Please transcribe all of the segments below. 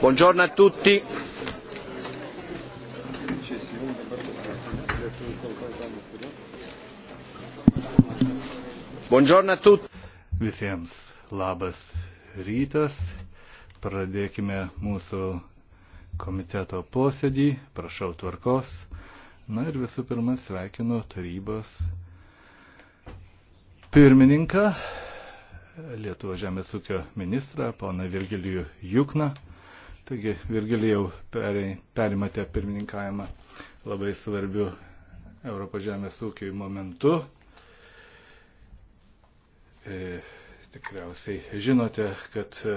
Buongiorno a tutti. Buongiorno a tutti. Visiems labas rytas. Pradėkime mūsų komiteto posėdį. Prašau tvarkos. Na ir visų pirma sveikinu tarybos pirmininką Lietuvo žemės ūkio ministrą, poną Virgilijų Jukną. Taigi, Virgilijau, perimate pirmininkavimą labai svarbiu Europos žemės ūkiai momentu. E, tikriausiai žinote, kad e,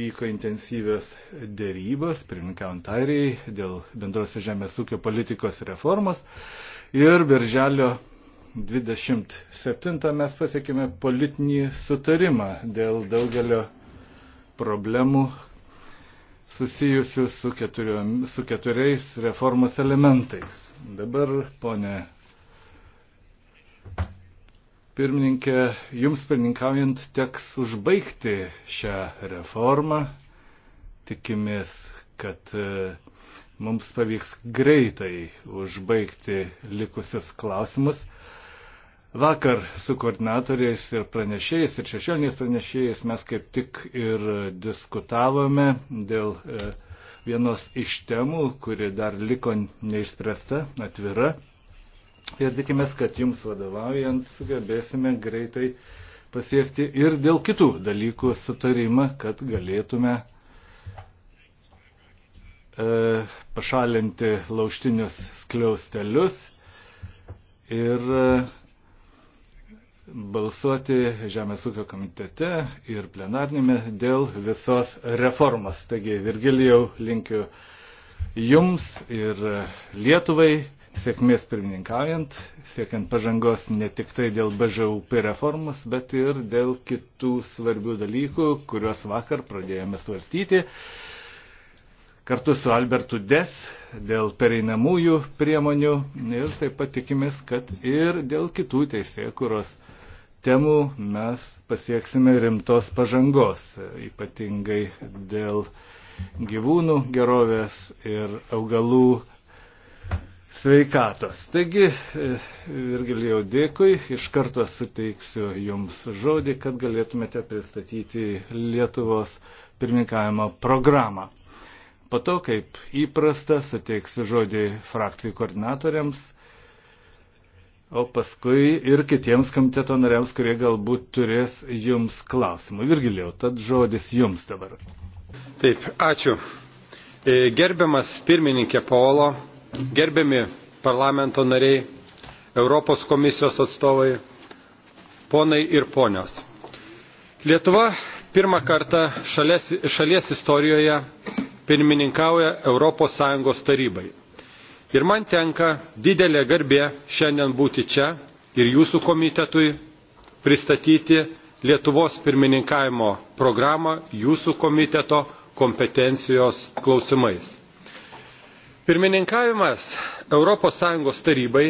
vyko intensyvios dėrybos, pirmininkaujant airijai, dėl bendrosios žemės ūkio politikos reformos. Ir birželio 27 mes pasiekime politinį sutarimą dėl daugelio problemų susijusių su, keturio, su keturiais reformos elementais. Dabar, ponė pirmininkė, jums pirmininkaujant teks užbaigti šią reformą. Tikimės, kad e, mums pavyks greitai užbaigti likusius klausimus. Vakar su koordinatoriais ir pranešėjais ir šešioniais pranešėjais mes kaip tik ir diskutavome dėl e, vienos iš temų, kuri dar liko neišspręsta, atvira. Ir tikimės, kad jums vadovaujant sugebėsime greitai pasiekti ir dėl kitų dalykų sutarimą, kad galėtume e, pašalinti lauštinius skliaustelius ir e, balsuoti Žemės ūkio komitete ir plenarnėme dėl visos reformos. Taigi, Virgilijau, linkiu Jums ir Lietuvai sėkmės pirmininkaujant, siekiant pažangos ne tik tai dėl BŽUP reformos, bet ir dėl kitų svarbių dalykų, kuriuos vakar pradėjome svarstyti. Kartu su Albertu Des dėl pereinamųjų priemonių ir taip pat tikimės, kad ir dėl kitų teisėkuros kuros temų mes pasieksime rimtos pažangos, ypatingai dėl gyvūnų gerovės ir augalų sveikatos. Taigi, e, Virgilijau, dėkui, iš karto suteiksiu Jums žodį, kad galėtumėte pristatyti Lietuvos pirmininkavimo programą. Po to, kaip įprasta, suteiksiu žodį frakcijų koordinatoriams o paskui ir kitiems komiteto nariams, kurie galbūt turės jums klausimų. Virgiliau, tad žodis jums dabar. Taip, ačiū. E, gerbiamas pirmininkė Paolo, gerbiami parlamento nariai, Europos komisijos atstovai, ponai ir ponios. Lietuva pirmą kartą šalies, šalies istorijoje pirmininkauja Europos Sąjungos tarybai Ir man tenka didelė garbė šiandien būti čia ir jūsų komitetui pristatyti Lietuvos pirmininkavimo programą jūsų komiteto kompetencijos klausimais. Pirmininkavimas ES tarybai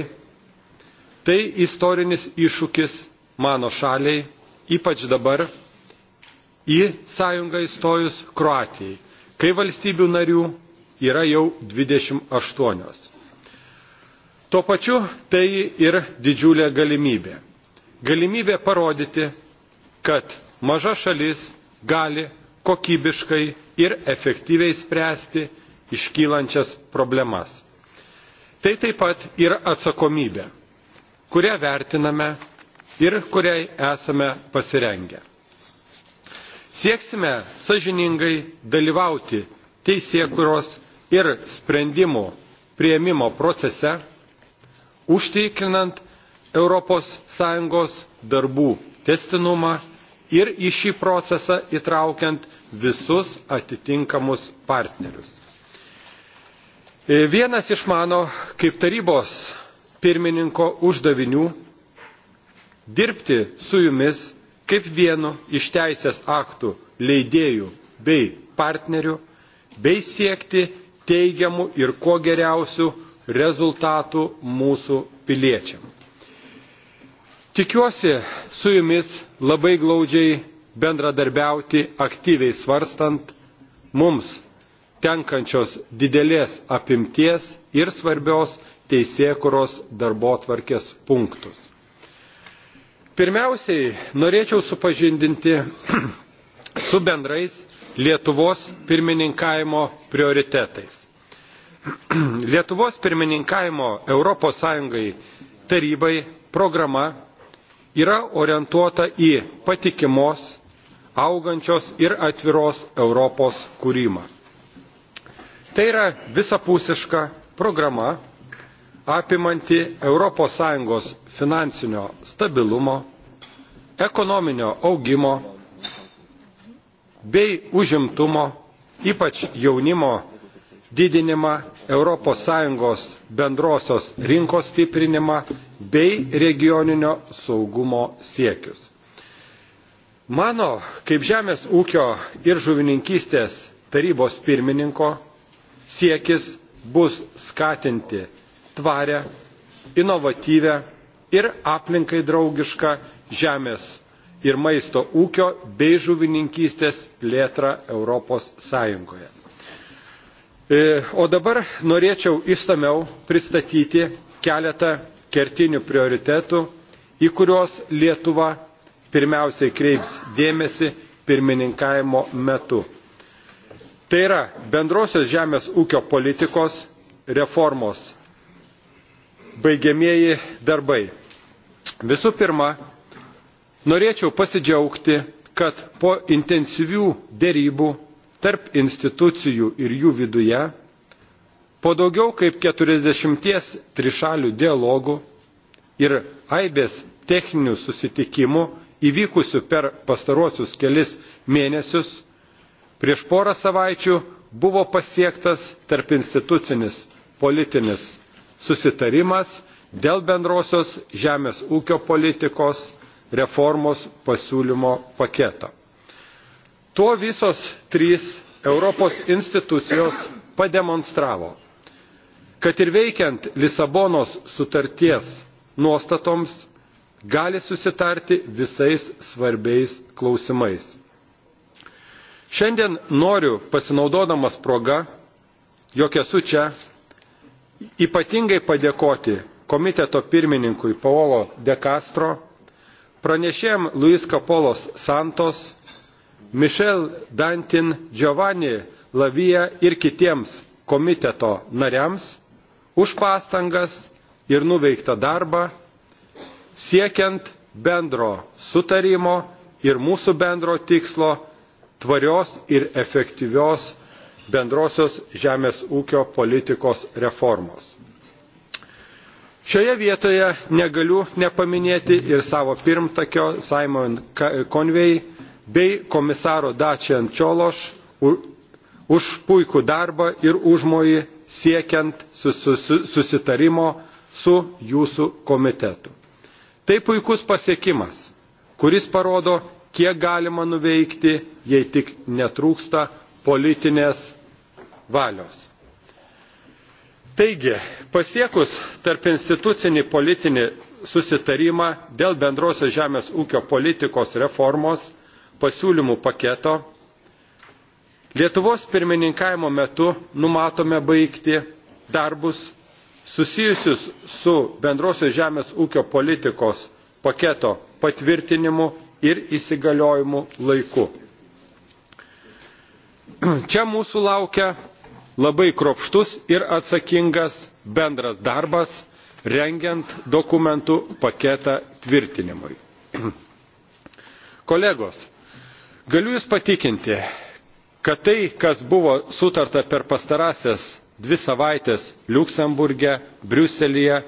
tai istorinis iššūkis mano šaliai, ypač dabar į sąjungą įstojus Kroatijai, kai valstybių narių yra jau 28. Tuo pačiu tai ir didžiulė galimybė. Galimybė parodyti, kad maža šalis gali kokybiškai ir efektyviai spręsti iškylančias problemas. Tai taip pat ir atsakomybė, kurią vertiname ir kuriai esame pasirengę. Sieksime sažiningai dalyvauti teisėkuros ir sprendimų prieimimo procese užtikrinant ES darbų testinumą ir į šį procesą įtraukiant visus atitinkamus partnerius. E, vienas iš mano kaip tarybos pirmininko uždavinių dirbti su jumis kaip vienu iš teisės aktų leidėjų bei partnerių bei siekti teigiamų ir kuo geriausių rezultatų mūsų piliečiam. Tikiuosi su jumis labai glaudžiai bendradarbiauti aktyviai svarstant mums tenkančios didelės apimties ir svarbios teisėkuros darbotvarkės punktus. Pirmiausiai norėčiau supažindinti su bendrais Lietuvos pirmininkavimo prioritetais. Lietuvos pirmininkavimo Europos Sąjungai tarybai programa yra orientuota į patikimos, augančios ir atviros Europos kūrimą. Tai yra visapusiška programa, apimanti ES finansinio stabilumo, ekonominio augimo bei užimtumo, ypač jaunimo didinimą, ES bendrosios rinkos stiprinimą bei regioninio saugumo siekius. Mano, kaip Žemės ūkio ir žuvininkystės tarybos pirmininko, siekis bus skatinti tvarę, inovatyvę ir aplinkai draugišką žemės ir maisto ūkio bei žuvininkystės plėtrą Europos Sąjungoje. E, o dabar norėčiau įstameu pristatyti keletą kertinių prioritetų, į kuriuos Lietuva pirmiausiai kreips dėmesį pirmininkavimo metu. Tai yra bendrosios žemės ūkio politikos reformos baigiamieji darbai. Visų pirma, norėčiau pasidžiaugti, kad po intensyvių dėrybų tarp institucijų ir jų viduje, po daugiau kaip 40 trišalių dialogų ir aibės techninių susitikimų įvykusių per pastaruosius kelis mėnesius, prieš porą savaičių buvo pasiektas tarp institucinis politinis susitarimas dėl bendrosios žemės ūkio politikos reformos pasiūlymo paketo. Tuo visos trys Europos institucijos pademonstravo, kad ir veikiant Lisabonos sutarties nuostatoms gali susitarti visais svarbiais klausimais. Šiandien noriu, pasinaudodamas proga, jog esu čia, ypatingai padėkoti komiteto pirmininkui Paolo De Castro, pranešėjam Luis Kapolos Santos Michel Dantin, Giovanni Lavija ir kitiems komiteto nariams už pastangas ir nuveiktą darbą siekiant bendro sutarimo ir mūsų bendro tikslo tvarios ir efektyvios bendrosios žemės ūkio politikos reformos. Šioje vietoje negaliu nepaminėti ir savo pirmtakio Simon Convey bei komisaro Dačian Čiološ už puikų darbą ir užmojį siekiant susitarimo su jūsų komitetu. Tai puikus pasiekimas, kuris parodo, kiek galima nuveikti, jei tik netrūksta politinės valios. Taigi, pasiekus tarp institucinį politinį susitarimą dėl bendrosios žemės ūkio politikos reformos pasiūlymų paketo Lietuvos pirmininkavimo metu numatome baigti darbus susijusius su bendrosios žemės ūkio politikos paketo patvirtinimu ir įsigaliojimu laiku. Čia mūsų laukia labai kropštus ir atsakingas bendras darbas, rengiant dokumentų paketą tvirtinimui. Kolegos, Galiu Jūs patikinti, kad tai, kas buvo sutarta per pastarąsias dvi savaitės Luksemburgė, Briuselėje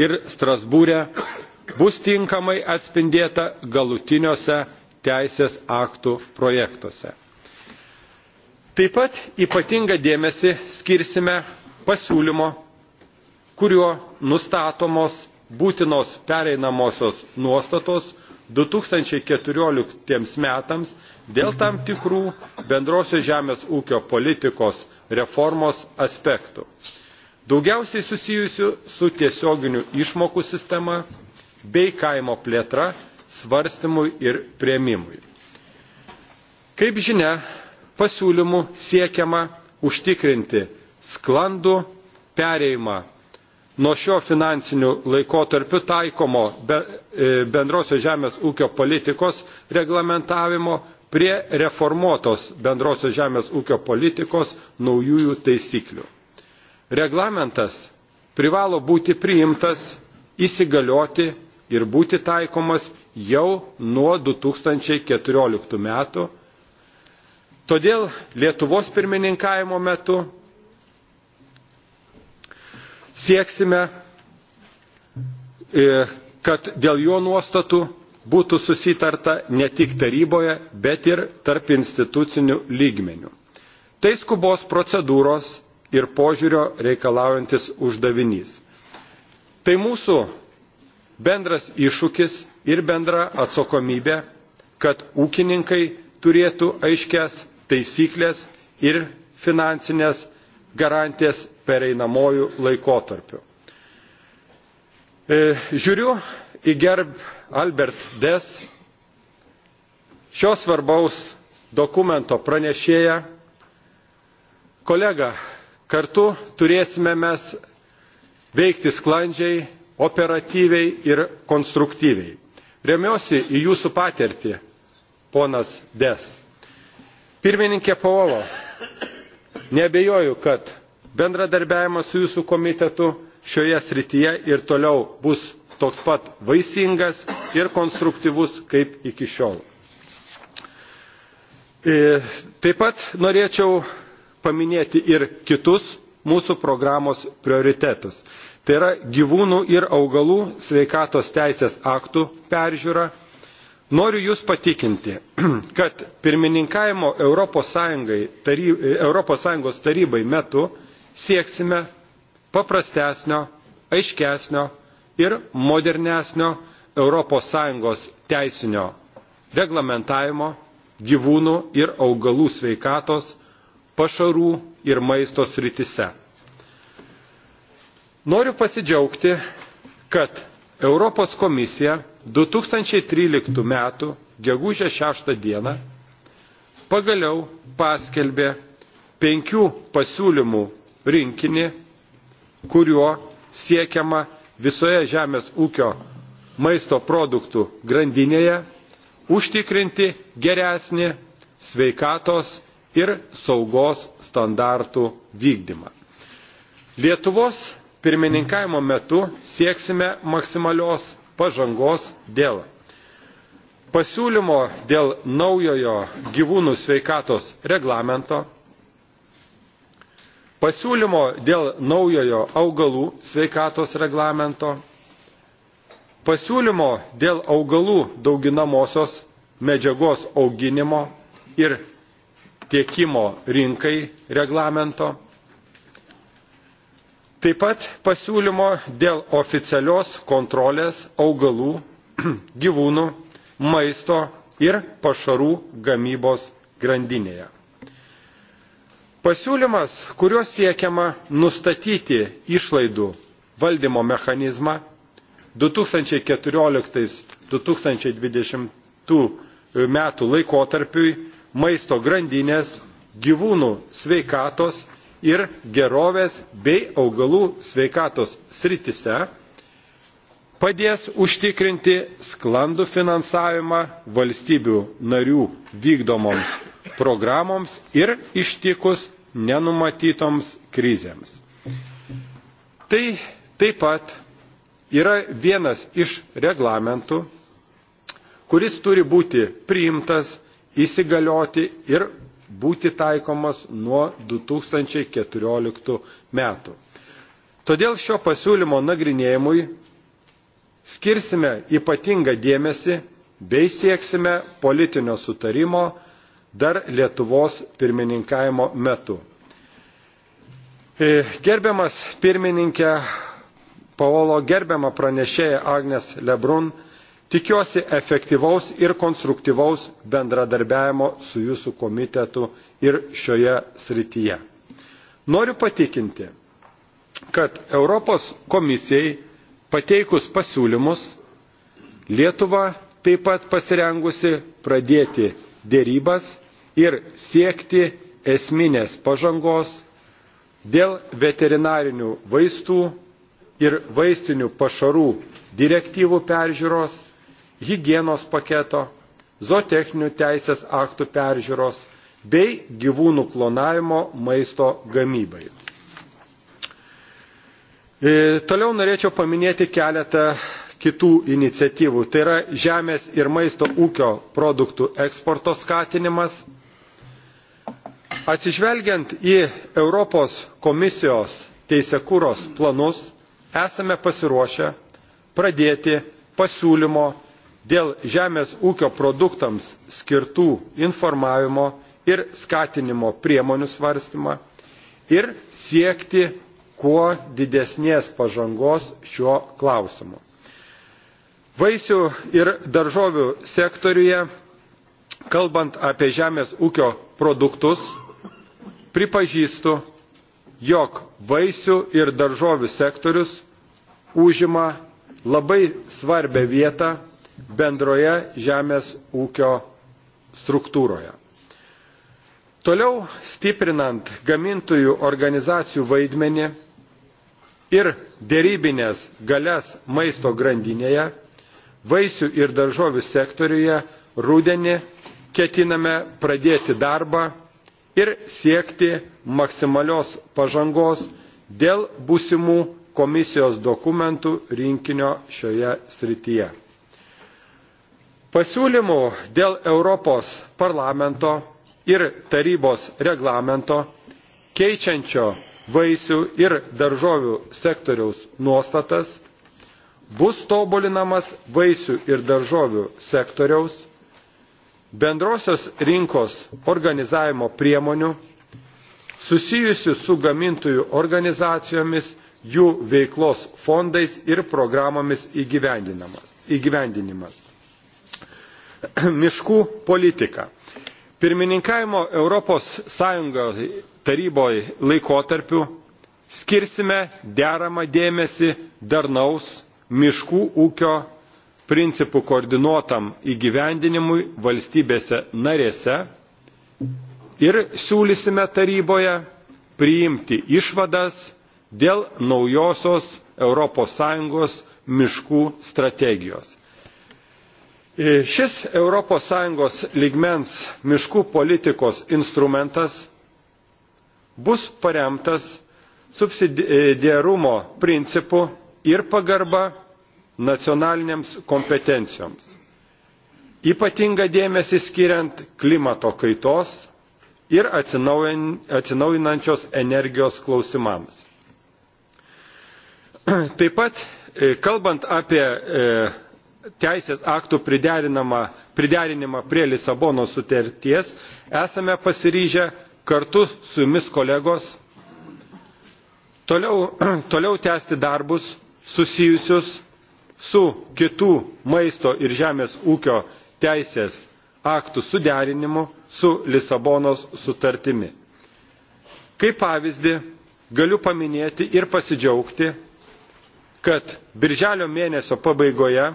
ir Strasbūrė, bus tinkamai atspindėta galutiniuose teisės aktų projektuose. Taip pat ypatingą dėmesį skirsime pasiūlymo, kuriuo nustatomos būtinos pereinamosios nuostatos, 2014 metams dėl tam tikrų bendrosios žemės ūkio politikos reformos aspektų. Daugiausiai susijusių su tiesioginių išmokų sistema bei kaimo plėtra svarstymui ir prieimimui. Kaip žinia, pasiūlymų siekiama užtikrinti sklandų perėjimą nuo šio finansinių laikotarpių taikomo be, e, bendrosios žemės ūkio politikos reglamentavimo prie reformuotos bendrosios žemės ūkio politikos naujųjų taisyklių. Reglamentas privalo būti priimtas, įsigalioti ir būti taikomas jau nuo 2014 metų. Todėl Lietuvos pirmininkavimo metu sieksime, kad dėl jo nuostatų būtų susitarta ne tik taryboje, bet ir tarp institucinių lygmenių. Tai skubos procedūros ir požiūrio reikalaujantis uždavinys. Tai mūsų bendras iššūkis ir bendra atsakomybė, kad ūkininkai turėtų aiškias taisyklės ir finansinės garantijas pereinamojų laikotarpių. E, žiūriu į gerb Albert Des, šios svarbaus dokumento pranešėją. Kolega, kartu turėsime mes veikti sklandžiai, operatyviai ir konstruktyviai. Remiuosi į jūsų patirtį, ponas Des. Pirmininkė Paolo, nebejoju, kad bendradarbiavimas su jūsų komitetu šioje srityje ir toliau bus toks pat vaisingas ir konstruktyvus kaip iki šiol. E, taip pat norėčiau paminėti ir kitus mūsų programos prioritetus. Tai yra gyvūnų ir augalų sveikatos teisės aktų peržiūra. Noriu Jūs patikinti, kad pirmininkavimo ES tarybai metu sieksime paprastesnio, aiškesnio ir modernesnio ES teisinio reglamentavimo gyvūnų ir augalų sveikatos, pašarų ir maisto sritise. Noriu pasidžiaugti, kad Europos komisija 2013 m. gegužė 6 d. pagaliau paskelbė penkių pasiūlymų rinkinį, kuriuo siekiama visoje žemės ūkio maisto produktų grandinėje užtikrinti geresnį sveikatos ir saugos standartų vykdymą. Lietuvos pirmininkavimo metu sieksime maksimalios pažangos dėl pasiūlymo dėl naujojo gyvūnų sveikatos reglamento, pasiūlymo dėl naujojo augalų sveikatos reglamento, pasiūlymo dėl augalų dauginamosios medžiagos auginimo ir tiekimo rinkai reglamento, taip pat pasiūlymo dėl oficialios kontrolės augalų, gyvūnų, maisto ir pašarų gamybos grandinėje. Pasiūlymas, kuriuo siekiama nustatyti išlaidų valdymo mechanizmą 2014-2020 metų laikotarpiui maisto grandinės, gyvūnų sveikatos ir gerovės bei augalų sveikatos sritise padės užtikrinti sklandų finansavimą valstybių narių vykdomoms programoms ir ištikus nenumatytoms krizėms. Tai taip pat yra vienas iš reglamentų, kuris turi būti priimtas, įsigalioti ir būti taikomas nuo 2014 metų. Todėl šio pasiūlymo nagrinėjimui skirsime ypatingą dėmesį bei sieksime politinio sutarimo dar Lietuvos pirmininkavimo metu. E, gerbiamas pirmininkė Paolo, gerbiama pranešėja Agnes Lebrun, tikiuosi efektyvaus ir konstruktyvaus bendradarbiavimo su jūsų komitetu ir šioje srityje. Noriu patikinti, kad Europos komisijai pateikus pasiūlymus Lietuva taip pat pasirengusi pradėti dėrybas ir siekti esminės pažangos dėl veterinarinių vaistų ir vaistinių pašarų direktyvų peržiūros, hygienos paketo, zootechninių teisės aktų peržiūros bei gyvūnų klonavimo maisto gamybai. E, toliau norėčiau paminėti keletą kitų iniciatyvų. Tai yra žemės ir maisto ūkio produktų eksporto skatinimas, Atsižvelgiant į Europos komisijos teisėkūros planus, esame pasiruošę pradėti pasiūlymo dėl žemės ūkio produktams skirtų informavimo ir skatinimo priemonių svarstymą ir siekti kuo didesnės pažangos šiuo klausimu. Vaisių ir daržovių sektoriuje, kalbant apie žemės ūkio produktus, pripažįstu, jog vaisių ir daržovių sektorius užima labai svarbę vietą bendroje žemės ūkio struktūroje. Toliau stiprinant gamintojų organizacijų vaidmenį ir dėrybinės galias maisto grandinėje, vaisių ir daržovių sektoriuje rūdienį ketiname pradėti darbą ir siekti maksimalios pažangos dėl būsimų komisijos dokumentų rinkinio šioje srityje. Pasiūlymų dėl Europos parlamento ir tarybos reglamento keičiančio vaisių ir daržovių sektoriaus nuostatas bus tobulinamas vaisių ir daržovių sektoriaus bendrosios rinkos organizavimo priemonių susijusių su gamintojų organizacijomis, jų veiklos fondais ir programomis įgyvendinimas. Miškų politika. Pirmininkavimo Europos Sąjungoje taryboje laikotarpiu skirsime deramą dėmesį darnaus miškų ūkio principų koordinuotam įgyvendinimui valstybėse narėse ir siūlysime taryboje priimti išvadas dėl naujosios ES miškų strategijos. E, šis ES lygmens miškų politikos instrumentas bus paremtas subsidiarumo principu ir pagarba nacionaliniams kompetencijoms. Ypatinga dėmesį skiriant klimato kaitos ir atsinaujinančios energijos klausimams. Taip pat, e, kalbant apie e, teisės aktų priderinimą prie Lisabono sutarties, esame pasiryžę kartu su jumis kolegos toliau, toliau tęsti darbus susijusius su kitų maisto ir žemės ūkio teisės aktų suderinimu su Lisabonos sutartimi. Kaip pavyzdį galiu paminėti ir pasidžiaugti, kad birželio mėnesio pabaigoje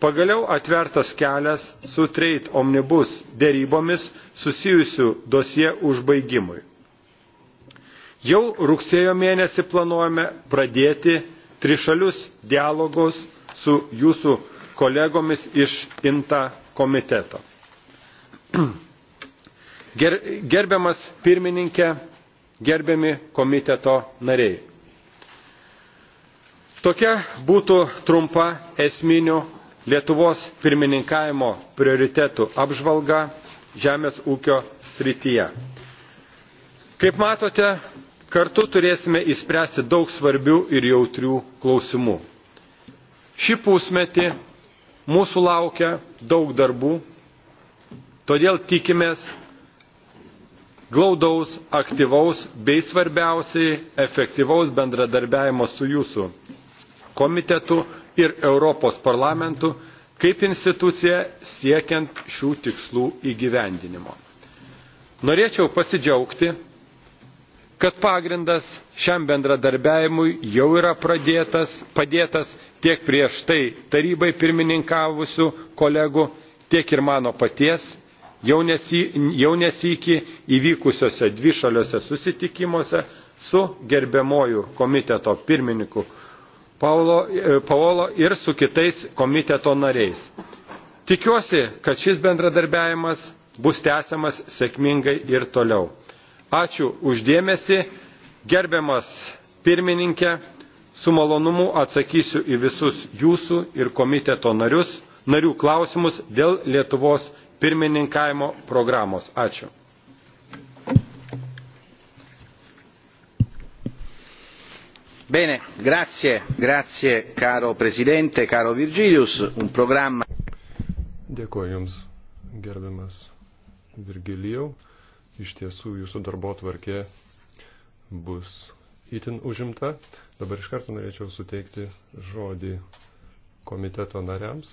pagaliau atvertas kelias su trade omnibus dėrybomis susijusių dosie užbaigimui. Jau rugsėjo mėnesį planuojame pradėti trišalius dialogus su jūsų kolegomis iš INTA komiteto. Ger, gerbiamas pirmininkė, gerbiami komiteto nariai. Tokia būtų trumpa esminių Lietuvos pirmininkavimo prioritetų apžvalga žemės ūkio srityje. Kaip matote, Kartu turėsime įspręsti daug svarbių ir jautrių klausimų. Šį pusmetį mūsų laukia daug darbų, todėl tikimės glaudaus, aktyvaus bei svarbiausiai efektyvaus bendradarbiavimo su jūsų komitetu ir Europos parlamentu kaip institucija siekiant šių tikslų įgyvendinimo. Norėčiau pasidžiaugti, kad pagrindas šiam bendradarbiavimui jau yra pradėtas, padėtas tiek prieš tai tarybai pirmininkavusių kolegų, tiek ir mano paties jau nesykį įvykusiuose dvišaliuose susitikimuose su gerbiamoju komiteto pirmininku Paulo, e, Paolo ir su kitais komiteto nariais. Tikiuosi, kad šis bendradarbiavimas bus tęsiamas sėkmingai ir toliau. Ačiū uždėmesi, gerbiamas pirmininkė, su malonumu atsakysiu į visus jūsų ir komiteto narius, narių klausimus dėl Lietuvos pirmininkavimo programos. Ačiū. Bene, grazie, grazie caro Presidente, caro Virgilius, un programma. Dėkuoju Jums, gerbiamas Virgilijau. Iš tiesų jūsų darbo tvarkė bus itin užimta. Dabar iš karto norėčiau suteikti žodį komiteto nariams.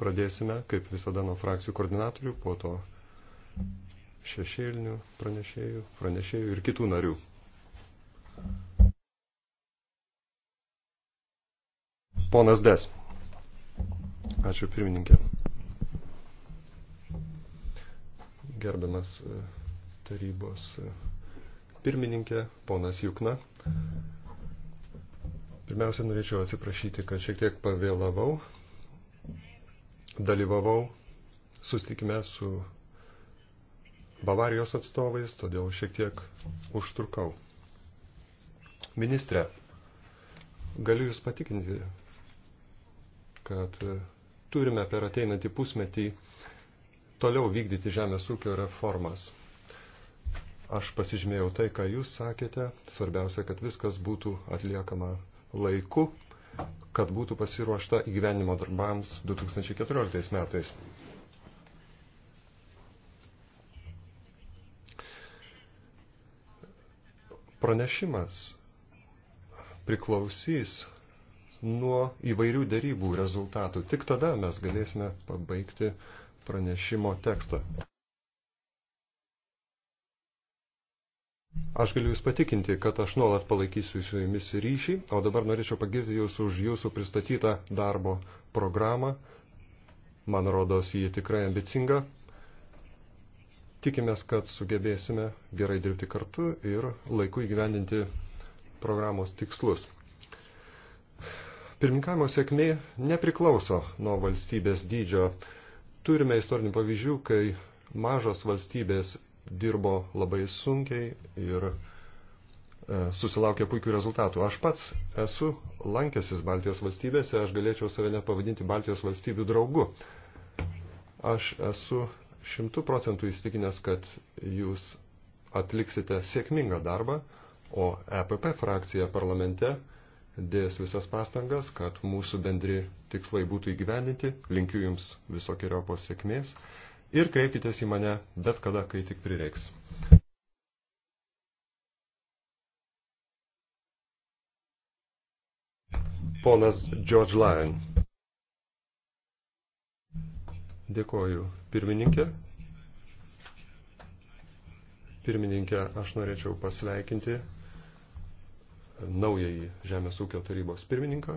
Pradėsime, kaip visada, nuo frakcijų koordinatorių, po to šešėlinių pranešėjų, pranešėjų ir kitų narių. Ponas Des. Ačiū pirmininkė. gerbiamas e, tarybos e, pirmininkė, ponas Jukna. Pirmiausia, norėčiau atsiprašyti, kad šiek tiek pavėlavau. Dalyvavau sustikime su Bavarijos atstovais, todėl šiek tiek užtrukau. Ministre, galiu Jūs patikinti, kad e, turime per ateinantį pusmetį toliau vykdyti žemės ūkio reformas. Aš pasižymėjau tai, ką jūs sakėte. Svarbiausia, kad viskas būtų atliekama laiku, kad būtų pasiruošta įgyvenimo darbams 2014 metais. Pranešimas priklausys nuo įvairių dėrybų rezultatų. Tik tada mes galėsime pabaigti uh, pranešimo tekstą. Aš galiu Jūs patikinti, kad aš nuolat palaikysiu su Jumis ryšį, o dabar norėčiau pagirti Jūs už Jūsų pristatytą darbo programą. Man rodos, jį tikrai ambicinga. Tikimės, kad sugebėsime gerai dirbti kartu ir laiku įgyvendinti programos tikslus. Pirminkavimo sėkmė nepriklauso nuo valstybės dydžio Turime istorinių pavyzdžių, kai mažos valstybės dirbo labai sunkiai ir e, susilaukė puikių rezultatų. Aš pats esu lankęsis Baltijos valstybėse, aš galėčiau save nepavadinti Baltijos valstybių draugu. Aš esu šimtų procentų įstikinęs, kad jūs atliksite sėkmingą darbą, o EPP frakcija parlamente dės visas pastangas, kad mūsų bendri tikslai būtų įgyvendinti. Linkiu Jums visokiojopos sėkmės ir kreipkitės į mane bet kada, kai tik prireiks. Ponas George Lyon. Dėkoju, pirmininkė. Pirmininkė, aš norėčiau pasveikinti naująjį Žemės ūkio tarybos pirmininką.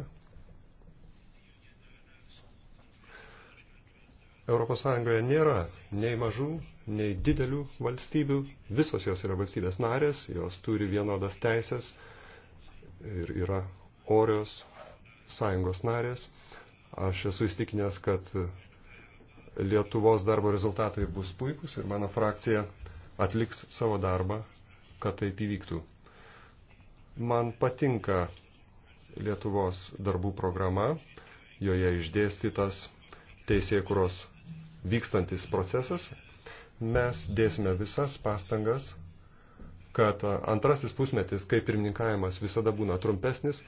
Europos Sąjungoje nėra nei mažų, nei didelių valstybių. Visos jos yra valstybės narės, jos turi vienodas teisės ir yra orios sąjungos narės. Aš esu įstikinęs, kad Lietuvos darbo rezultatai bus puikus ir mano frakcija atliks savo darbą, kad taip įvyktų. Man patinka Lietuvos darbų programa, joje išdėstytas teisėkuros vykstantis procesas. Mes dėsime visas pastangas, kad antrasis pusmetis, kai pirmininkavimas visada būna trumpesnis,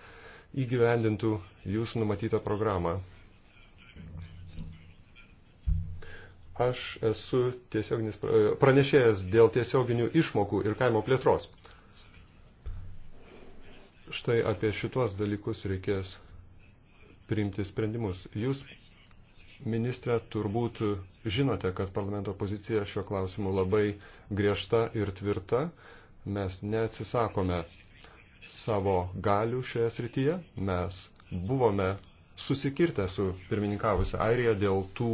įgyvendintų jūsų numatytą programą. Aš esu tiesioginis pranešėjas dėl tiesioginių išmokų ir kaimo plėtros. Štai apie šituos dalykus reikės priimti sprendimus. Jūs, ministrė, turbūt žinote, kad parlamento pozicija šiuo klausimu labai griežta ir tvirta. Mes neatsisakome savo galių šioje srityje. Mes buvome susikirtę su pirmininkavusią Airiją dėl tų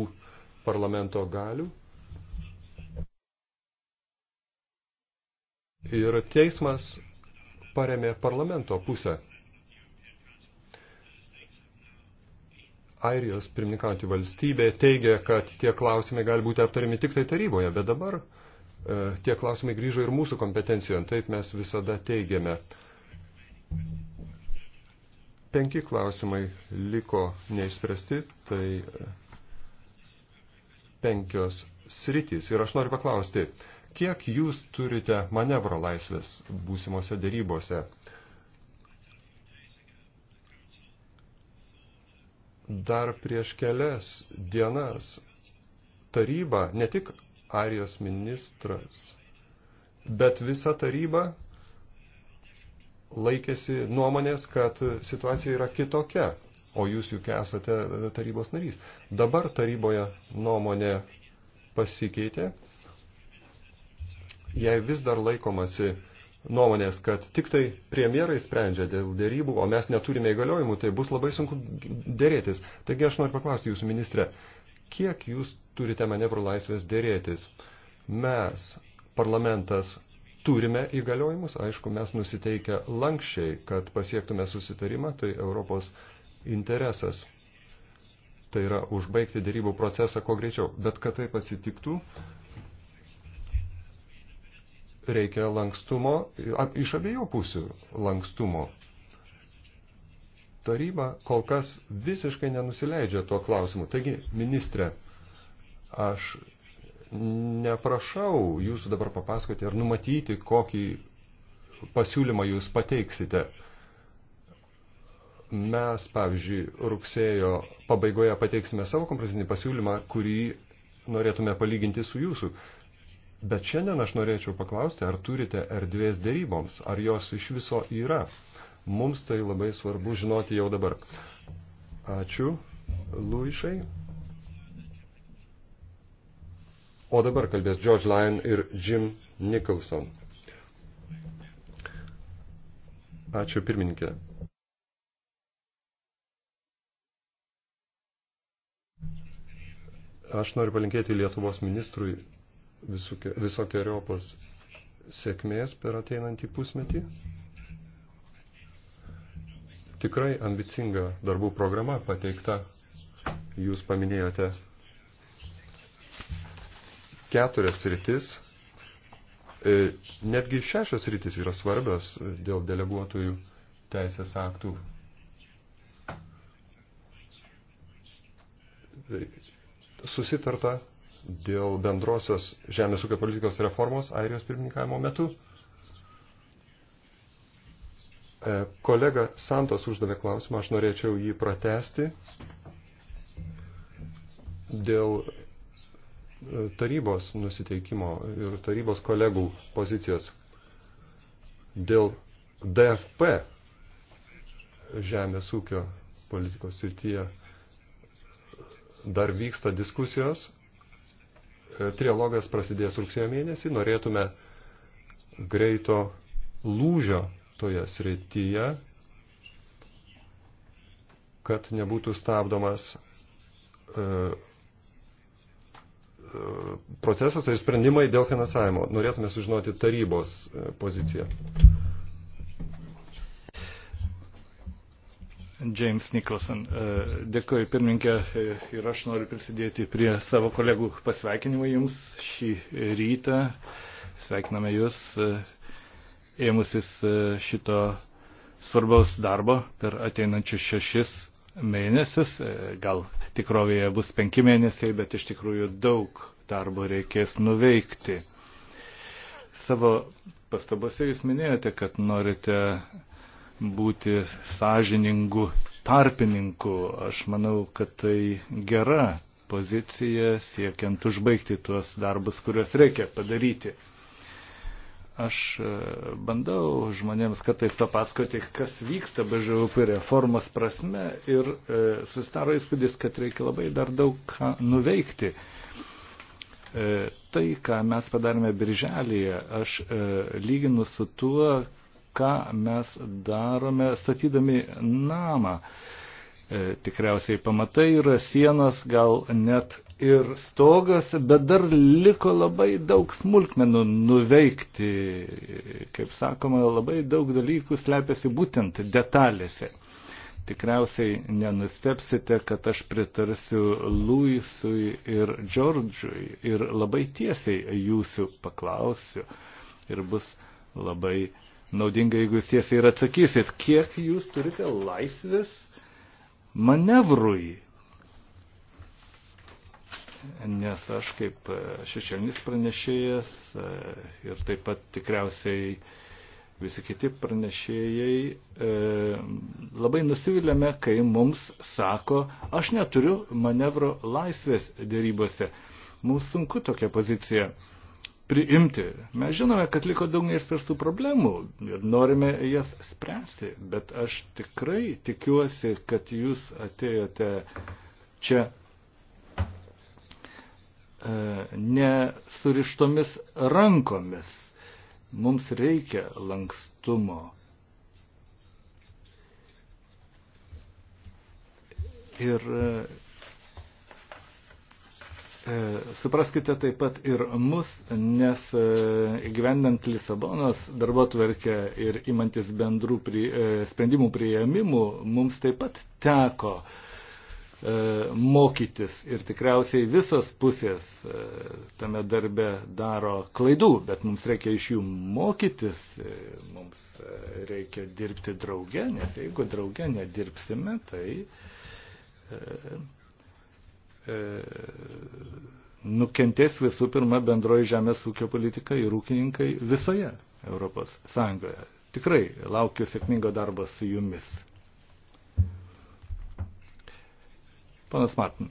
parlamento galių. Ir teismas paremė parlamento pusę. Airijos pirmininkauti valstybė teigia, kad tie klausimai gali būti aptariami tik tai taryboje, bet dabar e, tie klausimai grįžo ir mūsų kompetencijon, taip mes visada teigiame. Penki klausimai liko neišspręsti, tai e, penkios sritys. Ir aš noriu paklausti, Kiek jūs turite manevro laisvės būsimose dėrybose? Dar prieš kelias dienas taryba, ne tik Arijos ministras, bet visa taryba laikėsi nuomonės, kad situacija yra kitokia, o jūs juk esate tarybos narys. Dabar taryboje nuomonė pasikeitė jei vis dar laikomasi nuomonės, kad tik tai premjerai sprendžia dėl dėrybų, o mes neturime įgaliojimų, tai bus labai sunku dėrėtis. Taigi aš noriu paklausti jūsų ministrė, kiek jūs turite manevrų laisvės dėrėtis? Mes, parlamentas, turime įgaliojimus, aišku, mes nusiteikę lankščiai, kad pasiektume susitarimą, tai Europos interesas. Tai yra užbaigti dėrybų procesą kuo greičiau. Bet kad taip atsitiktų, reikia lankstumo iš abiejų pusių lankstumo. Taryba kol kas visiškai nenusileidžia tuo klausimu. Taigi, ministrė, aš neprašau jūsų dabar papasakoti ar numatyti, kokį pasiūlymą jūs pateiksite. Mes, pavyzdžiui, rugsėjo pabaigoje pateiksime savo kompresinį pasiūlymą, kurį norėtume palyginti su jūsų. Bet šiandien aš norėčiau paklausti, ar turite erdvės dėryboms, ar jos iš viso yra. Mums tai labai svarbu žinoti jau dabar. Ačiū, Luišai. O dabar kalbės George Lyon ir Jim Nicholson. Ačiū pirmininkė. Aš noriu palinkėti Lietuvos ministrui visokiojopos sėkmės per ateinantį pusmetį. Tikrai ambicinga darbų programa pateikta. Jūs paminėjote keturias rytis. E, netgi šešias rytis yra svarbios dėl deleguotojų teisės aktų. Tai susitarta dėl bendrosios žemės ūkio politikos reformos Airijos pirmininkavimo metu. E, kolega Santos uždavė klausimą, aš norėčiau jį pratesti dėl e, tarybos nusiteikimo ir tarybos kolegų pozicijos dėl DFP žemės ūkio politikos srityje dar vyksta diskusijos E, trialogas prasidės rugsėjo mėnesį, norėtume greito lūžio toje srityje, kad nebūtų stabdomas e, e, procesas ir sprendimai dėl finansavimo. Norėtume sužinoti tarybos poziciją. James Nicholson. E, Dėkuoju pirmininkė e, ir aš noriu prisidėti prie savo kolegų pasveikinimo jums šį rytą. Sveikiname jūs e, ėmusis šito svarbaus darbo per ateinančius šešis mėnesius. Gal tikrovėje bus penki mėnesiai, bet iš tikrųjų daug darbo reikės nuveikti. Savo pastabose jūs minėjote, kad norite būti sąžiningu tarpininku. Aš manau, kad tai gera pozicija siekiant užbaigti tuos darbus, kuriuos reikia padaryti. Aš e, bandau žmonėms kartais papasakoti, kas vyksta BŽUP reformos prasme ir e, susidaro įspūdis, kad reikia labai dar daug ką nuveikti. E, tai, ką mes padarėme birželėje, aš e, lyginu su tuo, ką mes darome statydami namą. E, tikriausiai pamatai yra sienos, gal net ir stogas, bet dar liko labai daug smulkmenų nuveikti. Kaip sakoma, labai daug dalykų slepiasi būtent detalėse. Tikriausiai nenustepsite, kad aš pritarsiu Luisui ir Džordžui ir labai tiesiai jūsų paklausiu ir bus labai naudinga, jeigu jūs tiesiai ir atsakysit, kiek jūs turite laisvės manevrui. Nes aš kaip e, šešėlinis pranešėjas e, ir taip pat tikriausiai visi kiti pranešėjai e, labai nusivylėme, kai mums sako, aš neturiu manevro laisvės dėrybose. Mums sunku tokia pozicija priimti. Mes žinome, kad liko daug neišspręstų problemų ir norime jas spręsti, bet aš tikrai tikiuosi, kad jūs atėjote čia e, nesurištomis rankomis. Mums reikia lankstumo. Ir e, E, supraskite taip pat ir mus, nes e, gyvendant Lisabonos darbo tvarkę ir imantis bendrų prie, e, sprendimų prieimimų, mums taip pat teko mokytis ir tikriausiai visos pusės tame darbe daro klaidų, bet mums reikia iš jų mokytis, mums reikia dirbti drauge, nes jeigu drauge nedirbsime, tai E, nukentės visų pirma bendroji žemės ūkio politika ir ūkininkai visoje Europos Sąjungoje. Tikrai laukiu sėkmingo darbo su jumis. Panas Martin.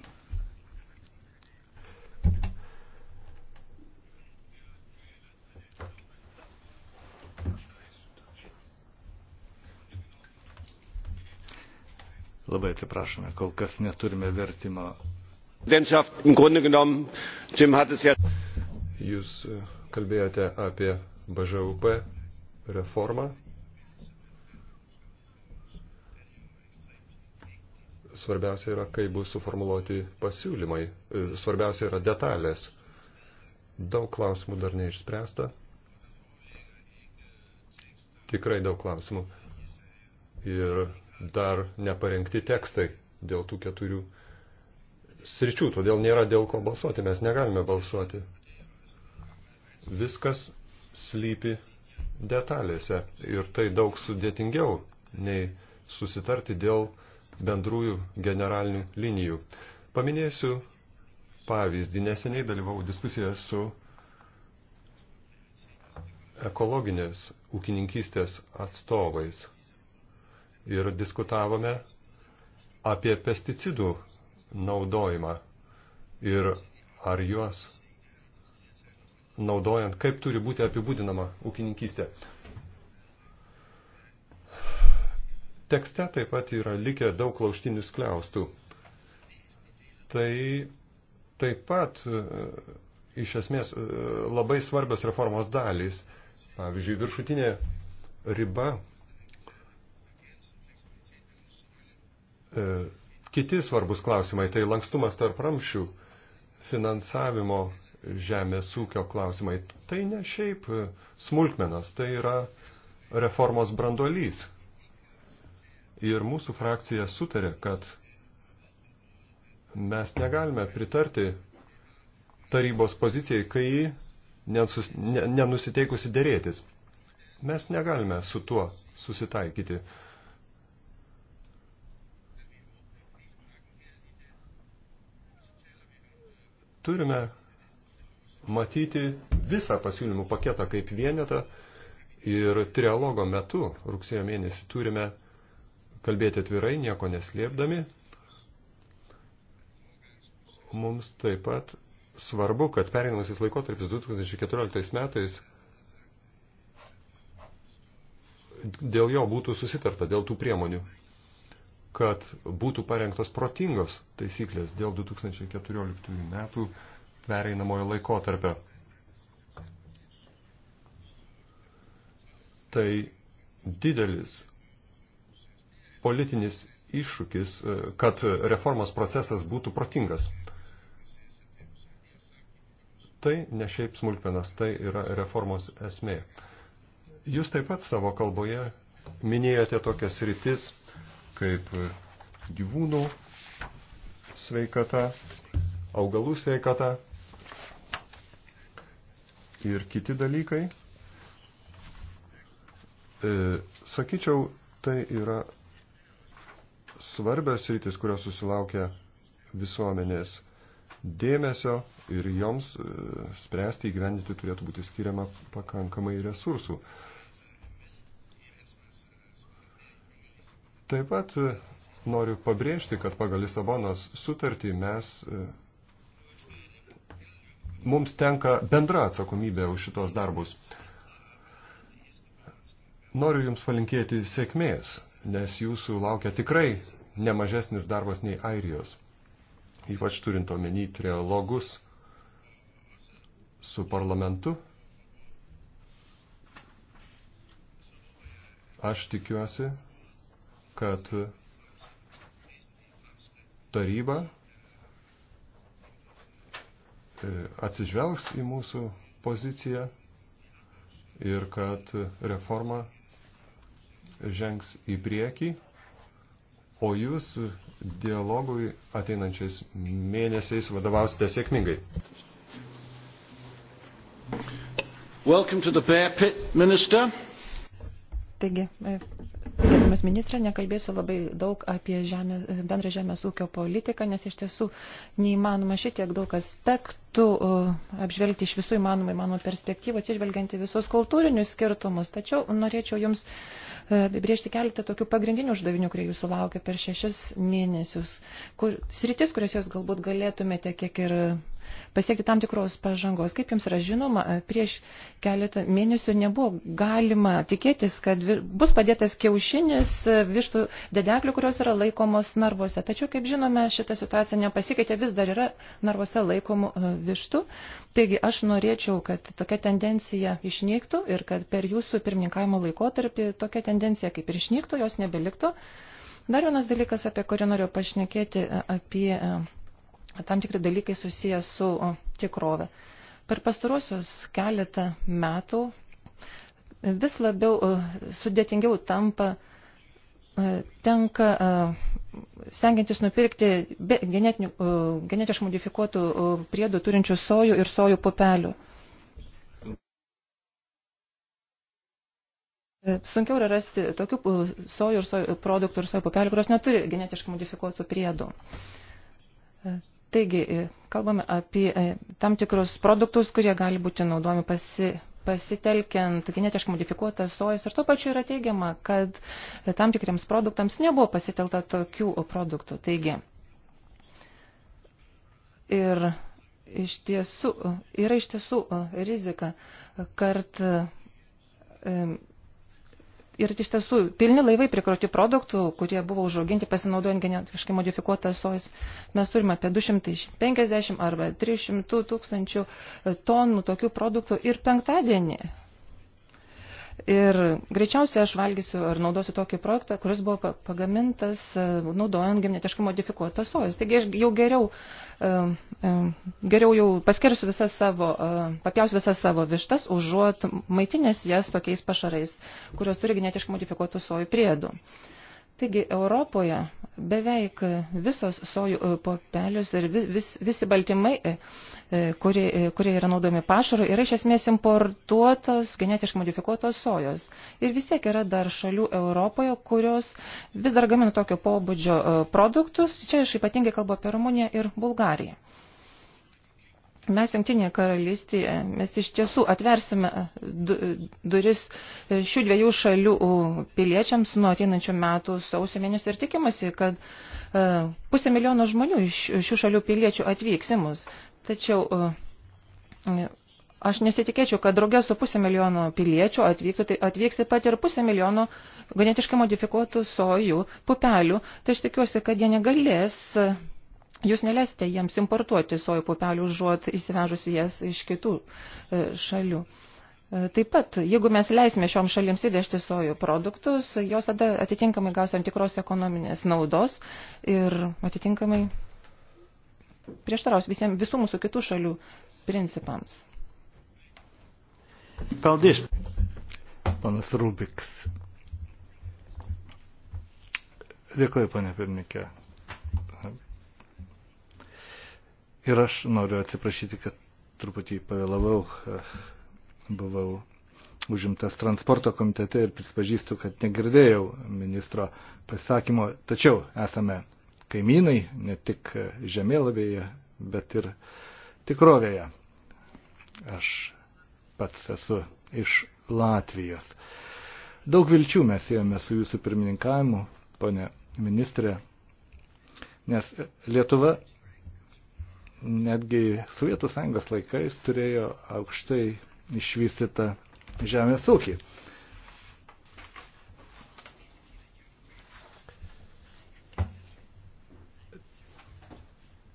Labai atsiprašome, kol kas neturime vertimo Jūs e, kalbėjote apie BŽUP reformą. Svarbiausia yra, kaip bus suformuluoti pasiūlymai. E, svarbiausia yra detalės. Daug klausimų dar neišspręsta. Tikrai daug klausimų. Ir dar neparengti tekstai dėl tų keturių sričių, todėl nėra dėl ko balsuoti, mes negalime balsuoti. Viskas slypi detalėse ir tai daug sudėtingiau nei susitarti dėl bendrųjų generalinių linijų. Paminėsiu pavyzdį. Neseniai dalyvau diskusijoje su ekologinės ūkininkystės atstovais ir diskutavome apie pesticidų naudojimą ir ar juos naudojant, kaip turi būti apibūdinama ūkininkystė. Tekste taip pat yra likę daug lauštinių skliaustų. Tai taip pat e, iš esmės e, labai svarbios reformos dalys. Pavyzdžiui, viršutinė riba e, kiti svarbus klausimai, tai lankstumas tarp ramšių, finansavimo žemės ūkio klausimai. Tai ne šiaip smulkmenas, tai yra reformos branduolys. Ir mūsų frakcija sutarė, kad mes negalime pritarti tarybos pozicijai, kai nesus, ne, nenusiteikusi dėrėtis. Mes negalime su tuo susitaikyti. Turime matyti visą pasiūlymų paketą kaip vienetą ir trialogo metu rugsėjo mėnesį turime kalbėti atvirai, nieko neslėpdami. Mums taip pat svarbu, kad pereinamasis laikotarpis 2014 metais dėl jo būtų susitarta, dėl tų priemonių kad būtų parengtos protingos taisyklės dėl 2014 metų pereinamojo laikotarpio. Tai didelis politinis iššūkis, e, kad reformos procesas būtų protingas. Tai ne šiaip smulkmenas, tai yra reformos esmė. Jūs taip pat savo kalboje minėjote tokias rytis, kaip e, gyvūnų sveikata, augalų sveikata ir kiti dalykai. E, sakyčiau, tai yra svarbios rytis, kurios susilaukia visuomenės dėmesio ir joms e, spręsti įgyvendinti turėtų būti skiriama pakankamai resursų. E, Taip pat e, noriu pabrėžti, kad pagal Lisabonos sutartį mes, e, mums tenka bendra atsakomybė už šitos darbus. Noriu Jums palinkėti sėkmės, nes Jūsų laukia tikrai nemažesnis darbas nei Airijos, ypač turint omeny trialogus su parlamentu. Aš tikiuosi, kad taryba e, atsižvelgs į mūsų poziciją ir kad reforma žengs į priekį, o jūs dialogui ateinančiais mėnesiais vadovausite sėkmingai. Welcome to the bear pit, minister. Taigi, e, Gerbiamas ministrė, nekalbėsiu labai daug apie žemė, bendrą žemės ūkio politiką, nes iš tiesų neįmanoma šitiek daug aspektų uh, apžvelgti iš visų įmanomų įmanomų perspektyvų, atsižvelgianti visus kultūrinius skirtumus. Tačiau norėčiau Jums apibriežti keletą tokių pagrindinių uždavinių, kurie jūsų laukia per šešis mėnesius. Kur, sritis, kurias jūs galbūt galėtumėte kiek ir pasiekti tam tikros pažangos. Kaip jums yra žinoma, prieš keletą mėnesių nebuvo galima tikėtis, kad bus padėtas kiaušinis vištų dedeklių, kurios yra laikomos narvose. Tačiau, kaip žinome, šita situacija nepasikeitė, vis dar yra narvose laikomų e, vištų. Taigi aš norėčiau, kad tokia tendencija išnyktų ir kad per jūsų pirmininkavimo laikotarpį tokia tendencija tendencija kaip ir išnyktų, jos nebeliktų. Dar vienas dalykas, apie kurį noriu pašnekėti, e, apie e, tam tikri dalykai susiję su e, tikrove. Per pastaruosius keletą metų vis labiau sudėtingiau tampa tenka stengiantis nupirkti genetiškai modifikuotų priedų turinčių sojų ir sojų pupelių. E, sunkiau yra rasti tokių e, sojų ir sojų produktų ir sojų pupelių, kurios neturi genetiškai modifikuotų priedų. E, taigi, kalbame apie tam tikrus produktus, kurie gali būti naudojami pasi, pasitelkiant genetiškai modifikuotas sojas. Ir to pačiu yra teigiama, kad tam tikriems produktams nebuvo pasitelta tokių produktų. Taigi, ir iš tiesų, yra iš tiesų rizika, kad Ir iš tiesų, pilni laivai prikrauti produktų, kurie buvo užauginti pasinaudojant genetiškai modifikuotą sojas. Mes turime apie 250 arba 300 tūkstančių tonų tokių produktų. Ir penktadienį Ir greičiausiai aš valgysiu ar naudosiu tokį projektą, kuris buvo pagamintas e, naudojant genetiškai modifikuotas sojas. Taigi aš jau geriau, e, e, geriau jau paskersiu visas savo, papjausiu visas savo vištas, užuot maitinės jas tokiais pašarais, kurios turi genetiškai modifikuotų sojų priedų. Taigi Europoje beveik visos sojų e, popelius ir vis, vis, visi baltymai, e, e, kurie, kurie yra naudojami pašarui, yra iš esmės importuotos genetiškai modifikuotos sojos. Ir vis tiek yra dar šalių Europoje, kurios vis dar gamina tokio pobūdžio produktus. Čia aš ypatingai kalbu apie Rumuniją ir Bulgariją. Mes Junktinėje karalystėje, mes iš tiesų atversime e, e, duris e, šių dviejų šalių piliečiams nuo ateinančių metų sausio mėnesio ir tikimasi, kad pusė milijono žmonių iš šių šalių piliečių atvyks į mus. Tačiau Aš nesitikėčiau, kad draugė su pusė milijono piliečių atvyktų, tai atvyks taip pat ir pusė milijono genetiškai modifikuotų sojų pupelių. Tai aš tikiuosi, kad jie negalės Jūs neleisite jiems importuoti sojų pupelių užuot įsivežus jas iš kitų e, šalių. E, taip pat, jeigu mes leisime šiom šalims įvežti sojų produktus, jos tada atitinkamai gaus tam tikros ekonominės naudos ir atitinkamai prieštaraus visiems visų mūsų kitų šalių principams. Paldies, panas Rubiks. Dėkuoju, panė pirmininkė. Ir aš noriu atsiprašyti, kad truputį pavėlavau, eh, buvau užimtas transporto komitete ir prispažįstu, kad negirdėjau ministro pasakymo. Tačiau esame kaimynai, ne tik žemėlavėje, bet ir tikrovėje. Aš pats esu iš Latvijos. Daug vilčių mes ėjome su jūsų pirmininkavimu, ponė ministrė, nes Lietuva netgi Sovietų sąjungos laikais turėjo aukštai išvystytą žemės ūkį.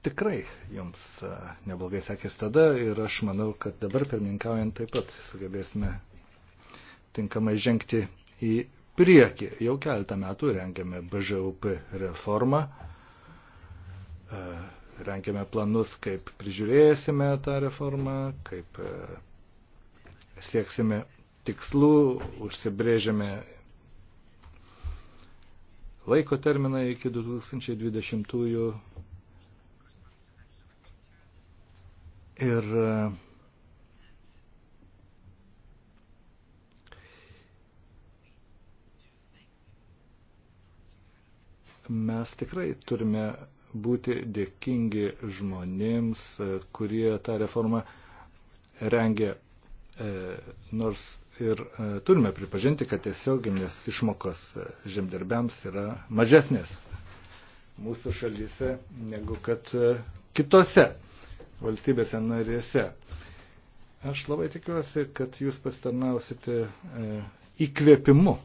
Tikrai jums neblogai sekės tada ir aš manau, kad dabar pirmininkaujant taip pat sugebėsime tinkamai žengti į priekį. Jau keletą metų rengiame BŽUP reformą renkiame planus, kaip prižiūrėsime tą reformą, kaip e, sieksime tikslų, užsibrėžiame laiko terminą iki 2020-ųjų. Ir e, mes tikrai turime būti dėkingi žmonėms, e, kurie tą reformą rengė, e, nors ir e, turime pripažinti, kad tiesioginės išmokos žemdirbiams yra mažesnės mūsų šalyse negu kad kitose valstybėse narėse. Aš labai tikiuosi, kad jūs pasitarnausite įkvėpimu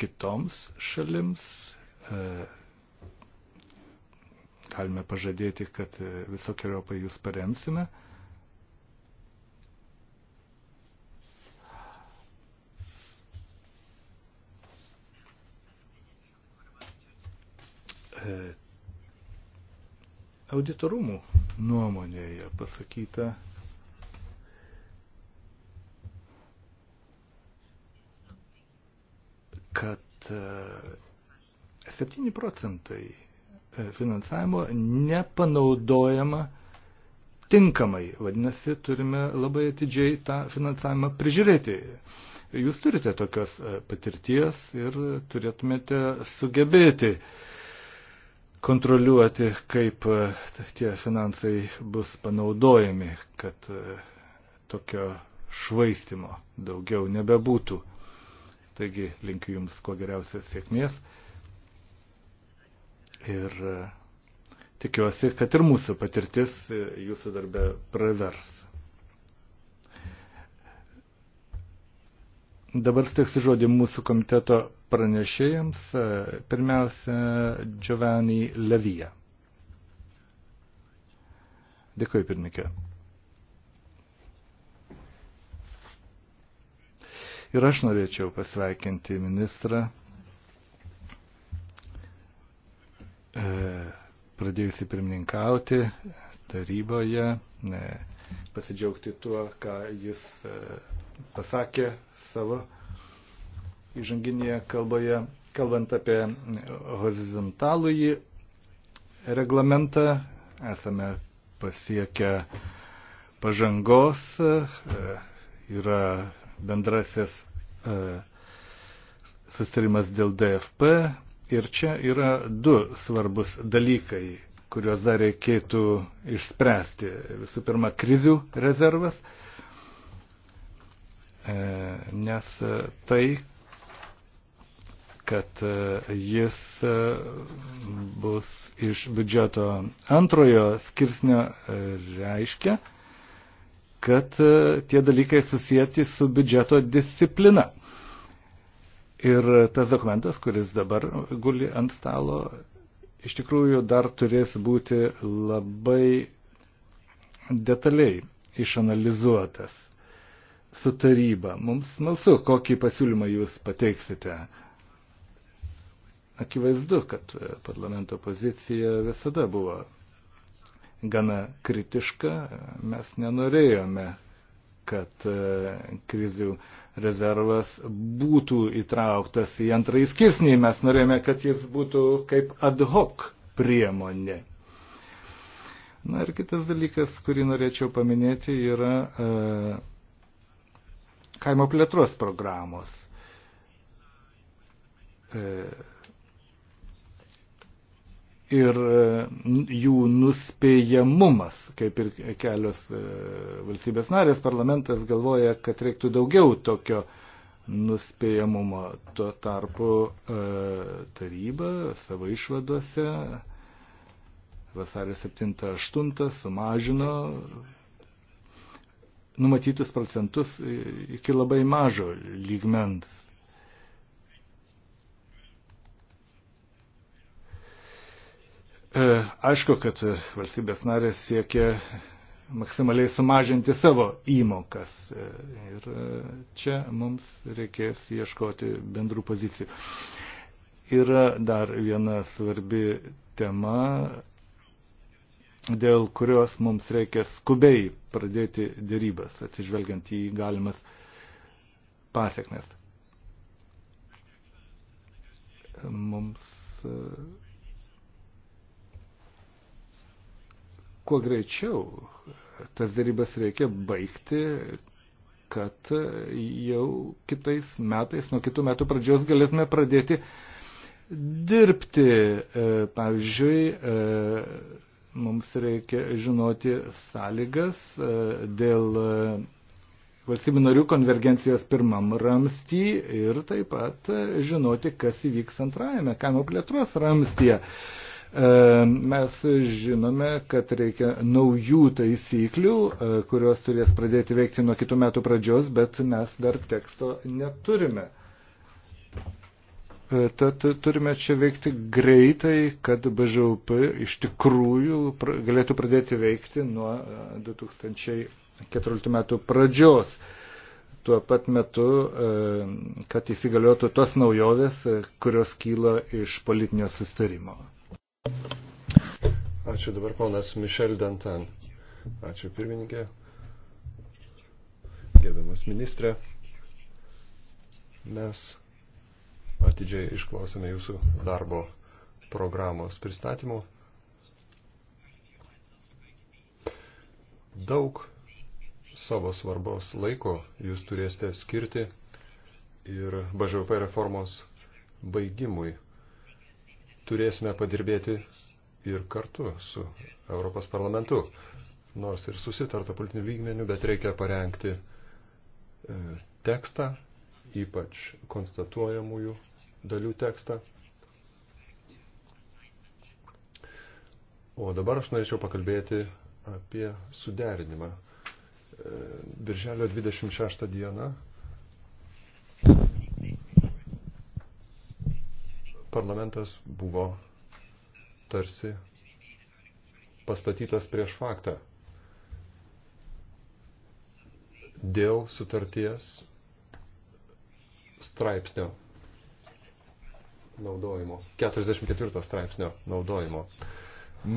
kitoms šalims Galime pažadėti, kad e, visokiojopai jūs paremsime. E, auditorumų nuomonėje pasakyta, kad 7 e, procentai finansavimo nepanaudojama tinkamai. Vadinasi, turime labai atidžiai tą finansavimą prižiūrėti. Jūs turite tokios e, patirties ir turėtumėte sugebėti kontroliuoti, kaip e, tie finansai bus panaudojami, kad e, tokio švaistimo daugiau nebebūtų. Taigi linkiu Jums kuo geriausios sėkmės. Ir e, tikiuosi, kad ir mūsų patirtis e, jūsų darbę pravers. Dabar steiksiu žodį mūsų komiteto pranešėjams. E, pirmiausia, Giovanni Levija. Dėkui, pirmininkė. Ir aš norėčiau pasveikinti ministrą E, pradėjusi pirmininkauti taryboje, e, pasidžiaugti tuo, ką jis e, pasakė savo įžanginėje kalboje, kalbant apie horizontalųjį reglamentą. Esame pasiekę pažangos, yra bendrasis sustarimas dėl DFP, Ir čia yra du svarbus dalykai, kuriuos dar reikėtų išspręsti. Visų pirma, krizių rezervas, e, nes tai, kad e, jis e, bus iš biudžeto antrojo skirsnio reiškia, kad tie dalykai susijęti su biudžeto disciplina. Ir tas dokumentas, kuris dabar guli ant stalo, iš tikrųjų dar turės būti labai detaliai išanalizuotas su taryba. Mums smalsu, kokį pasiūlymą jūs pateiksite. Akivaizdu, kad parlamento pozicija visada buvo gana kritiška. Mes nenorėjome, kad e, krizių rezervas būtų įtrauktas į antrąjį skirsnį. Mes norėjome, kad jis būtų kaip ad hoc priemonė. Na ir kitas dalykas, kurį norėčiau paminėti, yra e, kaimo plėtros programos. E, ir e, jų nuspėjamumas, kaip ir kelios e, valstybės narės, parlamentas galvoja, kad reiktų daugiau tokio nuspėjamumo. Tuo tarpu e, taryba savo išvadose vasario 7-8 sumažino numatytus procentus iki labai mažo lygmens. E, aišku, kad valstybės narės siekia maksimaliai sumažinti savo įmokas. E, ir e, čia mums reikės ieškoti bendrų pozicijų. Yra dar viena svarbi tema, dėl kurios mums reikia skubiai pradėti dėrybas, atsižvelgiant į galimas pasiekmes. Mums kuo greičiau tas darybas reikia baigti, kad jau kitais metais, nuo kitų metų pradžios galėtume pradėti dirbti. E, pavyzdžiui, e, mums reikia žinoti sąlygas e, dėl valstybių narių konvergencijos pirmam ramstį ir taip pat žinoti, kas įvyks antrajame kaimo plėtros ramstyje. E, mes žinome, kad reikia naujų taisyklių, e, kurios turės pradėti veikti nuo kitų metų pradžios, bet mes dar teksto neturime. E, tad turime čia veikti greitai, kad BŽUP iš tikrųjų galėtų pradėti veikti nuo 2014 metų pradžios tuo pat metu, kad įsigaliotų tos naujovės, kurios kyla iš politinio sustarimo. Ačiū dabar ponas Mišel Dantan. Ačiū pirmininkė. Gerbiamas ministrė, mes atidžiai išklausėme jūsų darbo programos pristatymų. Daug savo svarbos laiko jūs turėsite skirti ir BŽP reformos baigimui turėsime padirbėti ir kartu su Europos parlamentu. Nors ir susitarta politinių lygmenių, bet reikia parengti e, tekstą, ypač konstatuojamųjų dalių tekstą. O dabar aš norėčiau pakalbėti apie suderinimą. E, birželio 26 dieną parlamentas buvo tarsi pastatytas prieš faktą. Dėl sutarties straipsnio naudojimo, 44 straipsnio naudojimo.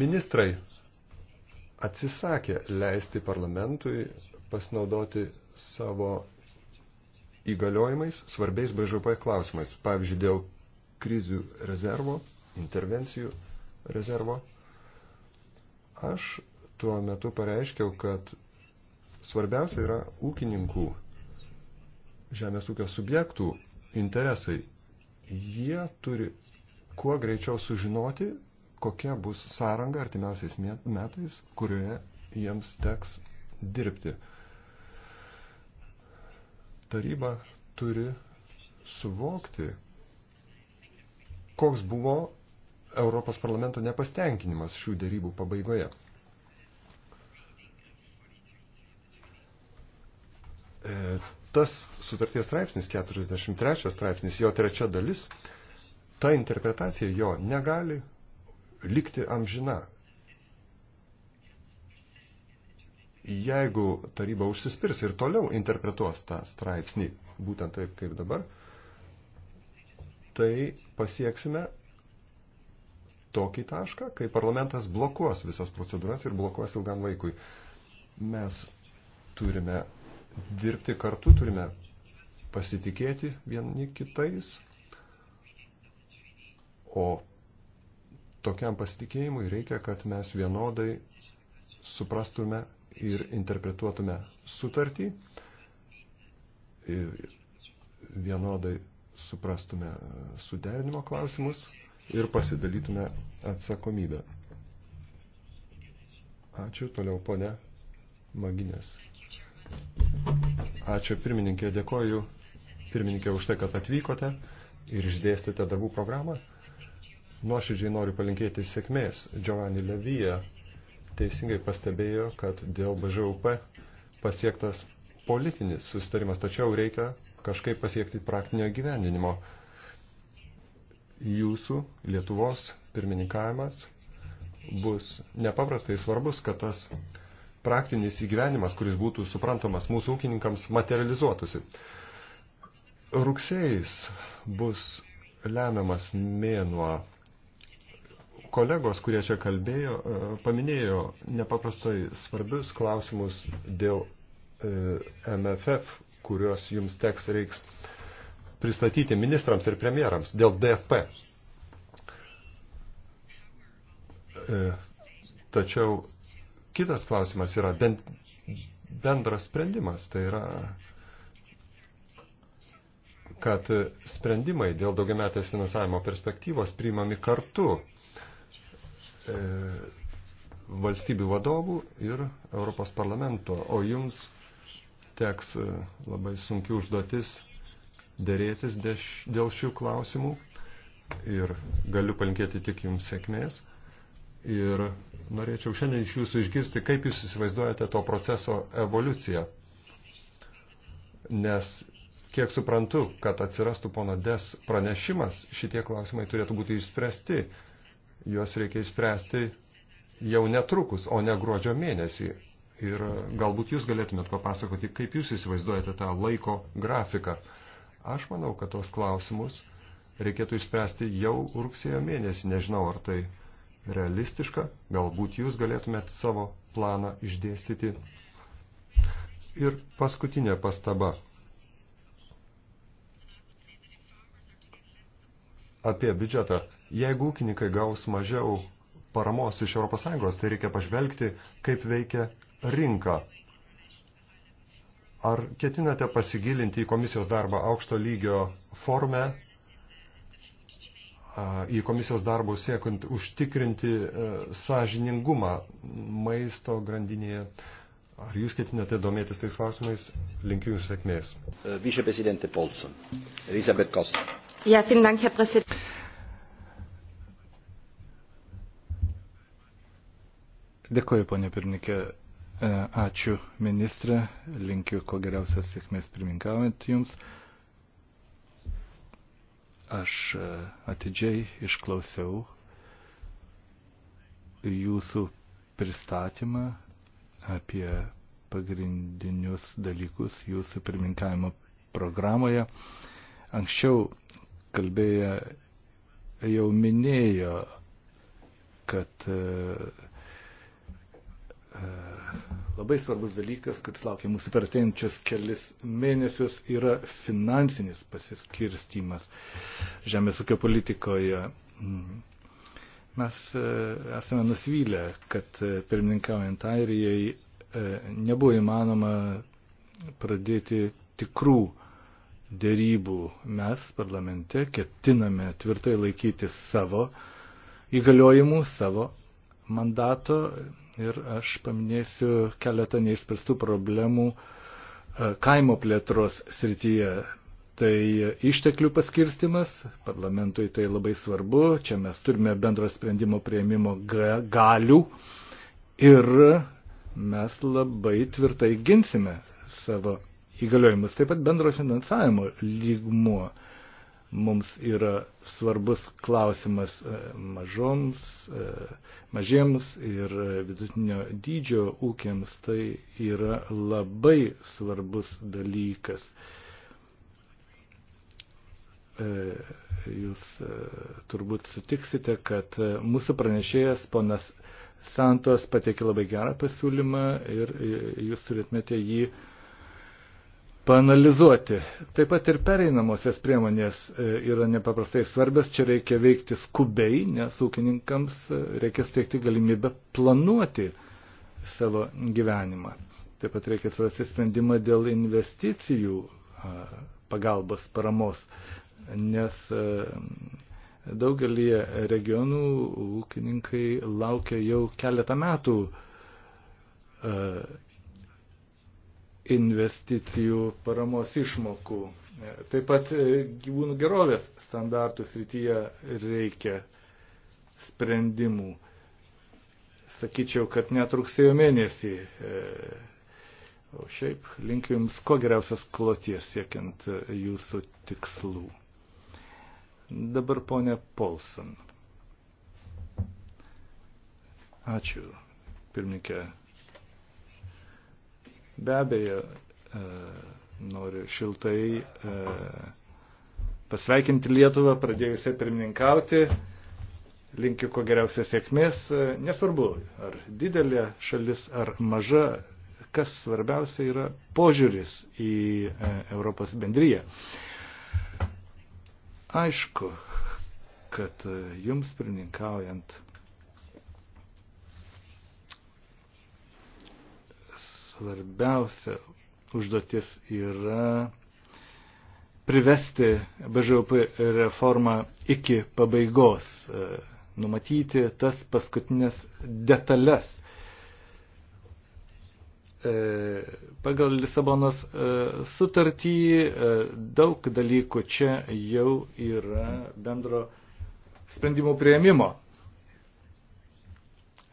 Ministrai atsisakė leisti parlamentui pasinaudoti savo įgaliojimais svarbiais BŽP klausimais, pavyzdžiui, dėl krizių rezervo, intervencijų rezervo. Aš tuo metu pareiškiau, kad svarbiausia yra ūkininkų, žemės ūkio subjektų interesai. Jie turi kuo greičiau sužinoti, kokia bus sąranga artimiausiais metais, kurioje jiems teks dirbti. Taryba turi suvokti, koks buvo Europos parlamento nepastenkinimas šių dėrybų pabaigoje. E, tas sutarties straipsnis, 43 straipsnis, jo trečia dalis, ta interpretacija jo negali likti amžina. Jeigu taryba užsispirs ir toliau interpretuos tą straipsnį, būtent taip kaip dabar, tai pasieksime tokį tašką, kai parlamentas blokuos visas procedūras ir blokuos ilgam laikui. Mes turime dirbti kartu, turime pasitikėti vieni kitais, o tokiam pasitikėjimui reikia, kad mes vienodai suprastume ir interpretuotume sutartį, vienodai suprastume e, suderinimo klausimus ir pasidalytume atsakomybę. Ačiū toliau, ponė Maginės. Ačiū pirmininkė, dėkoju pirmininkė už tai, kad atvykote ir išdėstėte darbų programą. Nuoširdžiai noriu palinkėti sėkmės. Giovanni Levija teisingai pastebėjo, kad dėl BŽUP pasiektas politinis sustarimas, tačiau reikia kažkaip pasiekti praktinio gyvendinimo. Jūsų Lietuvos pirmininkavimas bus nepaprastai svarbus, kad tas praktinis įgyvenimas, kuris būtų suprantamas mūsų ūkininkams, materializuotųsi. Rugsėjais bus lemiamas mėnuo. Kolegos, kurie čia kalbėjo, e, paminėjo nepaprastai svarbius klausimus dėl e, MFF kuriuos jums teks reiks pristatyti ministrams ir premjerams dėl DFP. E, tačiau kitas klausimas yra bent, bendras sprendimas, tai yra, kad sprendimai dėl daugiametės finansavimo perspektyvos priimami kartu e, valstybių vadovų ir Europos parlamento, o jums teks e, labai sunki užduotis dėrėtis dėl šių klausimų ir galiu palinkėti tik jums sėkmės. Ir norėčiau šiandien iš jūsų išgirsti, kaip jūs įsivaizduojate to proceso evoliuciją. Nes kiek suprantu, kad atsirastų pono Des pranešimas, šitie klausimai turėtų būti išspręsti. Juos reikia išspręsti jau netrukus, o ne gruodžio mėnesį. Ir e, galbūt jūs galėtumėt papasakoti, kaip jūs įsivaizduojate tą laiko grafiką. Aš manau, kad tos klausimus reikėtų išspręsti jau rugsėjo mėnesį. Nežinau, ar tai realistiška. Galbūt jūs galėtumėt savo planą išdėstyti. Ir paskutinė pastaba. Apie biudžetą. Jeigu ūkininkai gaus mažiau paramos iš ES, tai reikia pažvelgti, kaip veikia rinką. Ar ketinate pasigilinti į komisijos darbą aukšto lygio forme, į komisijos darbą siekant užtikrinti e, sąžiningumą maisto grandinėje? Ar jūs ketinate domėtis tais klausimais? Linkiu jums sėkmės. E, Viceprezidentė Polson, Elisabeth Kosta. Ja, vielen Dank, Herr Präsident. Dėkuoju, ponė pirmininkė. E, ačiū ministrė, linkiu ko geriausios sėkmės pirmininkaujant jums. Aš e, atidžiai išklausiau jūsų pristatymą apie pagrindinius dalykus jūsų pirmininkavimo programoje. Anksčiau kalbėję jau minėjo, kad uh, uh, Labai svarbus dalykas, kuris laukia mūsų per ateinančius kelis mėnesius, yra finansinis pasiskirstimas žemės ūkio politikoje. Mm. Mes e, esame nusivylę, kad e, pirmininkaujant Airijai e, nebuvo įmanoma pradėti tikrų dėrybų. Mes parlamente ketiname tvirtai laikyti savo įgaliojimų, savo mandato ir aš paminėsiu keletą neišspręstų problemų e, kaimo plėtros srityje. Tai išteklių paskirstimas, parlamentui tai labai svarbu, čia mes turime bendro sprendimo prieimimo galių ir mes labai tvirtai ginsime savo įgaliojimus, taip pat bendro finansavimo lygmuo mums yra svarbus klausimas e, mažoms, e, mažiems ir vidutinio dydžio ūkiams. Tai yra labai svarbus dalykas. E, jūs turbūt sutiksite, kad mūsų pranešėjas ponas Santos pateikė labai gerą pasiūlymą ir jūs turėtumėte jį uh, panalizuoti. Taip pat ir pereinamosios priemonės e, yra nepaprastai svarbios, čia reikia veikti skubiai, nes ūkininkams e, reikės teikti galimybę planuoti savo gyvenimą. Taip pat reikia surasti sprendimą dėl investicijų pagalbos, paramos, nes e, daugelį regionų ūkininkai laukia jau keletą metų investicijų paramos išmokų. E, taip pat e, gyvūnų gerovės standartų srityje reikia sprendimų. Sakyčiau, kad net rugsėjo mėnesį. E, o šiaip linkiu Jums kuo geriausias kloties siekiant Jūsų tikslų. Dabar ponė Polson. Ačiū, pirmininkė Be abejo, e, noriu šiltai e, pasveikinti Lietuvą, pradėjusią pirmininkauti. Linkiu ko geriausios sėkmės, e, nesvarbu, ar didelė šalis, ar maža, kas svarbiausia yra požiūris į Europos bendryje. Aišku, kad jums pirmininkaujant svarbiausia užduotis yra privesti BŽUP reformą iki pabaigos, e, numatyti tas paskutinės detalės. E, pagal Lisabonos e, sutartį daug dalykų čia jau yra bendro sprendimų prieimimo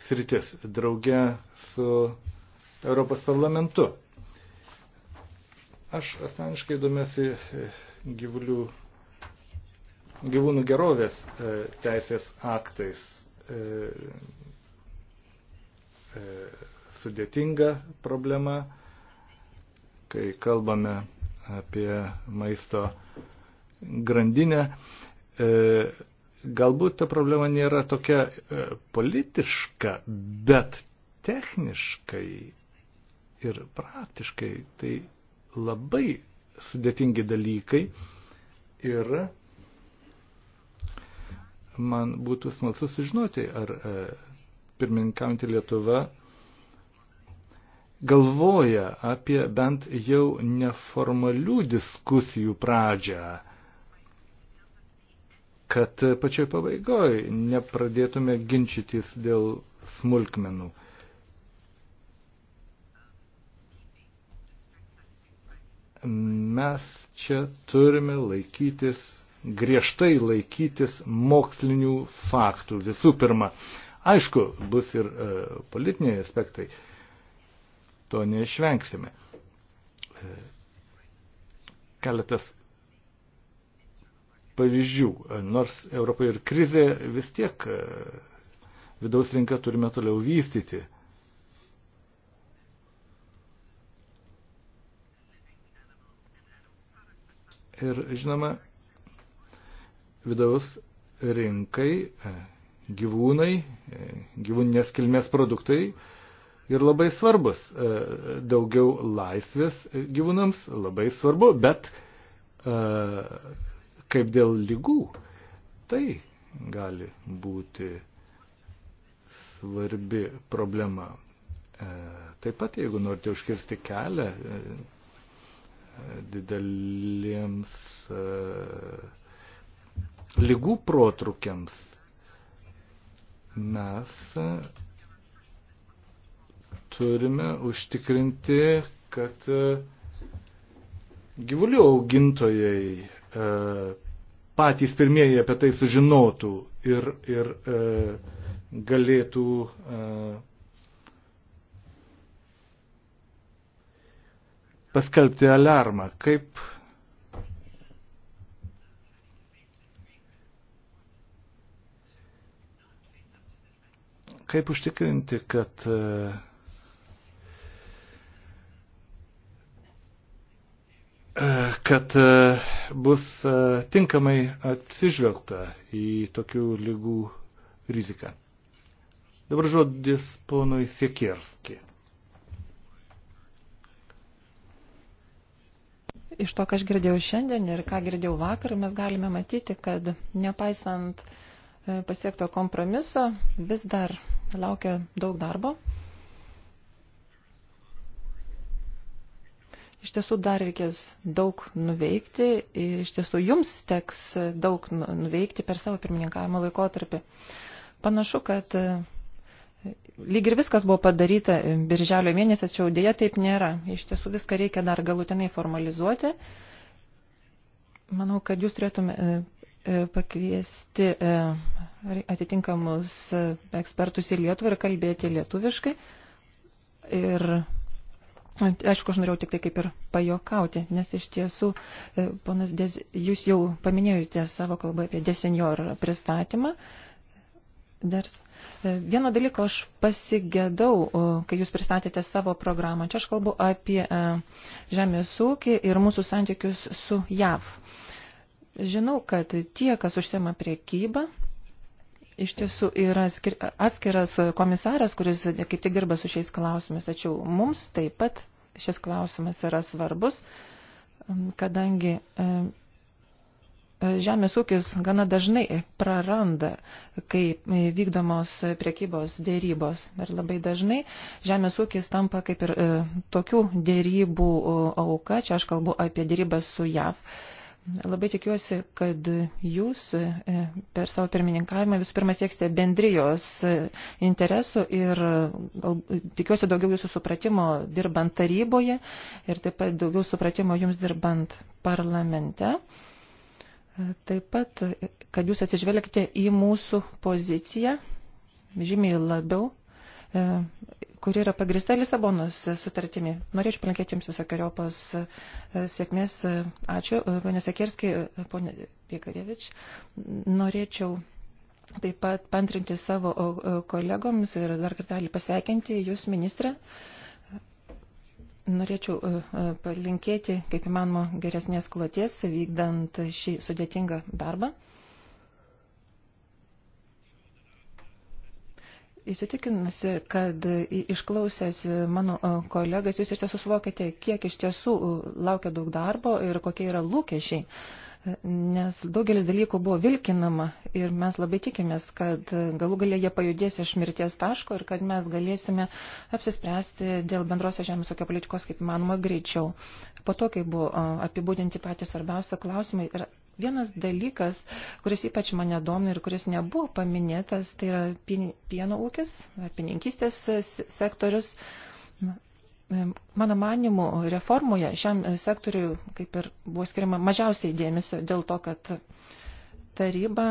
sritis. Drauge su Europos parlamentu. Aš asmeniškai domiuosi e, gyvulių, gyvūnų gerovės e, teisės aktais. E, sudėtinga problema, kai kalbame apie maisto grandinę. Galbūt ta problema nėra tokia politiška, bet techniškai ir praktiškai tai labai sudėtingi dalykai ir man būtų smalsu sužinoti, ar e, pirmininkaujantį Lietuvą galvoja apie bent jau neformalių diskusijų pradžią, kad pačioj pabaigoje nepradėtume ginčytis dėl smulkmenų. E, mes čia turime laikytis, griežtai laikytis mokslinių faktų visų pirma. Aišku, bus ir e, politiniai aspektai, to neišvengsime. E, keletas pavyzdžių. E, nors Europoje ir krizė vis tiek e, vidaus rinką turime toliau vystyti. Ir žinoma, vidaus rinkai e, gyvūnai, e, gyvūninės kilmės produktai ir labai svarbus. E, daugiau laisvės gyvūnams labai svarbu, bet kaip dėl lygų, tai gali būti svarbi problema. Taip pat, jeigu norite užkirsti kelią dideliems e, lygų protrukiams. Mes e, turime užtikrinti, kad e, gyvulių augintojai patys pirmieji apie tai sužinotų ir, ir galėtų paskelbti alarmą, kaip kaip užtikrinti, kad e, e, kad e, bus tinkamai atsižvelgta į tokių lygų riziką. Dabar žodis ponui Siekierski. iš to, ką aš girdėjau šiandien ir ką girdėjau vakar, mes galime matyti, kad nepaisant e, pasiekto kompromiso vis dar laukia daug darbo. Iš tiesų dar reikės daug nuveikti ir iš tiesų jums teks daug nu, nuveikti per savo pirmininkavimo laikotarpį. Panašu, kad e, Lyg ir viskas buvo padaryta e, birželio mėnesį, tačiau dėja taip nėra. Iš tiesų viską reikia dar galutinai formalizuoti. Manau, kad jūs turėtume e, pakviesti e, atitinkamus ekspertus į Lietuvą ir kalbėti lietuviškai. Ir aišku, aš norėjau tik tai kaip ir pajokauti, nes iš tiesų, ponas, Dez, jūs jau paminėjote savo kalbą apie desenjor pristatymą. Dar e, vieno dalyko aš pasigėdau, kai jūs pristatėte savo programą. Čia aš kalbu apie e, žemės ūkį ir mūsų santykius su JAV. Žinau, kad tie, kas užsiema priekybą, iš tiesų yra atskiras komisaras, kuris kaip tik dirba su šiais klausimais, tačiau mums taip pat šis klausimas yra svarbus, kadangi e, E, žemės ūkis gana dažnai praranda, kai vykdomos priekybos dėrybos. Ir labai dažnai žemės ūkis tampa kaip ir e, tokių dėrybų auka. Čia aš kalbu apie dėrybas su JAV. Labai tikiuosi, kad jūs e, per savo pirmininkavimą visų pirma sieksite bendrijos e, interesų ir gal, tikiuosi daugiau jūsų supratimo dirbant taryboje ir taip pat daugiau supratimo jums dirbant parlamente. Taip pat, kad jūs atsižvelgite į mūsų poziciją, žymiai labiau, e, kuri yra pagrista Lisabonos sutartimi. Norėčiau palinkėti Jums visokiojopos e, sėkmės. Ačiū, e, ponė Sekirski, ponė Piekarevič. Norėčiau taip pat pantrinti savo kolegoms ir dar kartelį pasveikinti Jūs, ministrę. Norėčiau e, e, palinkėti, kaip įmanoma, geresnės kloties, vykdant šį sudėtingą darbą. Įsitikinusi, kad išklausęs mano e, kolegas, jūs iš tiesų suvokite, kiek iš tiesų laukia daug darbo ir kokie yra lūkesčiai nes daugelis dalykų buvo vilkinama ir mes labai tikimės, kad galų galia jie pajudės iš mirties taško ir kad mes galėsime apsispręsti dėl bendrosios žemės ūkio politikos kaip įmanoma greičiau. Po to, kai buvo apibūdinti patys svarbiausia klausimai, ir vienas dalykas, kuris ypač mane domina ir kuris nebuvo paminėtas, tai yra pieno ūkis, pininkistės sektorius. Na, Mano manimu, reformoje šiam sektoriu kaip ir buvo skiriama mažiausiai dėmesio dėl to, kad taryba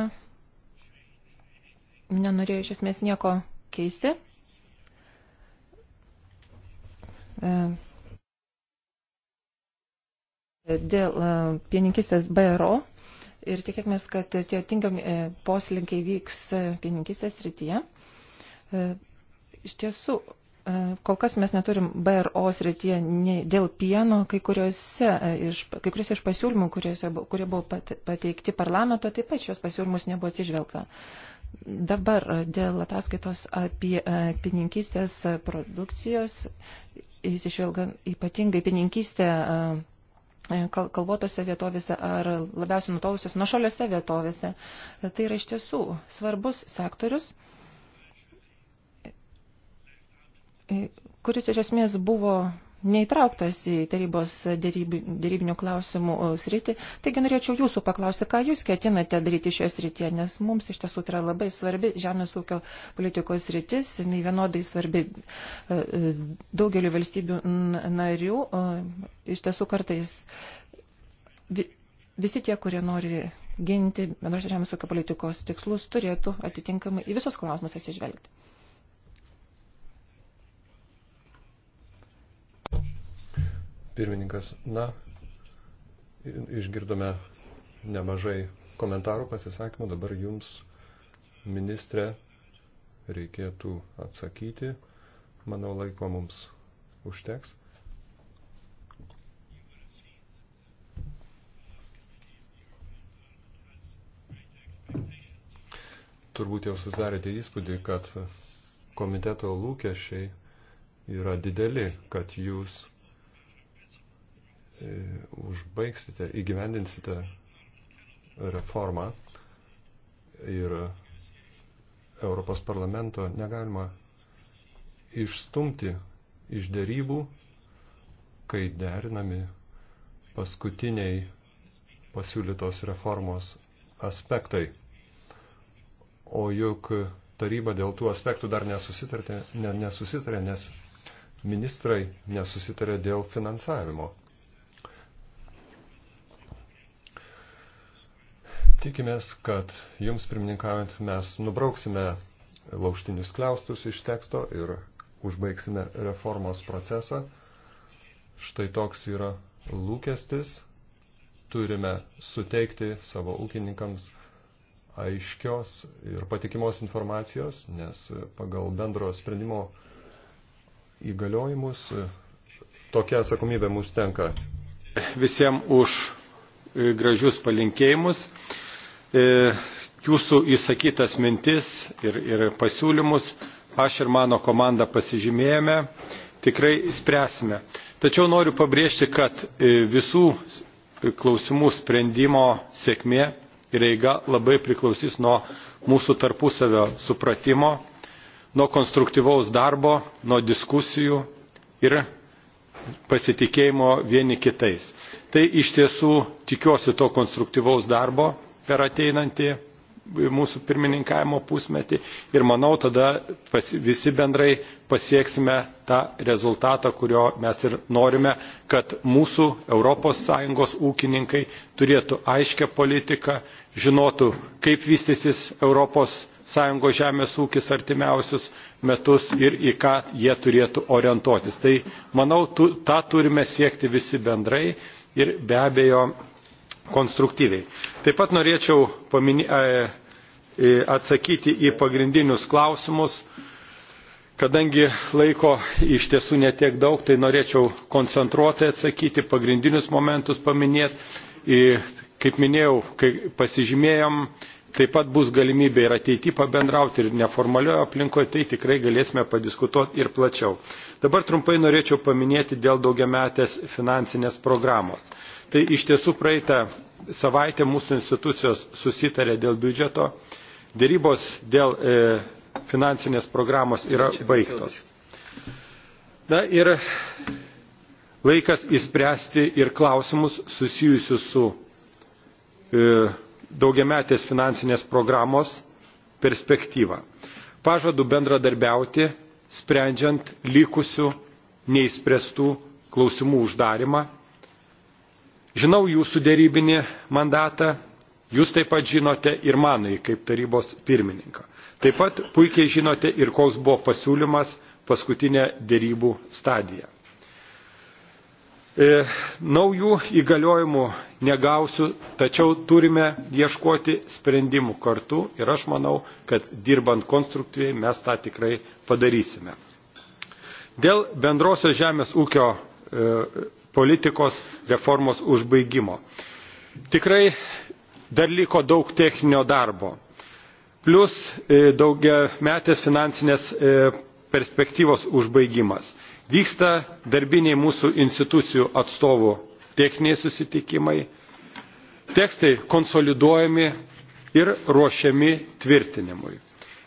nenorėjo iš esmės nieko keisti. E, dėl e, pieninkistės BRO ir tikėkime, kad tie tinkami e, poslinkiai vyks pieninkistės rytyje. Iš tiesų, E, kol kas mes neturim BRO srityje dėl pieno, kai kuriuose e, iš, kai kuriuose iš pasiūlymų, kuriuose, kurie buvo pateikti parlamento, taip pat šios pasiūlymus nebuvo atsižvelgta. Dabar e, dėl ataskaitos apie pininkystės produkcijos, įsižvelgiant ypatingai pininkystę kalvotose vietovėse ar labiausiai nutolusios nuošaliuose vietovėse, tai yra iš tiesų svarbus sektorius kuris iš esmės buvo neįtrauktas į tarybos dėrybinių klausimų e, sritį. Taigi norėčiau jūsų paklausti, ką jūs ketinate daryti šioje srityje, nes mums iš tiesų tai yra labai svarbi žemės ūkio politikos sritis, jinai vienodai svarbi e, e, daugeliu valstybių narių. Iš tiesų kartais visi tie, kurie nori ginti bendros žemės ūkio politikos tikslus, turėtų atitinkamai į visus klausimus atsižvelgti. Pirmininkas, na, išgirdome nemažai komentarų pasisakymų, dabar jums, ministrė, reikėtų atsakyti. Manau, laiko mums užteks. turbūt jau susidarėte įspūdį, kad komiteto lūkesčiai yra dideli, kad jūs E, užbaigsite, įgyvendinsite reformą ir Europos parlamento negalima išstumti iš dėrybų, kai derinami paskutiniai pasiūlytos reformos aspektai. O juk taryba dėl tų aspektų dar nesusitarė, ne, nesusitarė nes ministrai nesusitarė dėl finansavimo. Tikimės, kad jums pirmininkaujant mes nubrauksime lauštinius kliaustus iš teksto ir užbaigsime reformos procesą. Štai toks yra lūkestis. Turime suteikti savo ūkininkams aiškios ir patikimos informacijos, nes pagal bendro sprendimo įgaliojimus tokia atsakomybė mums tenka. Visiems už gražius palinkėjimus. E, jūsų įsakytas mintis ir, ir pasiūlymus. Aš ir mano komanda pasižymėjome, tikrai spręsime. Tačiau noriu pabrėžti, kad e, visų klausimų sprendimo sėkmė ir eiga labai priklausys nuo mūsų tarpusavio supratimo, nuo konstruktyvaus darbo, nuo diskusijų ir pasitikėjimo vieni kitais. Tai iš tiesų tikiuosi to konstruktyvaus darbo per ateinantį mūsų pirmininkavimo pusmetį ir manau tada pas, visi bendrai pasieksime tą rezultatą, kurio mes ir norime, kad mūsų ES ūkininkai turėtų aiškę politiką, žinotų, kaip vystysis ES žemės ūkis artimiausius metus ir į ką jie turėtų orientuotis. Tai manau, tu, tą turime siekti visi bendrai ir be abejo konstruktyviai. Taip pat norėčiau paminė, e, e, atsakyti į pagrindinius klausimus. Kadangi laiko iš tiesų netiek daug, tai norėčiau koncentruotai atsakyti, pagrindinius momentus paminėti. Kaip minėjau, kai pasižymėjom, taip pat bus galimybė ir ateityje pabendrauti ir neformalioje aplinkoje, tai tikrai galėsime padiskutuoti ir plačiau. Dabar trumpai norėčiau paminėti dėl daugiametės finansinės programos. Tai iš tiesų praeitą savaitę mūsų institucijos susitarė dėl biudžeto, dėrybos dėl e, finansinės programos yra baigtos. Na ir laikas įspręsti ir klausimus susijusius su e, daugiametės finansinės programos perspektyva. Pažadu bendradarbiauti, sprendžiant likusių neįspręstų klausimų uždarimą Žinau jūsų dėrybinį mandatą, jūs taip pat žinote ir manai kaip tarybos pirmininką. Taip pat puikiai žinote ir koks buvo pasiūlymas paskutinė dėrybų stadija. E, naujų įgaliojimų negausiu, tačiau turime ieškoti sprendimų kartu ir aš manau, kad dirbant konstruktyviai mes tą tikrai padarysime. Dėl bendrosios žemės ūkio e, politikos reformos užbaigimo. Tikrai dar liko daug techninio darbo. Plus e, daugiametės finansinės e, perspektyvos užbaigimas. Vyksta darbiniai mūsų institucijų atstovų techniniai susitikimai. Tekstai konsoliduojami ir ruošiami tvirtinimui.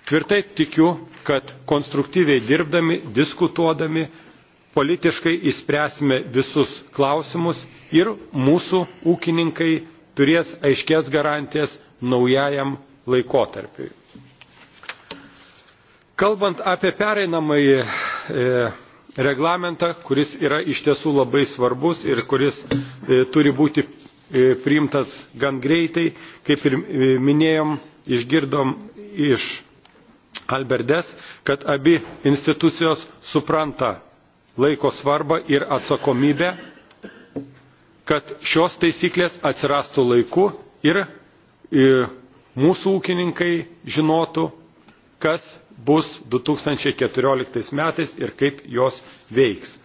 Tvirtai tikiu, kad konstruktyviai dirbdami, diskutuodami politiškai išspręsime visus klausimus ir mūsų ūkininkai turės aiškės garantijas naujajam laikotarpiui. Kalbant apie pereinamąjį e, reglamentą, kuris yra iš tiesų labai svarbus ir kuris e, turi būti e, priimtas gan greitai, kaip ir e, minėjom, išgirdom iš Alberdes, kad abi institucijos supranta laiko svarbą ir atsakomybę, kad šios taisyklės atsirastų laiku ir, ir e, mūsų ūkininkai žinotų, kas bus 2014 metais ir kaip jos veiks.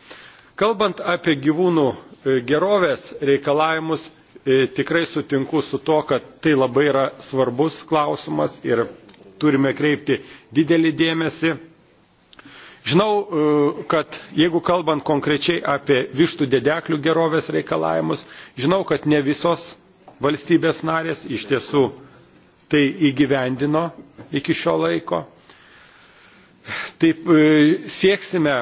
Kalbant apie gyvūnų e, gerovės reikalavimus, e, tikrai sutinku su to, kad tai labai yra svarbus klausimas ir turime kreipti didelį dėmesį Žinau, e, kad jeigu kalbant konkrečiai apie vištų dedeklių gerovės reikalavimus, žinau, kad ne visos valstybės narės iš tiesų tai įgyvendino iki šio laiko. Taip e, sieksime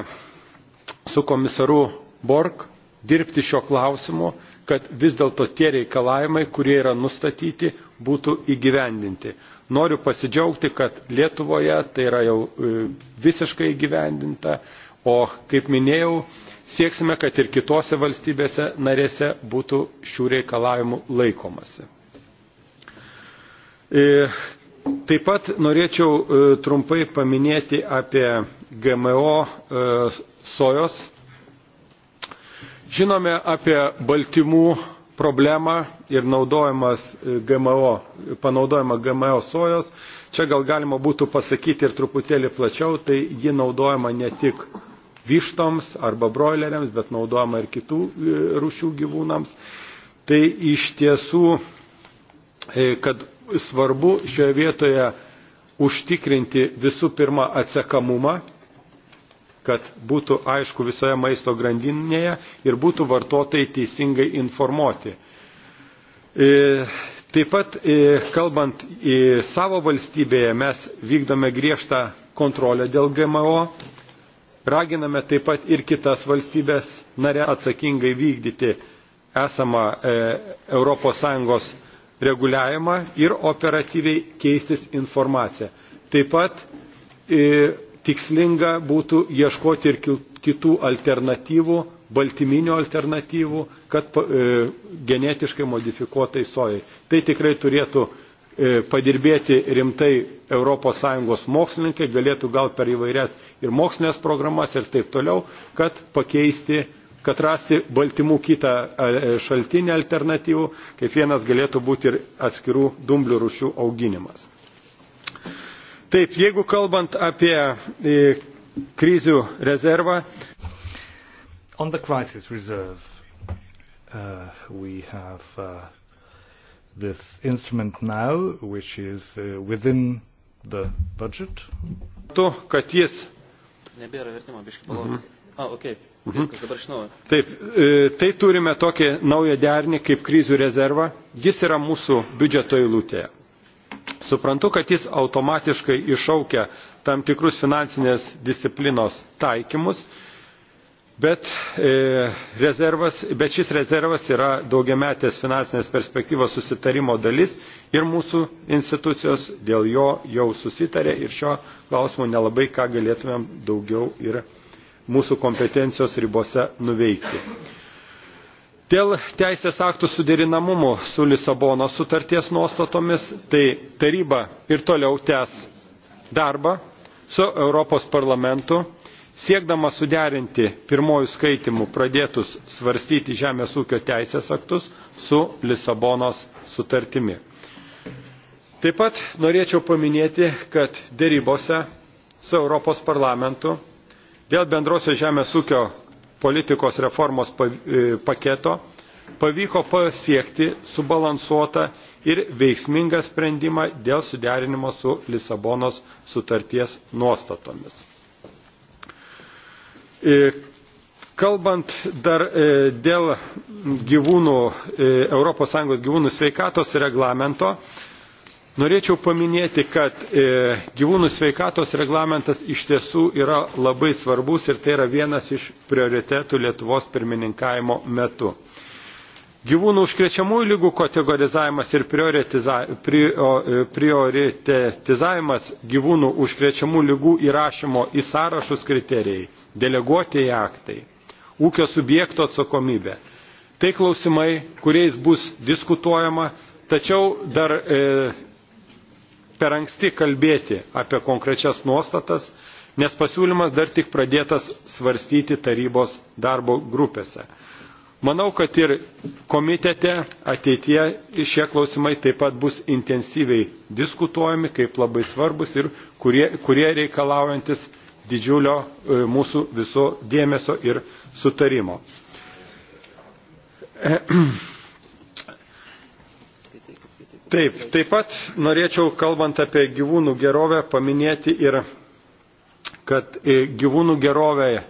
su komisaru Borg dirbti šio klausimu, kad vis dėlto tie reikalavimai, kurie yra nustatyti, būtų įgyvendinti. Noriu pasidžiaugti, kad Lietuvoje tai yra jau e, visiškai gyvendinta, o kaip minėjau, sieksime, kad ir kitose valstybėse narėse būtų šių reikalavimų laikomasi. E, taip pat norėčiau e, trumpai paminėti apie GMO sojos. Žinome apie baltymų problemą ir naudojamas e, GMO, panaudojama GMO sojos. Čia gal galima būtų pasakyti ir truputėlį plačiau, tai ji naudojama ne tik vištoms arba broileriams, bet naudojama ir kitų e, rūšių gyvūnams. Tai iš tiesų, e, kad svarbu šioje vietoje užtikrinti visų pirma atsekamumą kad būtų aišku visoje maisto grandinėje ir būtų vartotojai teisingai informuoti. E, taip pat, e, kalbant į e, savo valstybėje, mes vykdome griežtą kontrolę dėl GMO, raginame taip pat ir kitas valstybės narė atsakingai vykdyti esamą ES reguliavimą ir operatyviai keistis informaciją. Taip pat tikslinga būtų ieškoti ir kitų alternatyvų, baltyminio alternatyvų, kad e, genetiškai modifikuotai sojai. Tai tikrai turėtų e, padirbėti rimtai ES mokslininkai, galėtų gal per įvairias ir mokslinės programas ir taip toliau, kad pakeisti kad rasti baltymų kitą e, šaltinį alternatyvų, kaip vienas galėtų būti ir atskirų dumblių rušių auginimas. Taip, jeigu kalbant apie e, krizių rezervą. On the crisis reserve, uh, we have uh, this instrument now, which is uh, within the budget. Tu, kad jis. Nebėra vertimo, biškai mhm. palaukti. Mm -hmm. A, ok. Mhm. Viskas dabar iš naujo. Taip, e, tai turime tokį naują dernį kaip krizių rezervą. Jis yra mūsų biudžeto eilutėje suprantu kad jis automatiškai iššaukia tam tikrus finansinės disciplinos taikymus bet, e, rezervas, bet šis rezervas yra daugiametės finansinės perspektyvos susitarimo dalis ir mūsų institucijos dėl jo jau susitarė ir šio klausimo nelabai ką galėtumėm daugiau ir mūsų kompetencijos ribose nuveikti Dėl teisės aktų suderinamumo su Lisabono sutarties nuostatomis, tai taryba ir toliau tęs darbą su Europos parlamentu, siekdama suderinti pirmojų skaitimų pradėtus svarstyti žemės ūkio teisės aktus su Lisabonos sutartimi. Taip pat norėčiau paminėti, kad dėrybose su Europos parlamentu dėl bendrosios žemės ūkio politikos reformos e, paketo pavyko pasiekti subalansuotą ir veiksmingą sprendimą dėl suderinimo su Lisabonos sutarties nuostatomis. E, kalbant dar e, dėl gyvūnų, ES gyvūnų sveikatos reglamento, Norėčiau paminėti, kad e, gyvūnų sveikatos reglamentas iš tiesų yra labai svarbus ir tai yra vienas iš prioritetų Lietuvos pirmininkavimo metu. Gyvūnų užkrečiamųjų lygų kategorizavimas ir e, prioritetizavimas gyvūnų užkrečiamų lygų įrašymo į sąrašus kriterijai, deleguotieji aktai, ūkio subjekto atsakomybė. Tai klausimai, kuriais bus diskutuojama, tačiau dar e, per anksti kalbėti apie konkrečias nuostatas, nes pasiūlymas dar tik pradėtas svarstyti tarybos darbo grupėse. Manau, kad ir komitete ateitie šie klausimai taip pat bus intensyviai diskutuojami kaip labai svarbus ir kurie, kurie reikalaujantis didžiulio e, mūsų viso dėmesio ir sutarimo. Taip, taip pat norėčiau, kalbant apie gyvūnų gerovę, paminėti ir, kad e, gyvūnų gerovė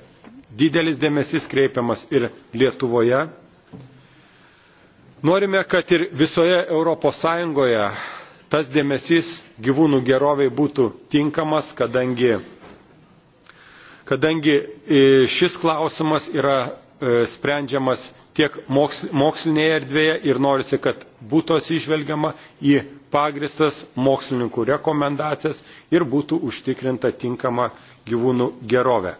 didelis dėmesys kreipiamas ir Lietuvoje. Norime, kad ir visoje Europos Sąjungoje tas dėmesys gyvūnų geroviai būtų tinkamas, kadangi, kadangi e, šis klausimas yra e, sprendžiamas tiek mokslinėje erdvėje ir norisi, kad būtų atsižvelgiama į pagristas mokslininkų rekomendacijas ir būtų užtikrinta tinkama gyvūnų gerovė.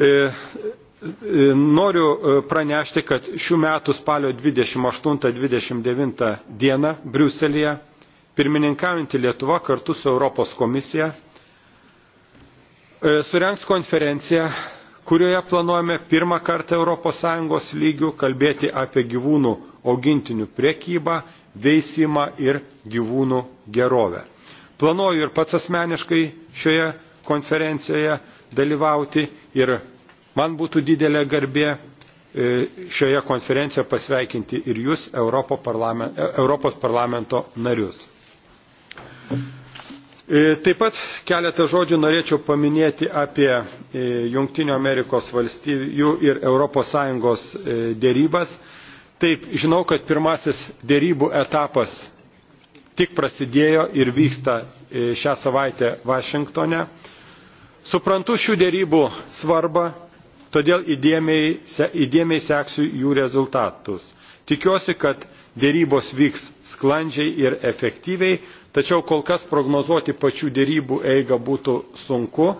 E, e, noriu e, pranešti, kad šių metų spalio 28-29 dieną Briuselėje pirmininkaujantį Lietuvą kartu su Europos komisija surengs konferenciją kurioje planuojame pirmą kartą ES lygių kalbėti apie gyvūnų augintinių priekybą, veisimą ir gyvūnų gerovę. Planuoju ir pats asmeniškai šioje konferencijoje dalyvauti ir man būtų didelė garbė e, šioje konferencijoje pasveikinti ir jūs Europos parlamento narius. E, taip pat keletą žodžių norėčiau paminėti apie e, Junktinio Amerikos valstybių ir ES e, dėrybas. Taip, žinau, kad pirmasis dėrybų etapas tik prasidėjo ir vyksta šią savaitę Vašingtone. Suprantu šių dėrybų svarbą, todėl įdėmiai, įdėmiai seksiu jų rezultatus. Tikiuosi, kad dėrybos vyks sklandžiai ir efektyviai, tačiau kol kas prognozuoti pačių dėrybų eigą būtų sunku.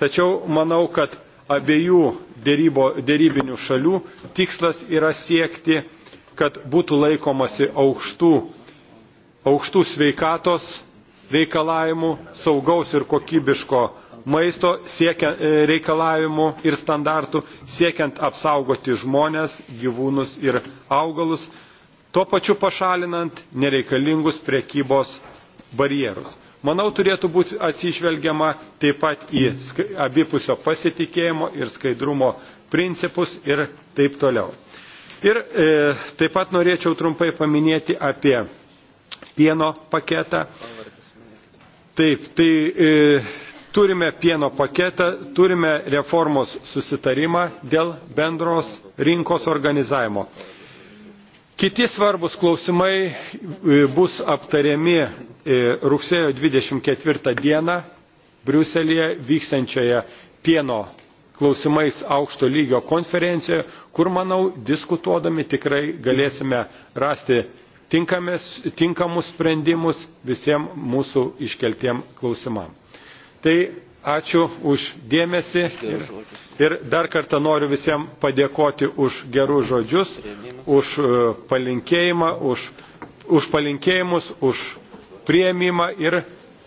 Tačiau manau, kad abiejų dėrybo, dėrybinių šalių tikslas yra siekti, kad būtų laikomasi aukštų, aukštų sveikatos reikalavimų, saugaus ir kokybiško maisto siekia, e, reikalavimų ir standartų, siekiant apsaugoti žmonės, gyvūnus ir augalus, tuo pačiu pašalinant nereikalingus priekybos barjerus. Manau, turėtų būti atsižvelgiama taip pat į abipusio pasitikėjimo ir skaidrumo principus ir taip toliau. Ir e, taip pat norėčiau trumpai paminėti apie pieno paketą. Taip, tai e, turime pieno paketą, turime reformos susitarimą dėl bendros rinkos organizavimo. Kiti svarbus klausimai e, bus aptariami E, rugsėjo 24 dieną Briuselėje vyksančioje pieno klausimais aukšto lygio konferencijoje, kur, manau, diskutuodami tikrai galėsime rasti tinkames, tinkamus sprendimus visiems mūsų iškeltiem klausimam. Tai ačiū už dėmesį ir, ir dar kartą noriu visiems padėkoti už gerus žodžius, už e, palinkėjimą, už, už palinkėjimus, už prieimimą ir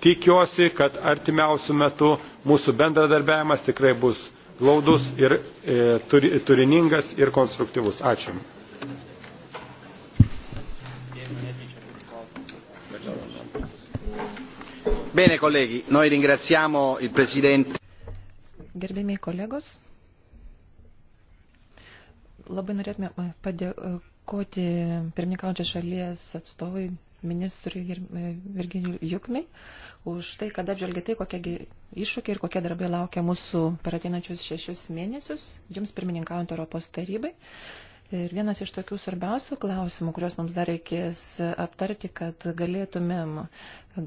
tikiuosi, kad artimiausių metų mūsų bendradarbiavimas tikrai bus glaudus ir e, turi, turiningas ir konstruktyvus. Ačiū. Bene, colleghi, noi ringraziamo il Presidente. Gerbėmiai kolegos, labai norėtume padėkoti e, pirmininkaujančios šalies atstovui ministrui Virginijui Jukmiai už tai, kad apžvelgė tai, kokie iššūkiai ir kokie darbai laukia mūsų per ateinančius šešius mėnesius, jums pirmininkaujant Europos tarybai. Ir vienas iš tokių svarbiausių klausimų, kuriuos mums dar reikės aptarti, kad galėtumėm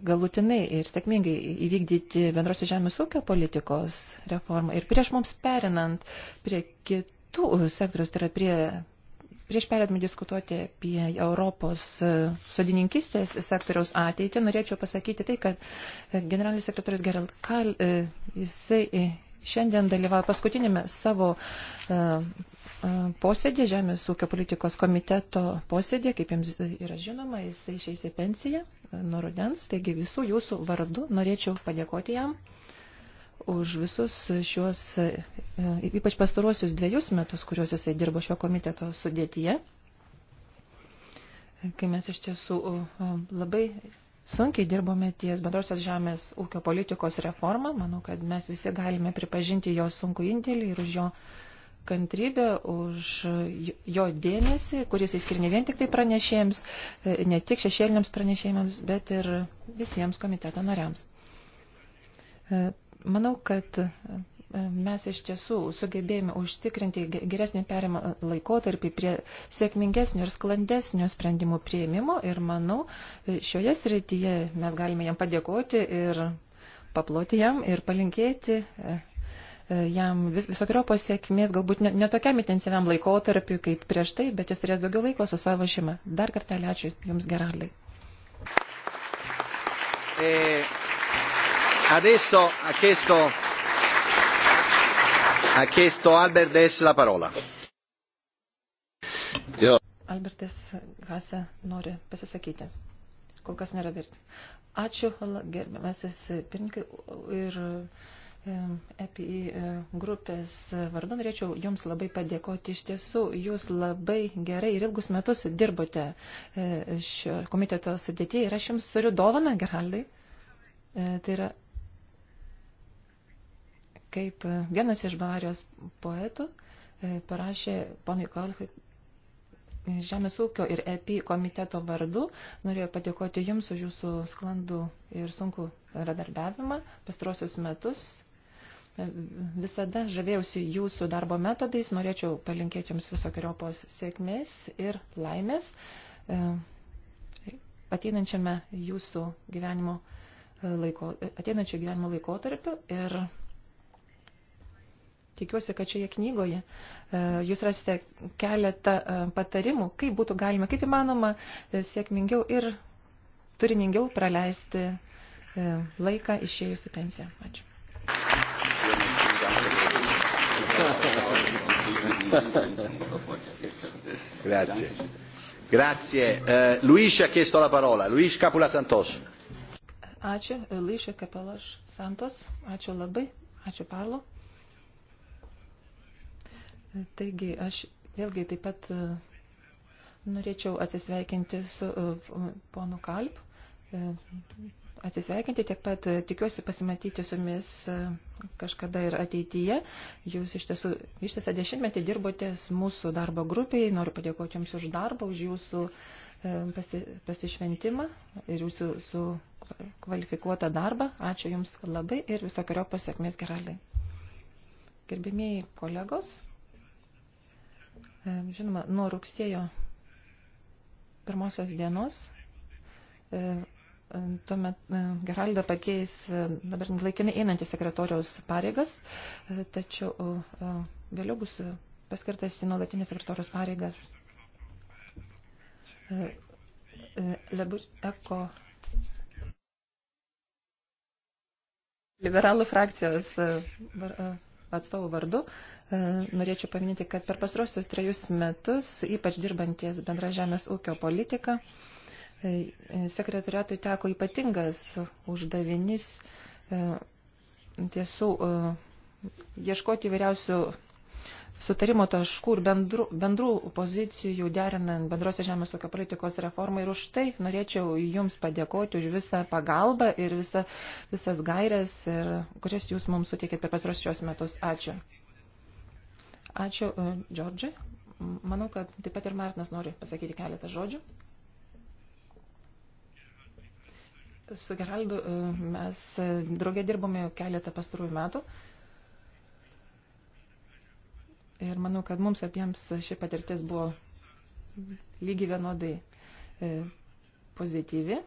galutinai ir sėkmingai įvykdyti bendrosios žemės ūkio politikos reformą. Ir prieš mums perinant prie kitų sektorius, tai yra prie Prieš perėdami diskutuoti apie Europos e, sodininkistės sektoriaus ateitį, norėčiau pasakyti tai, kad e, generalinis sekretorius Gerald Kal, e, jisai šiandien dalyvauja paskutinėme savo posėdė, Žemės ūkio politikos komiteto posėdė, kaip jums yra žinoma, jis išeis į pensiją nuo rudens, taigi visų jūsų vardu norėčiau padėkoti jam už visus šios, e, ypač pastaruosius dviejus metus, kuriuos jisai dirbo šio komiteto sudėtyje, kai mes iš tiesų e, labai sunkiai dirbome ties bendrosios žemės ūkio politikos reforma. Manau, kad mes visi galime pripažinti jo sunku indėlį ir už jo kantrybę, už jo dėmesį, kuris įskiria ne vien tik tai pranešėjams, e, ne tik šešėliniams pranešėjams, bet ir visiems komiteto nariams. Manau, kad e, mes iš tiesų sugebėjome užtikrinti geresnį perimą laikotarpį prie sėkmingesnio ir sklandesnio sprendimų prieimimo ir manau, e, šioje srityje mes galime jam padėkoti ir paploti jam ir palinkėti e, jam vis, visokio pasiekmės, galbūt ne, ne tokiam intensyviam laikotarpiu kaip prieš tai, bet jis turės daugiau laiko su savo šeima. Dar kartelį ačiū Jums, Gerardai. E adesso ha chiesto, ha chiesto Albert Dess la parola. Jo. Albertas Hase nori pasisakyti. Kol kas nėra verti. Ačiū gerbiamasis pirmininkai ir EPI e e, grupės vardu norėčiau Jums labai padėkoti. Iš tiesų, Jūs labai gerai ir ilgus metus dirbote e, šio komiteto sudėtyje ir aš Jums turiu dovaną, Geraldai. Tai yra kaip vienas iš Bavarijos poetų e, parašė ponui Kolchui Žemės ūkio ir EPI komiteto vardu. Norėjau padėkoti Jums už Jūsų sklandų ir sunkų radarbiavimą pastrosius metus. E, visada žavėjausi Jūsų darbo metodais. Norėčiau palinkėti Jums visokiojopos sėkmės ir laimės e, ateinančiame Jūsų gyvenimo laiko, ateinančio gyvenimo laikotarpiu ir Tikiuosi, kad šioje knygoje e, jūs rasite keletą e, patarimų, kaip būtų galima, kaip įmanoma, e, sėkmingiau ir turiningiau praleisti laiką išėjus į pensiją. Ačiū. Grazie. Grazie. Uh, Luis ha chiesto la parola. Luis Capula Santos. Ačiū, Luis Capula Santos. Ačiū labai. Ačiū, Parlo. Taigi, aš vėlgi taip pat e, norėčiau atsisveikinti su e, ponu Kalp, e, atsisveikinti, tiek pat tikiuosi pasimatyti su jumis kažkada ir ateityje. Jūs iš tiesų ištisą dešimtmetį dirbotės mūsų darbo grupiai, noriu padėkoti jums už darbą, už jūsų pasi, pasišventimą ir jūsų su kvalifikuotą darbą. Ačiū jums labai ir visokiojo pasiekmės, Geraldai. Gerbimieji kolegos. E, žinoma, nuo rugsėjo pirmosios dienos e, e, tuomet Geralda pakeis dabar laikinai einantį sekretoriaus pareigas, tačiau vėliau bus paskirtas į nuolatinį sekretoriaus pareigas Lebus Eko liberalų frakcijos atstovų vardu e, norėčiau paminėti, kad per pastarosius trejus metus, ypač dirbanties bendra žemės ūkio politika, e, e, sekretariatui teko ypatingas uždavinys tiesų ieškoti įvairiausių sutarimo taškų ir bendrų, bendrų pozicijų derinant bendrosios žemės ūkio politikos reformą. Ir už tai norėčiau Jums padėkoti už visą pagalbą ir visa, visas gairias, ir, kurias Jūs mums suteikėt per pastarosius metus. Ačiū. Ačiū, e, Džordžiai. Manau, kad taip pat ir Martinas nori pasakyti keletą žodžių. Su Geraldu e, mes e, draugė dirbome keletą pastarųjų metų. Ir manau, kad mums abiems ši patirtis buvo lygiai vienodai e, pozityvi.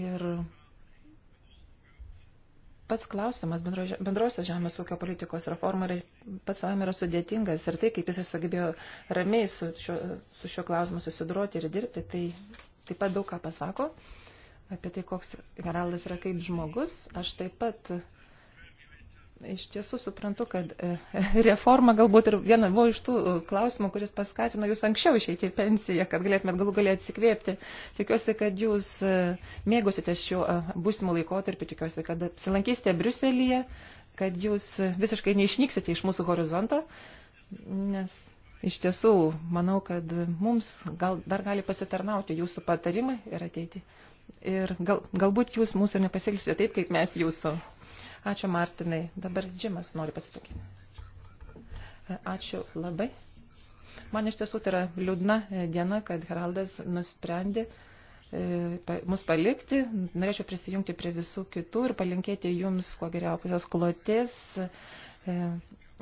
Ir pats klausimas bendrosios žemės ūkio politikos reforma pats savame yra sudėtingas. Ir tai, kaip jisai sugebėjo ramiai su šiuo, su šiuo klausimu susiduroti ir dirbti, tai taip pat daug ką pasako apie tai, koks generalas yra kaip žmogus. Aš taip pat Iš tiesų suprantu, kad e, reforma galbūt ir viena buvo iš tų e, klausimų, kuris paskatino jūs anksčiau išeiti į pensiją, kad galėtumėt galų galę atsikvėpti. Tikiuosi, kad jūs e, mėgusite šiuo būsimu laikotarpiu, tikiuosi, kad apsilankysite Briuselyje, kad jūs visiškai neišnyksite iš mūsų horizonto, nes iš tiesų manau, kad mums gal, dar gali pasitarnauti jūsų patarimai ir ateiti. Ir gal, galbūt jūs mūsų ir nepasilgsite taip, kaip mes jūsų. Ačiū Martinai. Dabar Džimas nori pasisakyti. Ačiū labai. Man iš tiesų tai yra liūdna e, diena, kad Heraldas nusprendė e, mus palikti. Norėčiau prisijungti prie visų kitų ir palinkėti jums kuo geriausios kloties. E,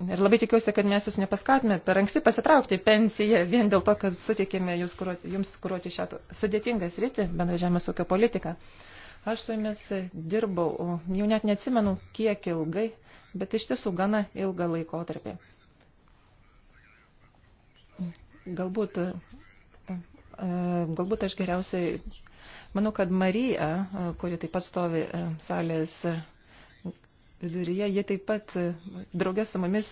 ir labai tikiuosi, kad mes jūs nepaskatome per anksti pasitraukti į pensiją vien dėl to, kad sutikėme jums kuruoti šią sudėtingą sritį, bendra žemės ūkio politiką. Aš su jumis dirbau, jau net neatsimenu, kiek ilgai, bet iš tiesų gana ilgą laikotarpį. Galbūt, e, galbūt aš geriausiai, manau, kad Marija, e, kuri taip pat stovi e, salės viduryje, jie taip pat draugė su mumis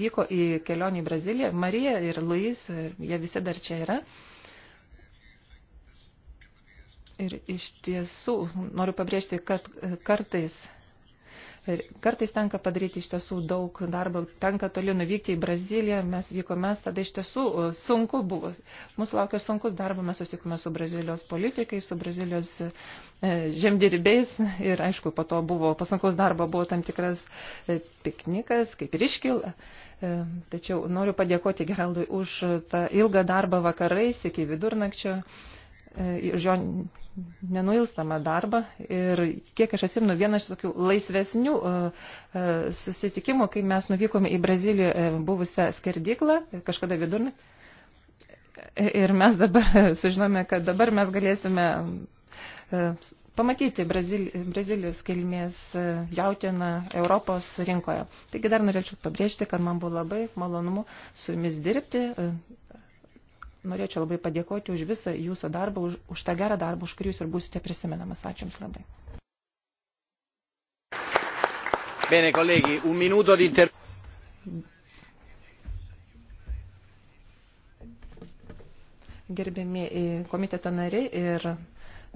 vyko į kelionį į Braziliją. Marija ir Luis, jie visi dar čia yra. Ir iš tiesų, noriu pabrėžti, kad e, kartais, kartais tenka padaryti iš tiesų daug darbo, tenka toli nuvykti į Braziliją, mes vykome, tada iš tiesų e, sunku buvo, mūsų laukia sunkus darbas, mes susitikome su Brazilijos politikais, su Brazilijos e, žemdirbiais ir aišku, po to buvo, pasunkus darbo buvo tam tikras piknikas, kaip ir iškila. Tačiau noriu padėkoti Geraldui už tą ilgą darbą vakarais iki vidurnakčio ir e, jo nenuilstamą darbą. Ir kiek aš atsimnu, vienas iš tokių laisvesnių e, e, susitikimų, kai mes nuvykome į Braziliją buvusią skerdyklą, kažkada vidurnį. Ir mes dabar sužinome, kad dabar mes galėsime pamatyti Brazilijos kilmės jautieną Europos rinkoje. Taigi dar norėčiau pabrėžti, kad man buvo labai malonumu su jumis dirbti, norėčiau labai padėkoti už visą jūsų darbą, už, už tą gerą darbą, už kurį jūs ir būsite prisimenamas. Ačiū Jums labai. Bene, kolegi, un minuto di inter... Gerbiami e, komiteto nariai ir e,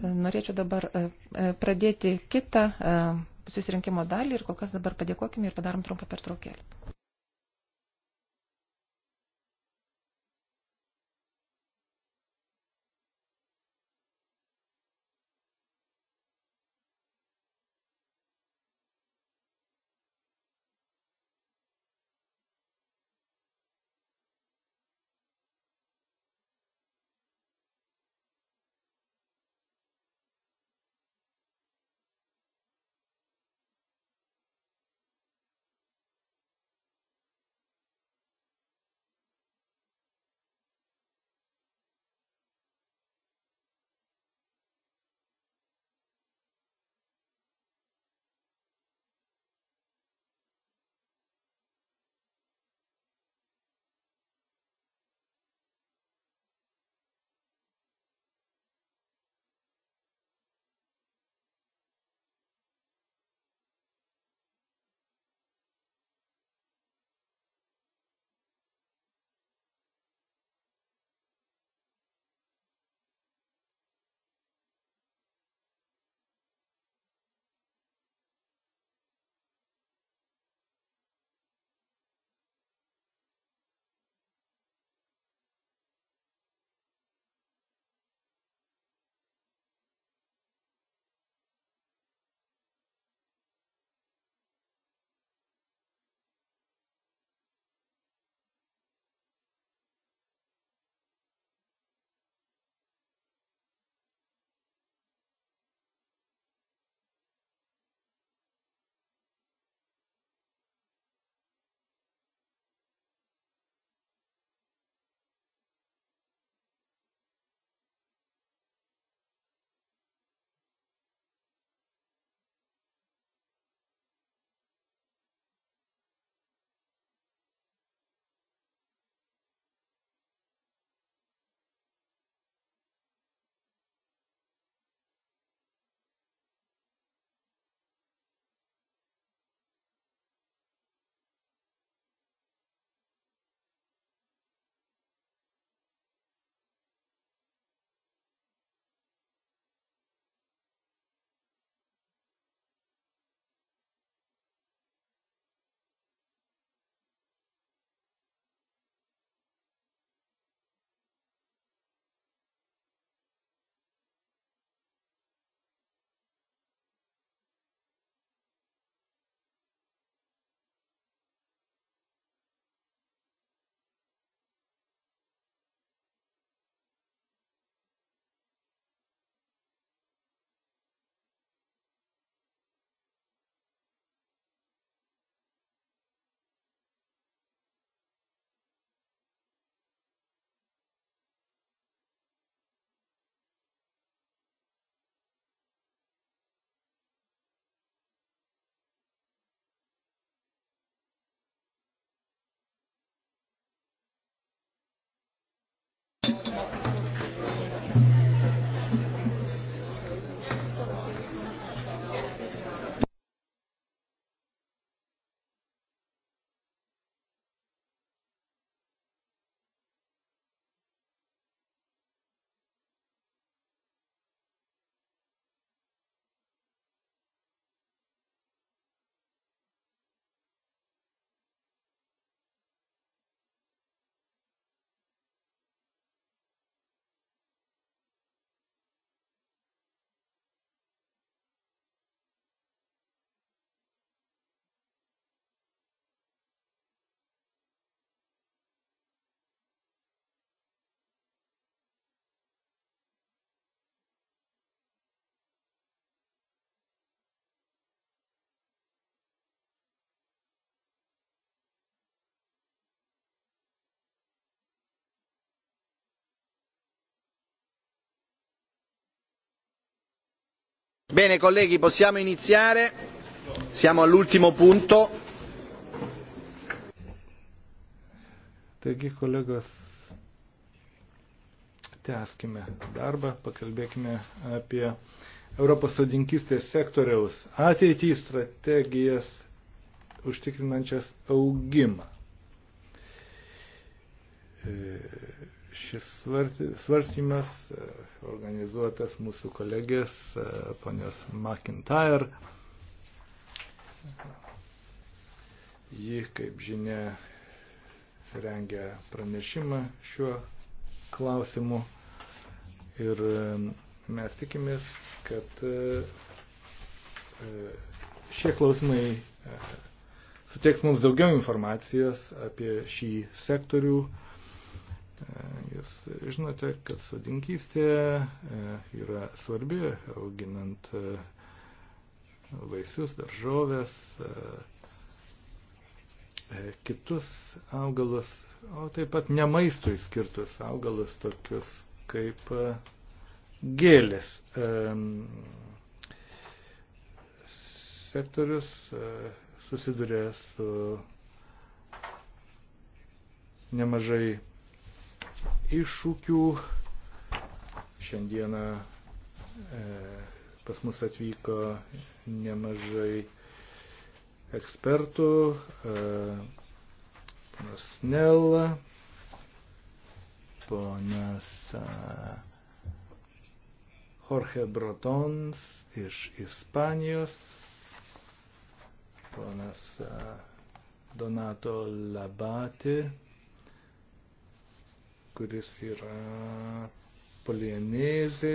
norėčiau dabar e, pradėti kitą susirinkimo dalį ir kol kas dabar padėkokime ir padarom trumpą pertraukėlį. Bene colleghi, possiamo iniziare. Siamo all'ultimo punto. Taigi, kolegos, tęskime darbą, pakalbėkime apie Europos sodinkistės sektoriaus ateitį, strategijas užtikrinančias augimą. E Šis svarstymas e, organizuotas mūsų kolegės e, ponios McIntyre. Ji, kaip žinia, rengia pranešimą šiuo klausimu ir e, mes tikimės, kad šie klausimai suteiks mums daugiau informacijos apie šį sektorių Jūs žinote, kad sodinkystė e, yra svarbi, auginant e, vaisius, daržovės, e, kitus augalus, o taip pat ne maistui skirtus augalus, tokius kaip gėlės. Sektorius susiduria su nemažai iššūkių. Šiandieną e, pas mus atvyko nemažai ekspertų. E, ponas Nel, ponas e, Jorge Brotons iš Ispanijos, ponas e, Donato Labati kuris yra polienėzė,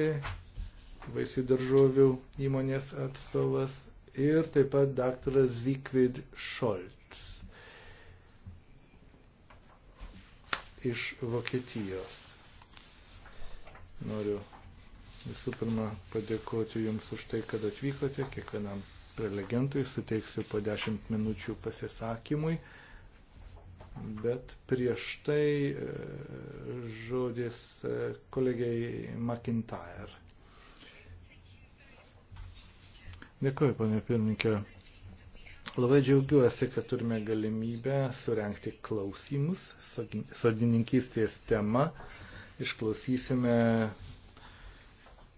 vaisių daržovių įmonės atstovas ir taip pat daktaras Zikvid Šolts iš Vokietijos. Noriu visų pirma padėkoti Jums už tai, kad atvykote. Kiekvienam prelegentui suteiksiu po 10 minučių pasisakymui bet prieš tai e, žodis e, kolegiai McIntyre. Dėkuoju, panė pirmininkė. Labai džiaugiuosi, kad turime galimybę surenkti klausimus sodininkystės tema. Išklausysime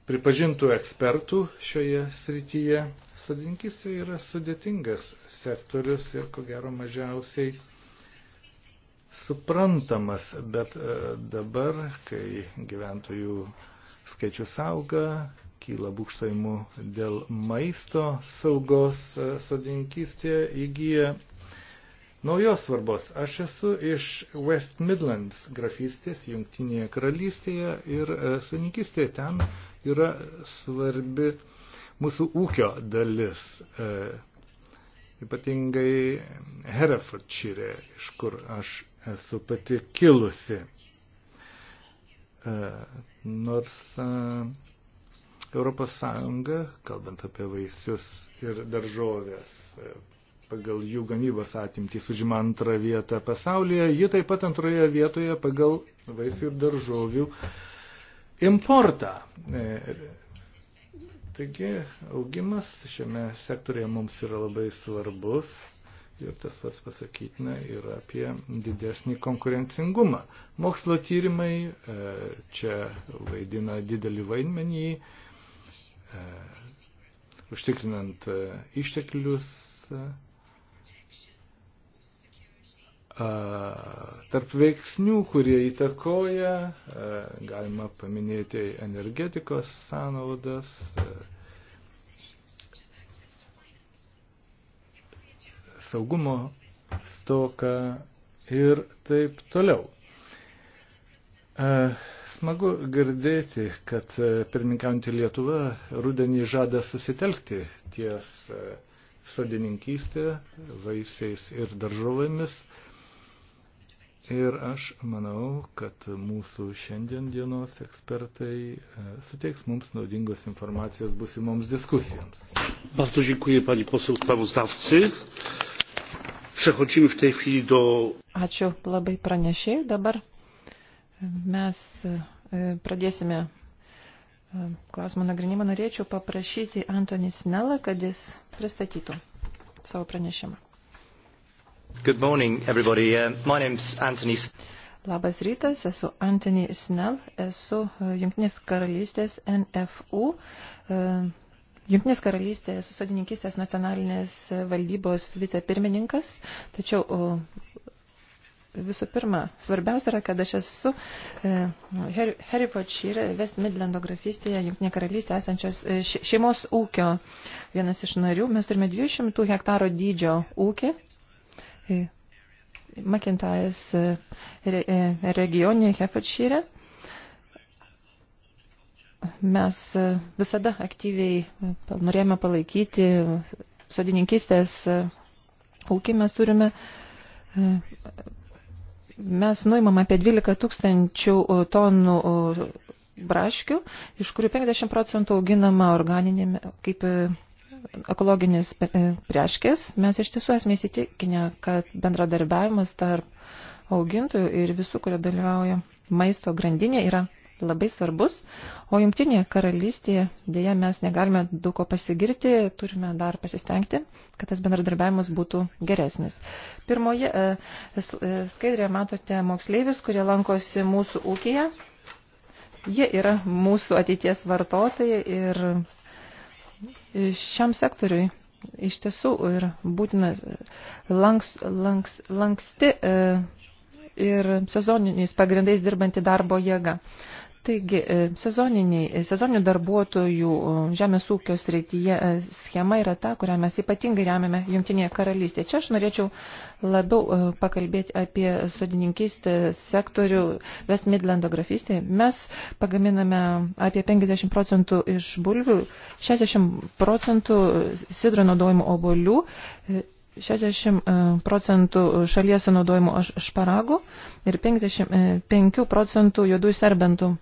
pripažintų ekspertų šioje srityje. Sodininkystė yra sudėtingas sektorius ir ko gero mažiausiai suprantamas, bet e, dabar, kai gyventojų skaičius auga, kyla būkštaimų dėl maisto saugos e, sodinkystėje įgyja naujos svarbos. Aš esu iš West Midlands grafystės, jungtinėje karalystėje ir e, sodininkystėje ten yra svarbi mūsų ūkio dalis. E, ypatingai Herefordšyrė, iš kur aš esu pati kilusi. E, nors ES, kalbant apie vaisius ir daržovės, e, pagal jų gamybos atimtys užima antrą vietą pasaulyje, ji taip pat antroje vietoje pagal vaisių ir daržovių importą. E, taigi augimas šiame sektorėje mums yra labai svarbus. Ir tas pats pasakytina ir apie didesnį konkurencingumą. Mokslo tyrimai e, čia vaidina didelį vaidmenį, e, užtikrinant e, išteklius, tarp veiksnių, kurie įtakoja, galima paminėti energetikos sąnaudas, saugumo stoką ir taip toliau. E, smagu girdėti, kad e, pirmininkaujantį Lietuvą rudenį žada susitelkti ties e, sodininkystė, vaisiais ir daržovėmis. Ir aš manau, kad mūsų šiandien dienos ekspertai suteiks mums naudingos informacijos busimoms diskusijoms. Bardzo dziękuję pani poseł sprawozdawcy. Przechodzimy w tej chwili do. Ačiū labai pranešėjai. Dabar mes e, pradėsime e, klausimą nagrinimą. Norėčiau paprašyti Antonį Snelą, kad jis pristatytų savo pranešimą. Good morning, everybody. Uh, my name's Anthony. Labas rytas, esu Antony Snell, esu e, Junktinės karalystės NFU Junktinės karalystės sodininkistės nacionalinės valdybos vicepirmininkas, tačiau visų pirma, svarbiausia yra, kad aš esu e, nu, Herefordshire, West Midlando grafystėje, Junktinė karalystė esančios e, šeimos ūkio vienas iš narių. Mes turime 200 hektaro dydžio ūkį. E, McIntyre's regione Herefordshire. Mes visada aktyviai norėjome palaikyti sodininkistės ūkį, mes turime Mes nuimam apie 12 tūkstančių tonų braškių, iš kurių 50 procentų auginama organinėme, kaip ekologinis prieškės. Mes iš tiesų esame įsitikinę, kad bendradarbiavimas tarp augintojų ir visų, kurie dalyvauja maisto grandinė, yra labai svarbus, o jungtinėje karalystėje dėja mes negalime daug ko pasigirti, turime dar pasistengti, kad tas bendradarbiavimas būtų geresnis. Pirmoje e, e, skaidrėje matote moksleivius, kurie lankosi mūsų ūkija. Jie yra mūsų ateities vartotojai ir šiam sektoriui iš tiesų yra būtinas lanks, lanks, lanksti. E, ir sezoniniais pagrindais dirbanti darbo jėga. Taigi, e, e, sezoninių darbuotojų e, žemės ūkio srityje schema yra ta, kurią mes ypatingai remiame Junktinėje karalystėje. Čia aš norėčiau labiau pakalbėti apie sodininkystės sektorių West Midlando grafystėje. Mes pagaminame apie 50 procentų iš bulvių, 60 procentų sidro naudojimo obolių 60 procentų šalies sunaudojimo šparagų ir 55 procentų juodųjų serbentų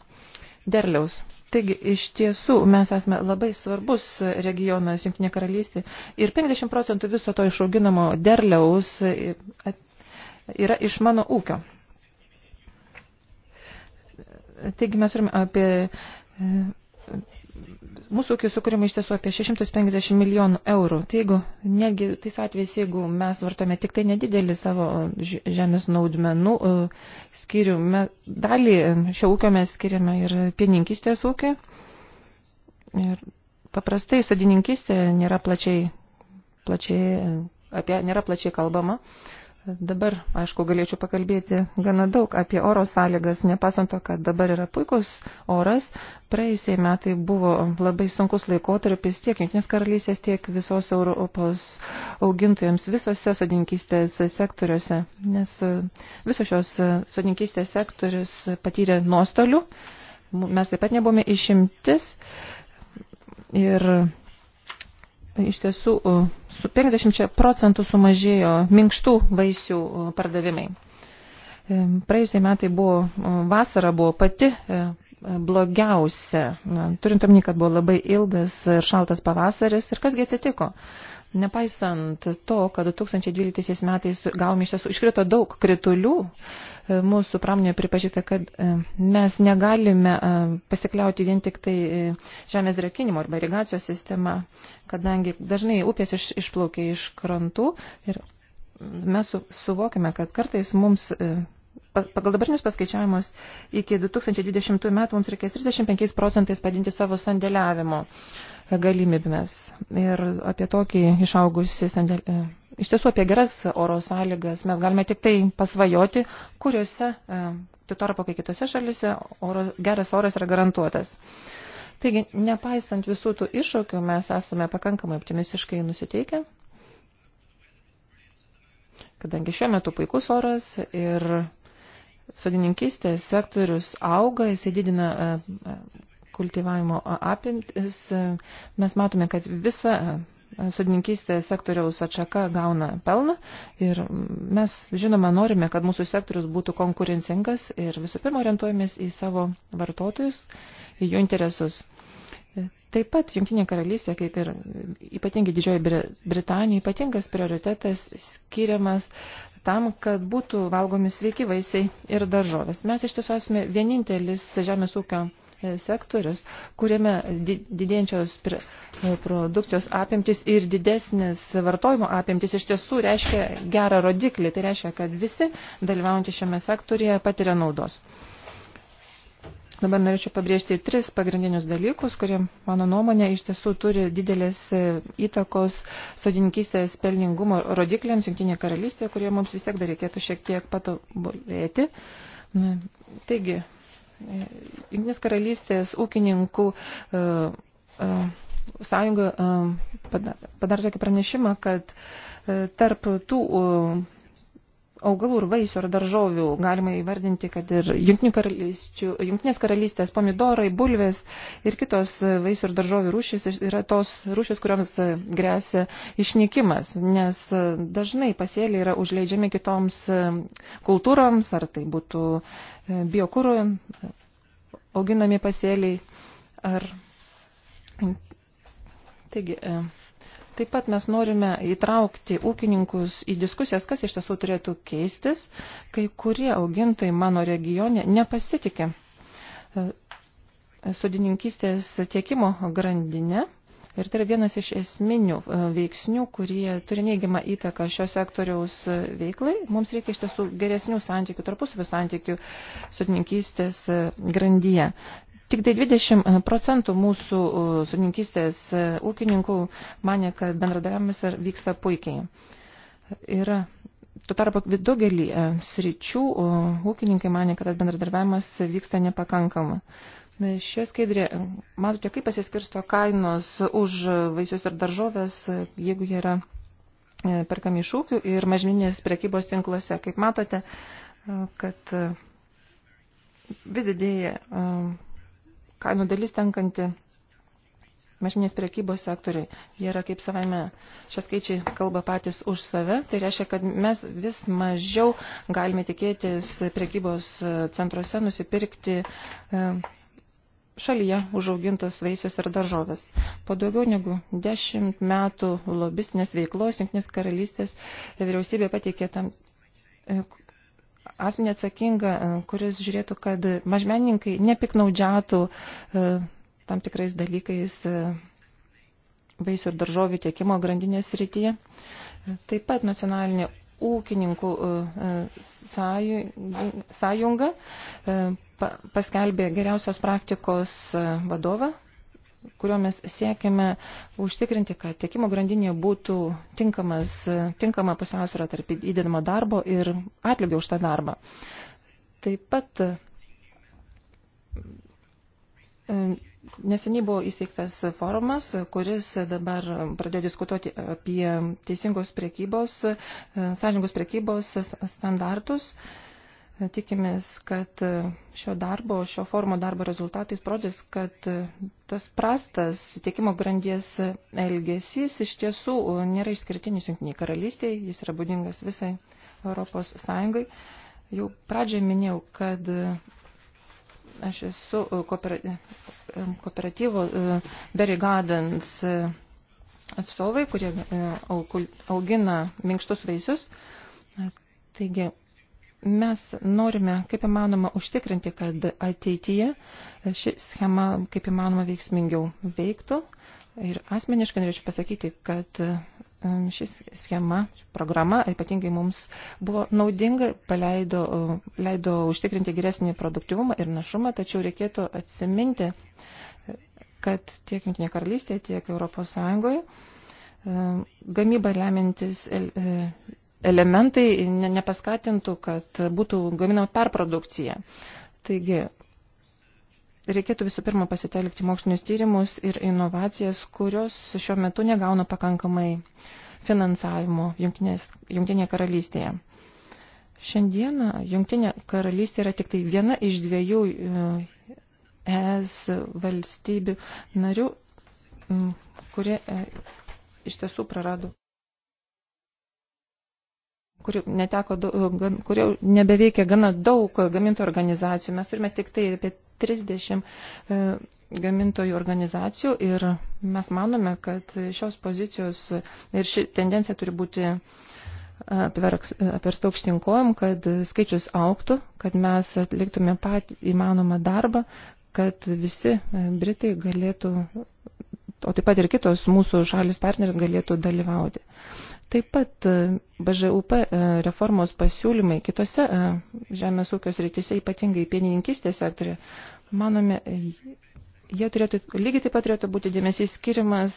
derliaus. Taigi, iš tiesų, mes esame labai svarbus regionas Junktinė karalystė ir 50 procentų viso to išauginamo derliaus yra iš mano ūkio. Taigi, mes turime apie Mūsų ūkis sukūrima iš tiesų apie 650 milijonų eurų. Tai jeigu, negi, tais atvejais, jeigu mes vartome tik tai nedidelį savo žemės naudmenų e, skirių, dalį e, šio ūkio mes skiriame ir pieninkistės ūkiai. Ir paprastai sodininkistė nėra plačiai, plačiai e, apie, nėra plačiai kalbama. Dabar, aišku, galėčiau pakalbėti gana daug apie oro sąlygas, nepasant to, kad dabar yra puikus oras. Praėjusiai metai buvo labai sunkus laikotarpis tiek Junktinės karalystės, tiek visos Europos augintojams visose sodinkystės sektoriuose, nes visos šios sodinkystės sektorius patyrė nuostolių. Mes taip pat nebuvome išimtis. Ir iš tiesų su 50 procentų sumažėjo minkštų vaisių e, pardavimai. E, praėjusiai metai buvo, e, vasara buvo pati blogiausia, turint omeny, kad buvo labai ilgas ir šaltas pavasaris. Ir kasgi atsitiko? Nepaisant to, kad 2012 metais gavome iš tiesų iškrito daug kritulių, e, mūsų pramonė pripažįsta, kad e, mes negalime e, pasikliauti vien tik tai žemės drakinimo arba irigacijos sistema, kadangi dažnai upės iš, išplaukia iš krantų ir mes su, suvokime, kad kartais mums pagal dabartinius paskaičiavimus iki 2020 metų mums reikės 35 procentais padinti savo sandėliavimo galimybės. Ir apie tokį išaugusį sandėliavimą. E, iš tiesų apie geras oro sąlygas mes galime tik tai pasvajoti, kuriuose, e, tik tarpo kai kitose šalise, oro, geras oras yra garantuotas. Taigi, nepaisant visų tų iššūkių, mes esame pakankamai optimistiškai nusiteikę, kadangi šiuo metu puikus oras ir sodininkistės sektorius auga, jisai didina e, e, kultivavimo apimtis. Mes matome, kad visa e, sodininkystės sektoriaus atšaka gauna pelną ir mes, žinoma, norime, kad mūsų sektorius būtų konkurencingas ir visų pirma orientuojamės į savo vartotojus, į jų interesus. Taip pat Junktinė karalystė, kaip ir ypatingai Didžioji Britanija, ypatingas prioritetas skiriamas tam, kad būtų valgomi sveiki vaisiai ir daržovės. Mes iš tiesų esame vienintelis žemės ūkio e, sektorius, kuriame didėjančios e, produkcijos apimtis ir didesnis vartojimo apimtis iš tiesų reiškia gerą rodiklį. Tai reiškia, kad visi dalyvaujantys šiame sektorija patiria naudos. Dabar norėčiau pabrėžti tris pagrindinius dalykus, kurie, mano nuomonė, iš tiesų turi didelės e, įtakos sodininkystės pelningumo rodikliams Junktinėje karalystėje, kurie mums vis tiek dar reikėtų šiek tiek patobulėti. Taigi, e, Junktinės karalystės ūkininkų e, sąjunga padarė tokį pranešimą, kad tarp tų augalų ir vaisių ar daržovių galima įvardinti, kad ir jungtinės karalystės pomidorai, bulvės ir kitos vaisių ir daržovių rūšys yra tos rūšys, kuriams grėsia išnykimas, nes dažnai pasėlė yra užleidžiami kitoms kultūroms, ar tai būtų biokūrų auginami pasėliai, ar Taigi, e, Taip pat mes norime įtraukti ūkininkus į diskusijas, kas iš tiesų turėtų keistis, kai kurie augintai mano regione nepasitikė e, sudininkystės tiekimo grandinę. Ir tai yra vienas iš esminių e, veiksnių, kurie turi neigiamą įtaką šio sektoriaus e, veiklai. Mums reikia iš tiesų geresnių santykių, tarpusavio santykių sudininkystės grandyje. Tik tai 20 e, procentų mūsų e, suninkistės e, ūkininkų mane, kad bendradarbiavimas vyksta puikiai. Ir tuo tarpu daugelį sričių ūkininkai mane, kad tas bendradarbiavimas vyksta nepakankamai. Šioje skaidrė, matote, kaip pasiskirsto kainos už vaisius ir daržovės, jeigu jie yra perkami iš ūkių ir mažminės prekybos tinkluose. Kaip matote, kad vis didėja kainų dalis tenkanti mažminės prekybos sektoriai. Jie yra kaip savaime, šie skaičiai kalba patys už save. Tai reiškia, kad mes vis mažiau galime tikėtis prekybos e, centruose nusipirkti e, šalyje užaugintos vaisius ir daržovės. Po daugiau negu dešimt metų lobistinės veiklos Junktinės karalystės vyriausybė pateikė tam e, asmenį atsakingą, e, kuris žiūrėtų, kad mažmenininkai nepiknaudžiatų e, tam tikrais dalykais e, vaisių ir daržovių tiekimo grandinės rytyje. Taip pat nacionalinė ūkininkų sąjunga paskelbė geriausios praktikos vadovą kuriuo mes siekime užtikrinti, kad tiekimo grandinėje būtų tinkamas, tinkama pusiausvėra tarp įdedamo darbo ir atlygio už tą darbą. Taip pat e, neseniai buvo įsteigtas forumas, kuris dabar pradėjo diskutuoti apie teisingos priekybos, e, sąžingos priekybos standartus Tikimės, kad e, šio darbo, šio formo darbo rezultatais parodys, kad e, tas prastas tiekimo grandies elgesys iš tiesų e, nėra išskirtinis jungtiniai karalystėje, jis yra būdingas visai Europos Sąjungai. Jau pradžioje minėjau, kad aš esu kooperatyvo Berry Gardens atstovai, kurie augina minkštus vaisius. Taigi mes norime kaip įmanoma užtikrinti, kad ateityje ši schema kaip įmanoma veiksmingiau veiktų. Ir asmeniškai norėčiau pasakyti, kad um, ši schema, programa ypatingai mums buvo naudinga, paleido, leido užtikrinti geresnį produktivumą ir našumą, tačiau reikėtų atsiminti, kad tiek Junktinė karalystė, tiek Europos Sąjungoje um, gamyba lemintis elementai nepaskatintų, kad būtų gaminama perprodukcija. Taigi, reikėtų visų pirma pasitelkti mokslinius tyrimus ir inovacijas, kurios šiuo metu negauna pakankamai finansavimo jungtinės, Jungtinėje karalystėje. Šiandieną Jungtinė karalystė yra tik tai viena iš dviejų e, ES valstybių narių, kuri e, iš tiesų prarado kurių, neteko, kurių nebeveikia gana daug gamintojų organizacijų. Mes turime tik tai apie 30 e, gamintojų organizacijų ir mes manome, kad šios pozicijos ir ši tendencija turi būti e, apversta aukštinkojom, kad skaičius auktų, kad mes atliktume patį įmanomą darbą, kad visi e, Britai galėtų, o taip pat ir kitos mūsų šalis partneris galėtų dalyvauti. Taip pat e, BŽUP e, reformos pasiūlymai kitose e, žemės ūkio srityse, ypatingai pienininkistės sektorė, manome, jie turėtų, lygiai taip pat turėtų būti dėmesys skiriamas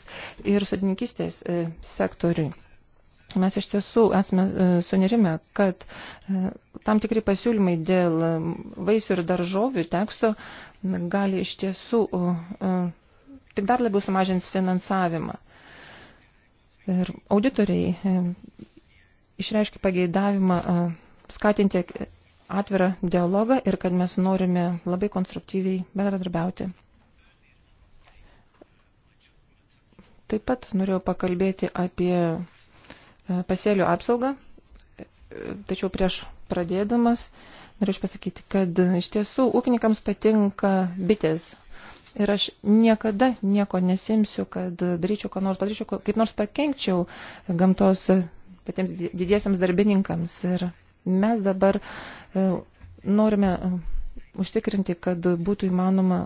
ir sodininkistės sektoriui. Mes iš tiesų esame sunerime, kad tam tikri pasiūlymai dėl vaisių ir daržovių teksto gali iš tiesų tik dar labiau sumažins finansavimą. Ir auditoriai e, išreiškia pageidavimą e, skatinti atvirą dialogą ir kad mes norime labai konstruktyviai bendradarbiauti. Taip pat norėjau pakalbėti apie e, pasėlių apsaugą, tačiau prieš pradėdamas norėčiau pasakyti, kad iš tiesų ūkininkams patinka bitės Ir aš niekada nieko nesimsiu, kad daryčiau, ko nors padaryčiau, kaip nors pakenkčiau gamtos patiems didiesiams darbininkams. Ir mes dabar e, norime e, užtikrinti, kad būtų įmanoma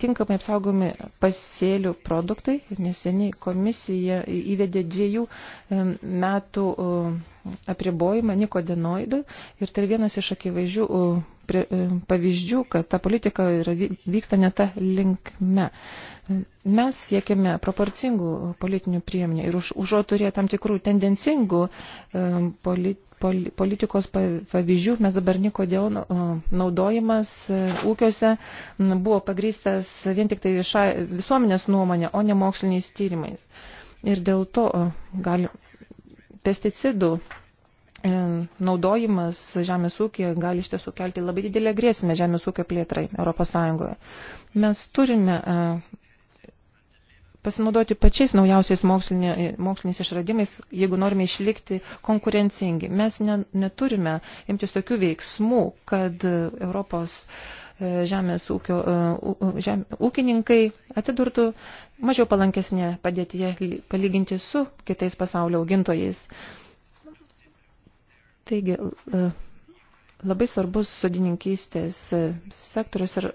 tinkamai apsaugomi pasėlių produktai. Neseniai komisija įvedė dviejų metų apribojimą nikodenoidų ir tai vienas iš akivaizdžių e, pavyzdžių, kad ta politika yra, vyksta ne ta linkme. Mes siekiame proporcingų politinių priemonių ir už, užuot turėję tam tikrų tendencingų polit, politikos pavyzdžių. Mes dabar nikodėl nu, naudojimas e, ūkiuose buvo pagrįstas vien tik tai viša, visuomenės nuomonė, o ne moksliniais tyrimais. Ir dėl to gali, pesticidų e, naudojimas žemės ūkija gali iš tiesų kelti labai didelę grėsmę žemės ūkio plėtrai ES. Mes turime e, pasinaudoti pačiais naujausiais mokslinė, moksliniais išradimais, jeigu norime išlikti konkurencingi. Mes ne, neturime imtis tokių veiksmų, kad Europos e, žemės ūkio, e, žem, ūkininkai atsidurtų mažiau palankesnė padėtyje palyginti su kitais pasaulio augintojais. Taigi, e, labai svarbus sodininkystės sektorius ir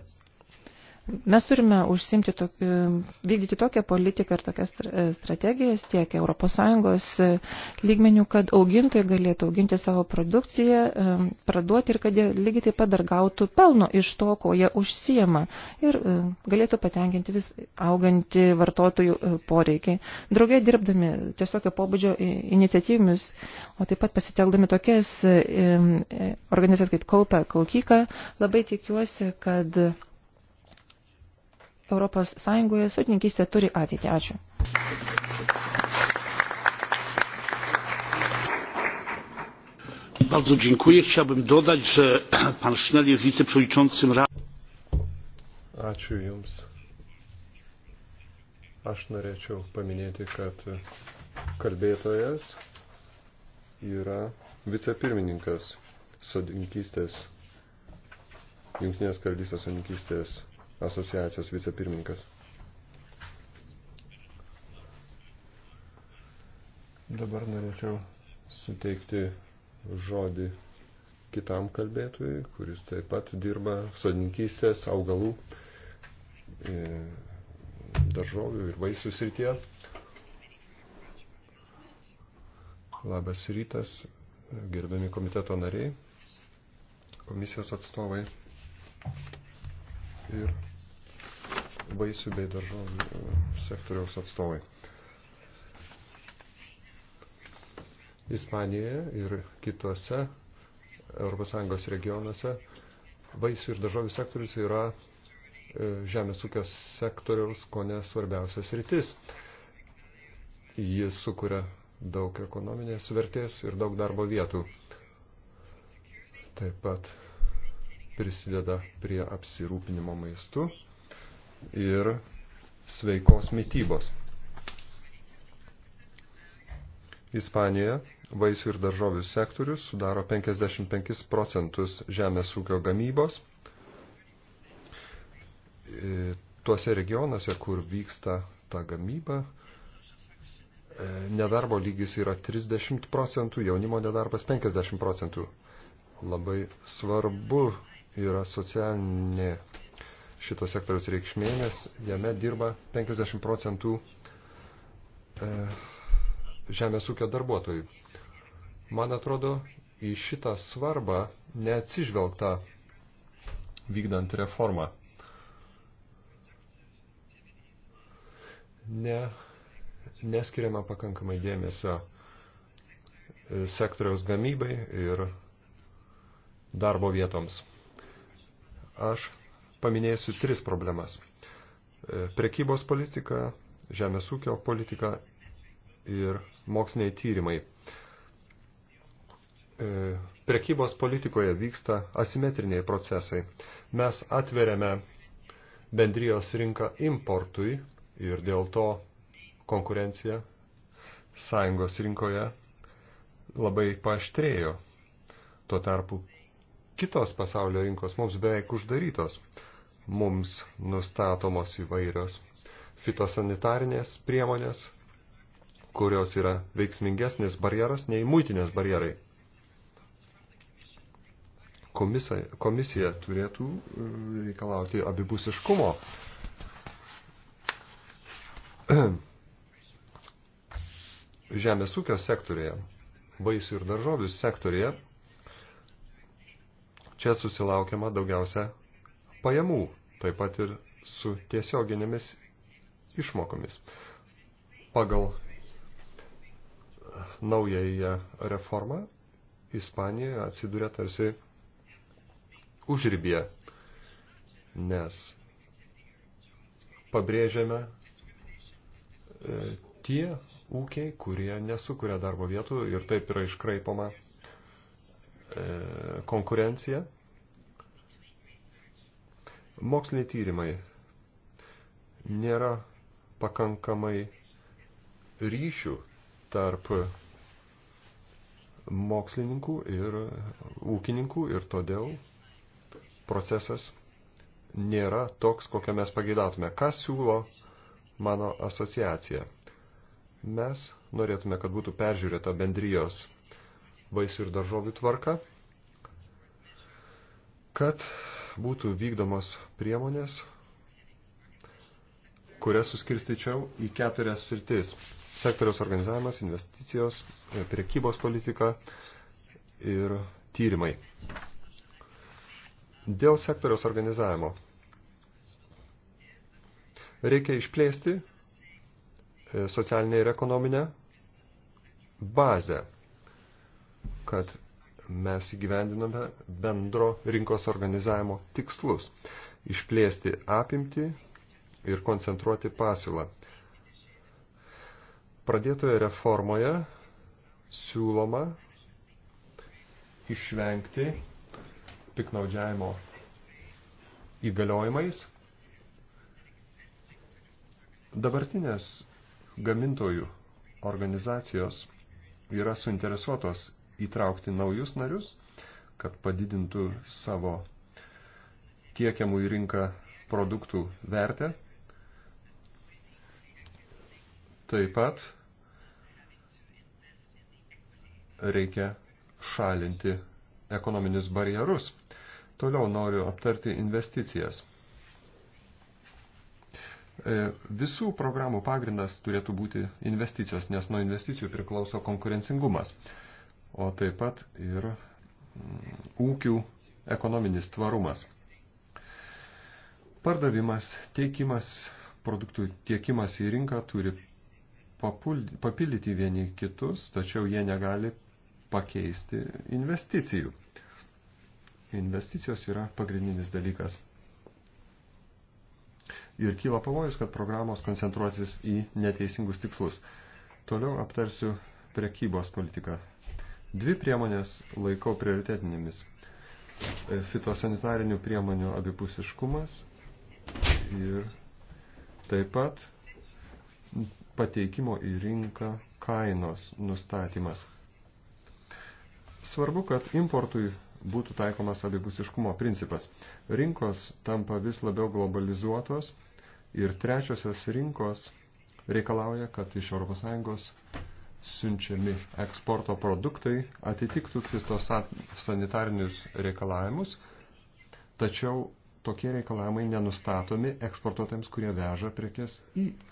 Mes turime užsimti, tokį, e, vykdyti tokią politiką ir tokias e, strategijas tiek ES e, lygmenių, kad augintojai galėtų auginti savo produkciją, parduoti ir kad jie lygiai taip pat dar gautų pelno iš to, ko jie užsijama ir galėtų patenkinti vis augantį vartotojų poreikiai. Draugiai dirbdami tiesiogio pobūdžio iniciatyvimis, o taip pat pasitelkdami tokias organizacijas kaip Kaupa, Kaukika, labai tikiuosi, kad Europos Sąjungoje sodininkystė turi ateitį. Ačiū. Bardzo dziękuję. Chciałbym dodać, że pan Sznel jest wiceprzewodniczącym Rady. Ačiū Jums. Aš norėčiau paminėti, kad kalbėtojas yra vicepirmininkas sodinkystės, Junktinės karalystės sodinkystės asociacijos vicepirmininkas. Dabar norėčiau suteikti žodį kitam kalbėtojui, kuris taip pat dirba sodininkystės, augalų, e, daržovių ir vaisių srityje. Labas rytas, gerbiami komiteto nariai, komisijos atstovai ir vaisių bei daržovių e, sektoriaus atstovai. Ispanijoje ir kitose ES regionuose vaisių ir daržovių sektorius yra e, žemės ūkio sektoriaus, ko ne svarbiausias rytis. Jis sukuria daug ekonominės vertės ir daug darbo vietų. Taip pat prisideda prie apsirūpinimo maistu ir sveikos mytybos. Ispanijoje vaisių ir daržovių sektorius sudaro 55 procentus žemės ūkio gamybos. E, tuose regionuose, kur vyksta ta gamyba, e, nedarbo lygis yra 30 procentų, jaunimo nedarbas 50 procentų. Labai svarbu yra socialinė šito sektoriaus reikšmė, nes jame dirba 50 procentų e, žemės ūkio darbuotojų. Man atrodo, į šitą svarbą neatsižvelgta vykdant reformą. Ne, neskiriama pakankamai dėmesio e, sektoriaus gamybai ir darbo vietoms. Aš paminėsiu tris problemas. E, prekybos politika, žemės ūkio politika ir moksliniai tyrimai. E, prekybos politikoje vyksta asimetriniai procesai. Mes atveriame bendrijos rinką importui ir dėl to konkurencija sąjungos rinkoje labai paaštrėjo. Tuo tarpu kitos pasaulio rinkos mums beveik uždarytos mums nustatomos įvairios fitosanitarinės priemonės, kurios yra veiksmingesnis barjeras nei muitinės barjerai. Komisija, komisija turėtų e, reikalauti abipusiškumo. Žemės ūkio sektorėje, vaisių ir daržovių sektorėje, čia susilaukiama daugiausia pajamų taip pat ir su tiesioginėmis išmokomis. Pagal naująją reformą Ispanija atsiduria tarsi užribėje, nes pabrėžiame e, tie ūkiai, kurie nesukuria darbo vietų ir taip yra iškraipoma e, konkurencija Moksliniai tyrimai nėra pakankamai ryšių tarp mokslininkų ir ūkininkų ir todėl procesas nėra toks, kokią mes pageidautume. Ką siūlo mano asociacija? Mes norėtume, kad būtų peržiūrėta bendrijos vaisių ir daržovių tvarka, kad būtų vykdomos priemonės, kurias suskirstyčiau į keturias sritis. Sektoriaus organizavimas, investicijos, priekybos politika ir tyrimai. Dėl sektoriaus organizavimo reikia išplėsti e, socialinę ir ekonominę bazę, kad mes įgyvendiname bendro rinkos organizavimo tikslus – išplėsti apimtį ir koncentruoti pasiūlą. Pradėtoje reformoje siūloma išvengti piknaudžiavimo įgaliojimais. Dabartinės gamintojų organizacijos yra suinteresuotos įtraukti naujus narius, kad padidintų savo tiekiamų į rinką produktų vertę. Taip pat reikia šalinti ekonominius barjerus. Toliau noriu aptarti investicijas. E, visų programų pagrindas turėtų būti investicijos, nes nuo investicijų priklauso konkurencingumas o taip pat ir mm, ūkių ekonominis tvarumas. Pardavimas, teikimas, produktų tiekimas į rinką turi papildyti vieni kitus, tačiau jie negali pakeisti investicijų. Investicijos yra pagrindinis dalykas. Ir kyla pavojus, kad programos koncentruosis į neteisingus tikslus. Toliau aptarsiu prekybos politiką Dvi priemonės laikau prioritetinėmis. E, fitosanitarinių priemonių abipusiškumas ir taip pat pateikimo į rinką kainos nustatymas. Svarbu, kad importui būtų taikomas abipusiškumo principas. Rinkos tampa vis labiau globalizuotos ir trečiosios rinkos reikalauja, kad iš ES siunčiami eksporto produktai atitiktų fitosanitarinius reikalavimus, tačiau tokie reikalavimai nenustatomi eksportuotėms, kurie veža prekes į ES.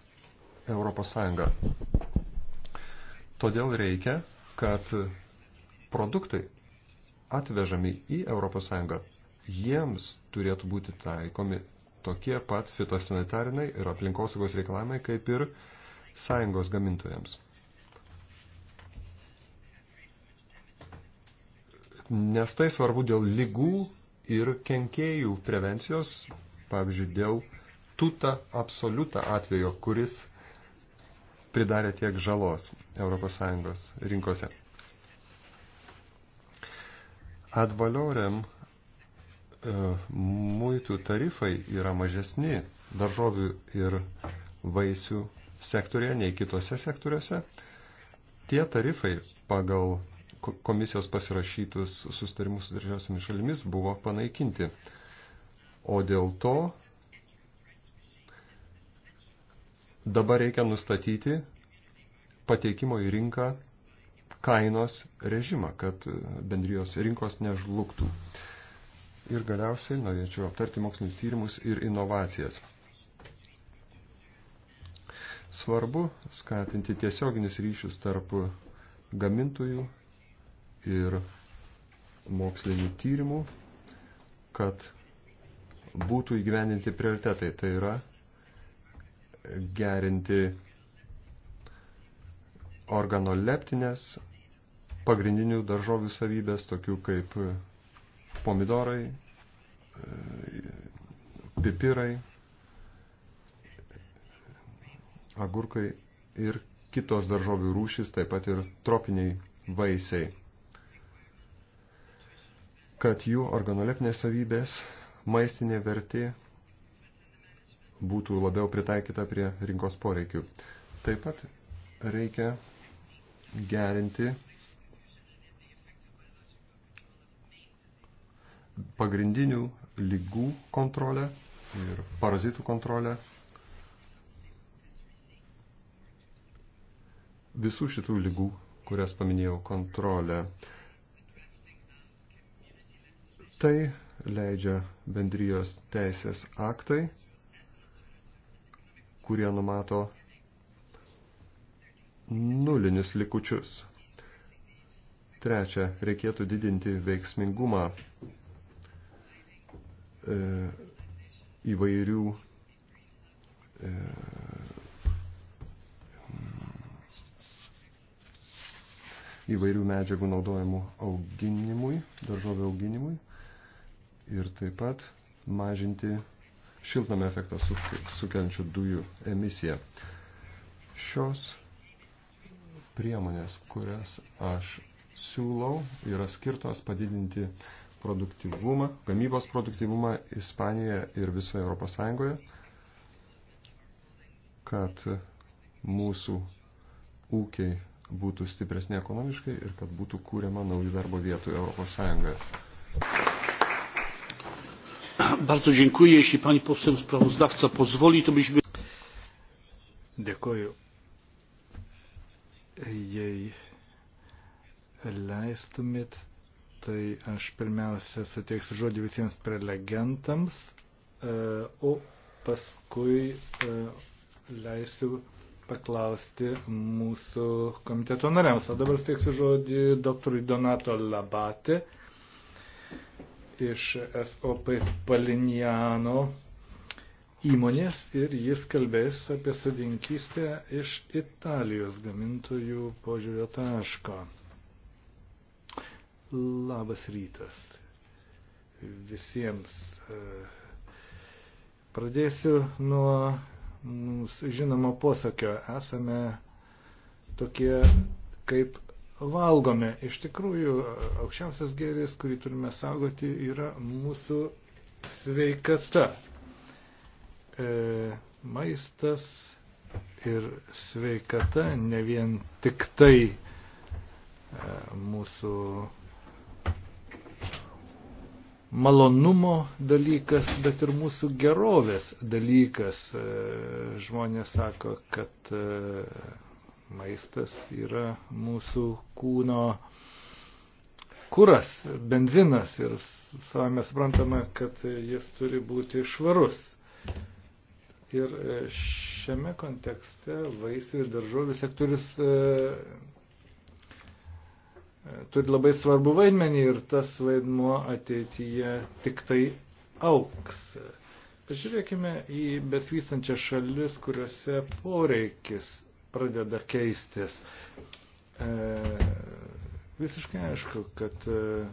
Todėl reikia, kad produktai atvežami į ES, jiems turėtų būti taikomi tokie pat fitosanitariniai ir aplinkosaugos reikalavimai kaip ir sąjungos gamintojams. nes tai svarbu dėl lygų ir kenkėjų prevencijos, pavyzdžiui, dėl tuta absoliuta atvejo, kuris pridarė tiek žalos ES rinkose. Advalioriam e, muitų tarifai yra mažesni daržovių ir vaisių sektorėje nei kitose sektoriuose. Tie tarifai pagal komisijos pasirašytus sustarimus su trečiosiomis šalimis buvo panaikinti. O dėl to dabar reikia nustatyti pateikimo į rinką kainos režimą, kad bendrijos rinkos nežlugtų. Ir galiausiai norėčiau aptarti mokslinius tyrimus ir inovacijas. Svarbu skatinti tiesioginius ryšius tarp gamintojų ir mokslinių tyrimų, kad būtų įgyvendinti prioritetai. Tai yra gerinti organoleptinės pagrindinių daržovių savybės, tokių kaip pomidorai, pipirai, agurkai ir kitos daržovių rūšys, taip pat ir tropiniai vaisiai kad jų organoleptinės savybės maistinė vertė būtų labiau pritaikyta prie rinkos poreikių. Taip pat reikia gerinti pagrindinių lygų kontrolę ir parazitų kontrolę. Visų šitų lygų, kurias paminėjau, kontrolę. Tai leidžia bendrijos teisės aktai, kurie numato nulinius likučius. Trečia, reikėtų didinti veiksmingumą e, įvairių e, įvairių medžiagų naudojimų auginimui, daržovio auginimui ir taip pat mažinti šiltnamio efektą sukeliančių dujų emisiją. Šios priemonės, kurias aš siūlau, yra skirtos padidinti produktivumą, gamybos produktivumą Ispanijoje ir visoje Europos Sąjungoje, kad mūsų ūkiai būtų stipresni ekonomiškai ir kad būtų kūriama naujų darbo vietų Europos Sąjungoje. Bardzo dziękuję. Jeśli pani poseł sprawozdawca pozwoli, to byśmy. Dėkoju. Jei leistumėt, tai aš pirmiausia suteiksiu žodį visiems prelegentams, e, o paskui e, leisiu paklausti mūsų komiteto nariams. O dabar steiksiu žodį doktorui Donato Labati, iš SOP Palinjano įmonės ir jis kalbės apie sodinkystę iš Italijos gamintojų požiūrio taško. Labas rytas visiems. Pradėsiu nuo mums žinomo posakio. Esame tokie kaip valgome. Iš tikrųjų, aukščiausias gėris, kurį turime saugoti, yra mūsų sveikata. E, maistas ir sveikata ne vien tik tai e, mūsų malonumo dalykas, bet ir mūsų gerovės dalykas. E, žmonės sako, kad e, Maistas yra mūsų kūno kuras, benzinas ir savame suprantama, kad jis turi būti švarus. Ir e, šiame kontekste vaisių ir daržovių sektorius e, e turi labai svarbu vaidmenį ir tas vaidmuo ateityje tik tai auks. Pažiūrėkime į besvystančias šalis, kuriuose poreikis pradeda keistis. E, visiškai aišku, kad e,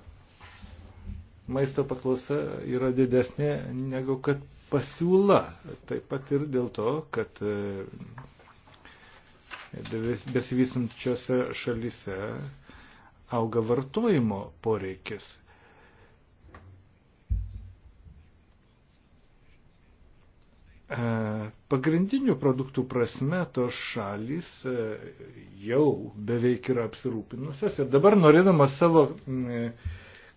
maisto paklausa yra didesnė negu kad pasiūla. Taip pat ir dėl to, kad e, besivysančiose šalyse auga vartojimo poreikis E, pagrindinių produktų prasme tos šalys e, jau beveik yra apsirūpinusios ir dabar norėdamas savo e,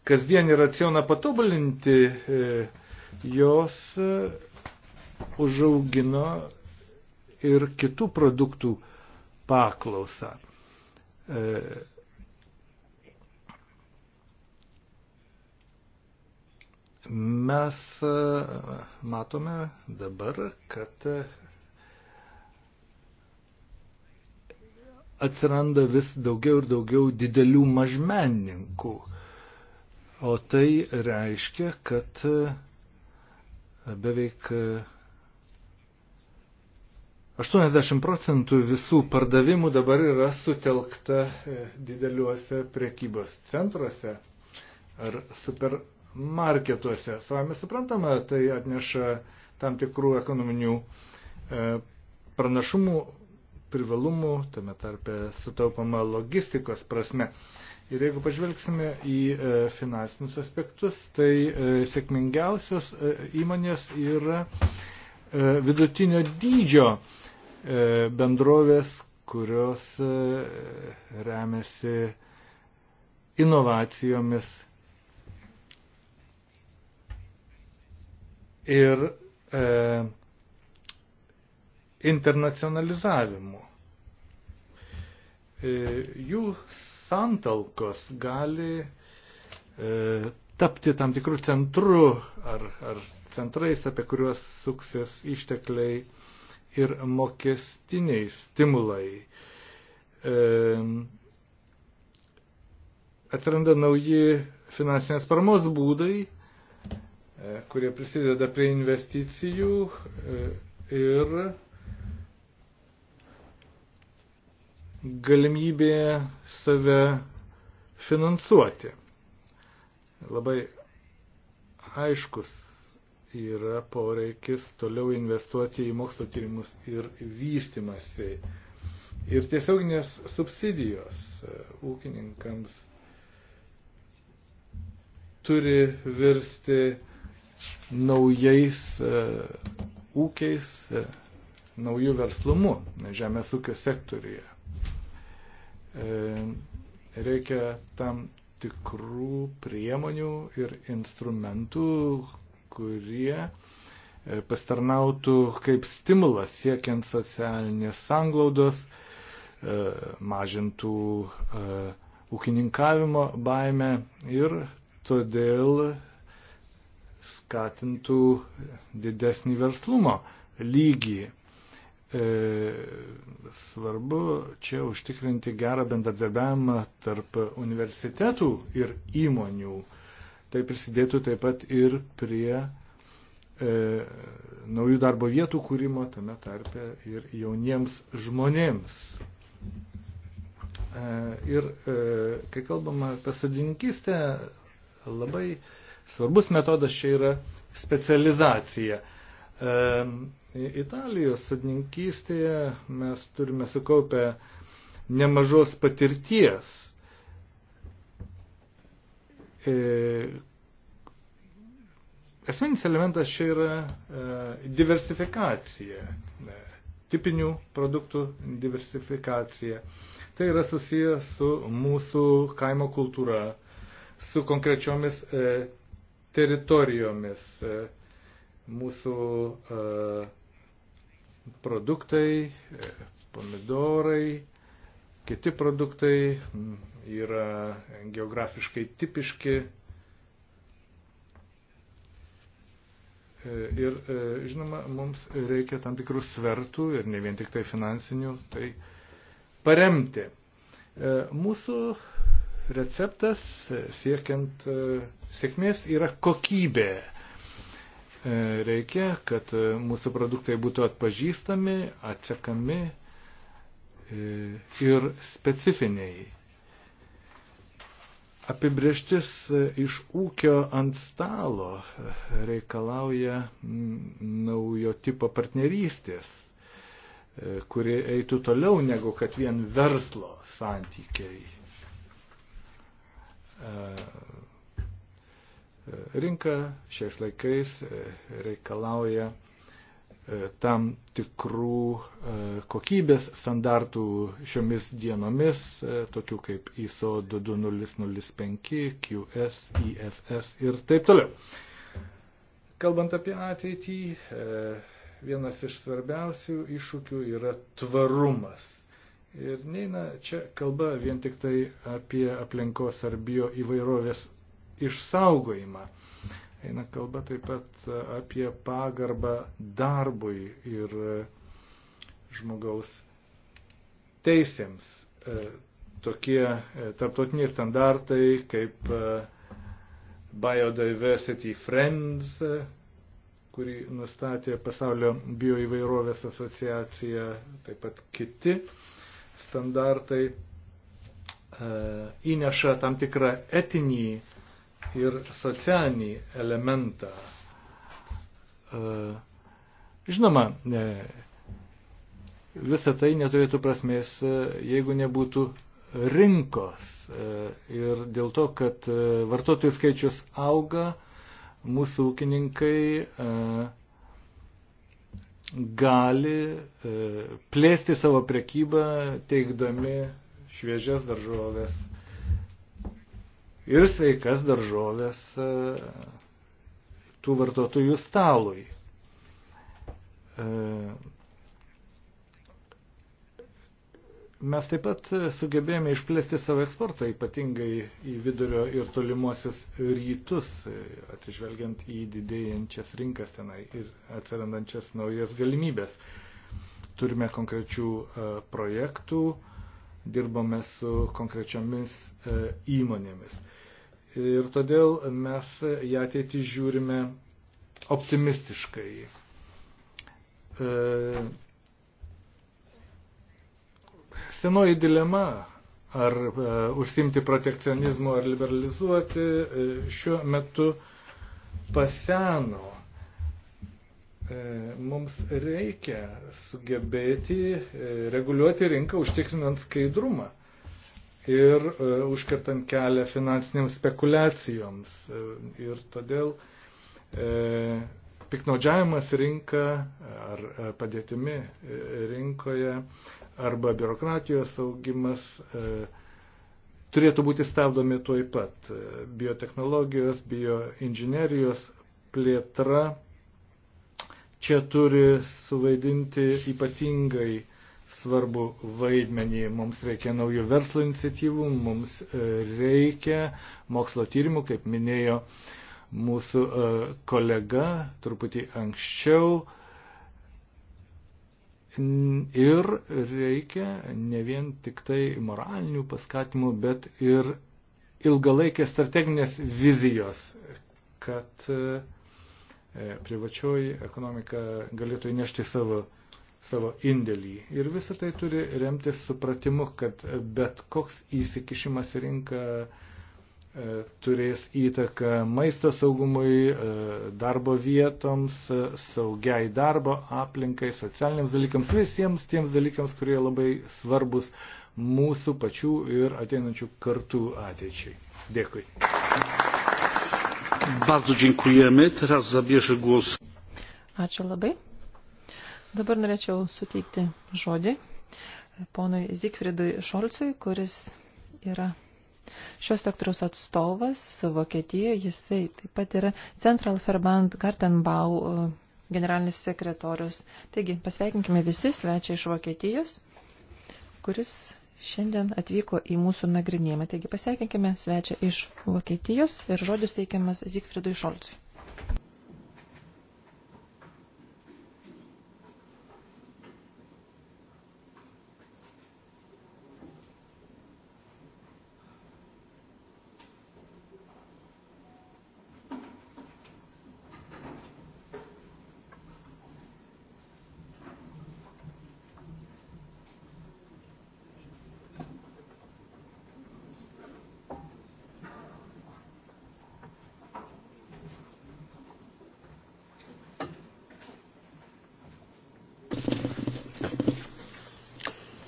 kasdienį racioną patobulinti, jos užaugino ir kitų produktų paklausą. Mes e, matome dabar, kad atsiranda vis daugiau ir daugiau didelių mažmenininkų. O tai reiškia, kad e, beveik 80 e, procentų visų pardavimų dabar yra sutelkta dideliuose prekybos centruose ar super marketuose. Savame suprantama, tai atneša tam tikrų ekonominių e, pranašumų, privalumų, tame tarpe sutaupama logistikos prasme. Ir jeigu pažvelgsime į e, finansinius aspektus, tai e, sėkmingiausios įmonės yra vidutinio dydžio bendrovės, kurios remiasi inovacijomis ir e, internacionalizavimu. E, jų santalkos gali e, tapti tam tikrų centrų ar, ar centrais, apie kuriuos suksis ištekliai ir mokestiniai stimulai. E, atsiranda nauji finansinės paramos būdai, E, kurie prisideda prie investicijų e, ir galimybė save finansuoti. Labai aiškus yra poreikis toliau investuoti į mokslo tyrimus ir vystimasi. Ir tiesioginės subsidijos e, ūkininkams turi virsti naujais e, ūkiais, e, naujų verslumu žemės ūkio sektoriuje. E, reikia tam tikrų priemonių ir instrumentų, kurie pastarnautų kaip stimulas siekiant socialinės sanglaudos, mažintų ūkininkavimo baimę ir todėl skatintų didesnį verslumo lygį. E, svarbu čia užtikrinti gerą bendradarbiavimą tarp universitetų ir įmonių. Tai prisidėtų taip pat ir prie e, naujų darbo vietų kūrimo, tame tarpe ir jauniems žmonėms. E, ir e, kai kalbama apie sodininkystę, labai e, Svarbus metodas čia yra specializacija. E, Italijos sodininkystėje mes turime sukaupę nemažos patirties, e, Esminis elementas čia yra e, diversifikacija, e, tipinių produktų diversifikacija. Tai yra susijęs su mūsų kaimo kultūra, su konkrečiomis e, teritorijomis. E, mūsų e, produktai, e, pomidorai, kiti produktai yra geografiškai tipiški. Ir žinoma, mums reikia tam tikrų svertų ir ne vien tik tai finansinių, tai paremti. Mūsų receptas e, siekiant e, sėkmės yra kokybė. E, reikia, kad mūsų produktai būtų atpažįstami, atsekami ir specifiniai. Apibrieštis iš ūkio ant stalo reikalauja naujo tipo partnerystės, kuri eitų toliau negu kad vien verslo santykiai. E, e, rinka šiais laikais e, reikalauja tam tikrų kokybės standartų šiomis dienomis, tokių kaip ISO 22005, QS, IFS ir taip toliau. Kalbant apie ateitį, vienas iš svarbiausių iššūkių yra tvarumas. Ir neina čia kalba vien tik tai apie aplinkos ar bio įvairovės išsaugojimą. Eina kalba taip pat apie pagarbą darbui ir e, žmogaus teisėms. E, tokie e, tarptautiniai standartai kaip Biodiversity Friends, kurį nustatė pasaulio bioįvairovės asociacija, taip pat kiti standartai e, įneša tam tikrą etinį ir socialinį elementą. E, žinoma, visą tai neturėtų prasmės, e, jeigu nebūtų rinkos. Ir dėl to, kad vartotojų skaičius auga, mūsų ūkininkai gali e, plėsti savo prekybą teikdami šviežias daržovės ir sveikas daržovės e, tų vartotojų stalui. E, Mes taip pat sugebėjome išplėsti savo eksportą, ypatingai į vidurio ir tolimuosius rytus, atsižvelgiant į didėjančias rinkas tenai ir atsirandančias naujas galimybės. Turime konkrečių e, projektų, dirbame su konkrečiomis e, įmonėmis. Ir todėl mes į ateitį žiūrime optimistiškai e, Senoji dilema, ar e, užsimti protekcionizmu, ar liberalizuoti, e, šiuo metu paseno. E, mums reikia sugebėti e, reguliuoti rinką, užtikrinant skaidrumą ir e, užkertant kelią finansiniams spekulacijoms. E, ir todėl e, piknaudžiavimas rinka ar e, padėtimi e, rinkoje e, arba biurokratijos augimas e, turėtų būti stabdomi tuoj pat. E, biotehnologijos, bioinžinerijos plėtra čia turi suvaidinti ypatingai svarbu vaidmenį. Mums reikia naujų verslo iniciatyvų, mums e, reikia mokslo tyrimų, kaip minėjo mūsų kolega truputį anksčiau. Ir reikia ne vien tik tai moralinių paskatimų, bet ir ilgalaikės strateginės vizijos, kad e, privačioji ekonomika galėtų įnešti savo, savo indėlį. Ir visą tai turi remtis supratimu, kad bet koks įsikišimas į rinką E, turės įtaką maisto saugumui, e, darbo vietoms, e, saugiai darbo aplinkai, socialiniams dalykams, visiems tiems dalykams, kurie labai svarbus mūsų pačių ir ateinančių kartų ateičiai. Dėkui. Bardzo dziękujemy. Teraz zabierze głos. Ačiū labai. Dabar norėčiau suteikti žodį ponui Zikfridui Šolcui, kuris yra Šios sektoriaus atstovas Vokietijoje, jisai taip pat yra Central Verband Gartenbau e, generalinis sekretorius. Taigi, pasveikinkime visi svečiai iš Vokietijos, kuris šiandien atvyko į mūsų nagrinėjimą. Taigi, pasveikinkime svečią iš Vokietijos ir žodis teikiamas Zygfridui Šolcui.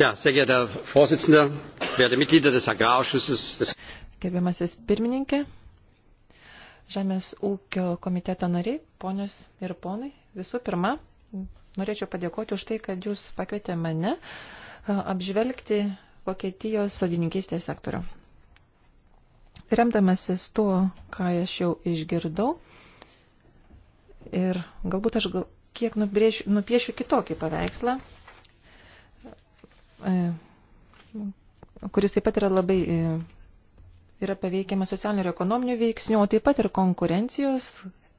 Ja, sehr geehrter Herr Vorsitzender, werte Mitglieder des Agrarausschusses. Des Gerbiamasis pirmininkė, Žemės ūkio komiteto nariai, ponios ir ponai, visų pirma, norėčiau padėkoti už tai, kad jūs pakvietė mane apžvelgti Vokietijos sodininkystės sektorių. Remdamasis tuo, ką aš jau išgirdau, ir galbūt aš gal, kiek nubrėšiu, nupiešiu kitokį paveikslą, E, kuris taip pat yra labai e, yra paveikiama socialinių ir ekonominių veiksnių, o taip pat ir konkurencijos.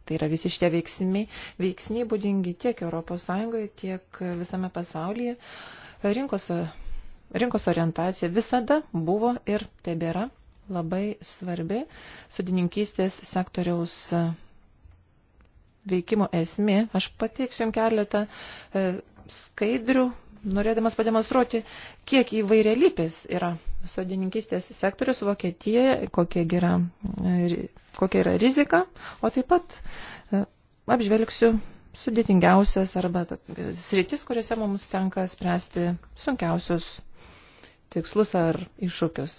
Tai yra visi šitie veiksmi, veiksniai būdingi tiek ES, tiek visame pasaulyje. Rinkos, rinkos orientacija visada buvo ir tebėra labai svarbi sudininkystės sektoriaus e, veikimo esmė. Aš pateiksiu jums keletą skaidrių, norėdamas pademonstruoti, kiek įvairialypis yra sodininkistės sektorius Vokietijoje, kokia yra, e, kokia yra rizika, o taip pat e, apžvelgsiu sudėtingiausias arba sritis, kuriuose mums tenka spręsti sunkiausius tikslus ar iššūkius.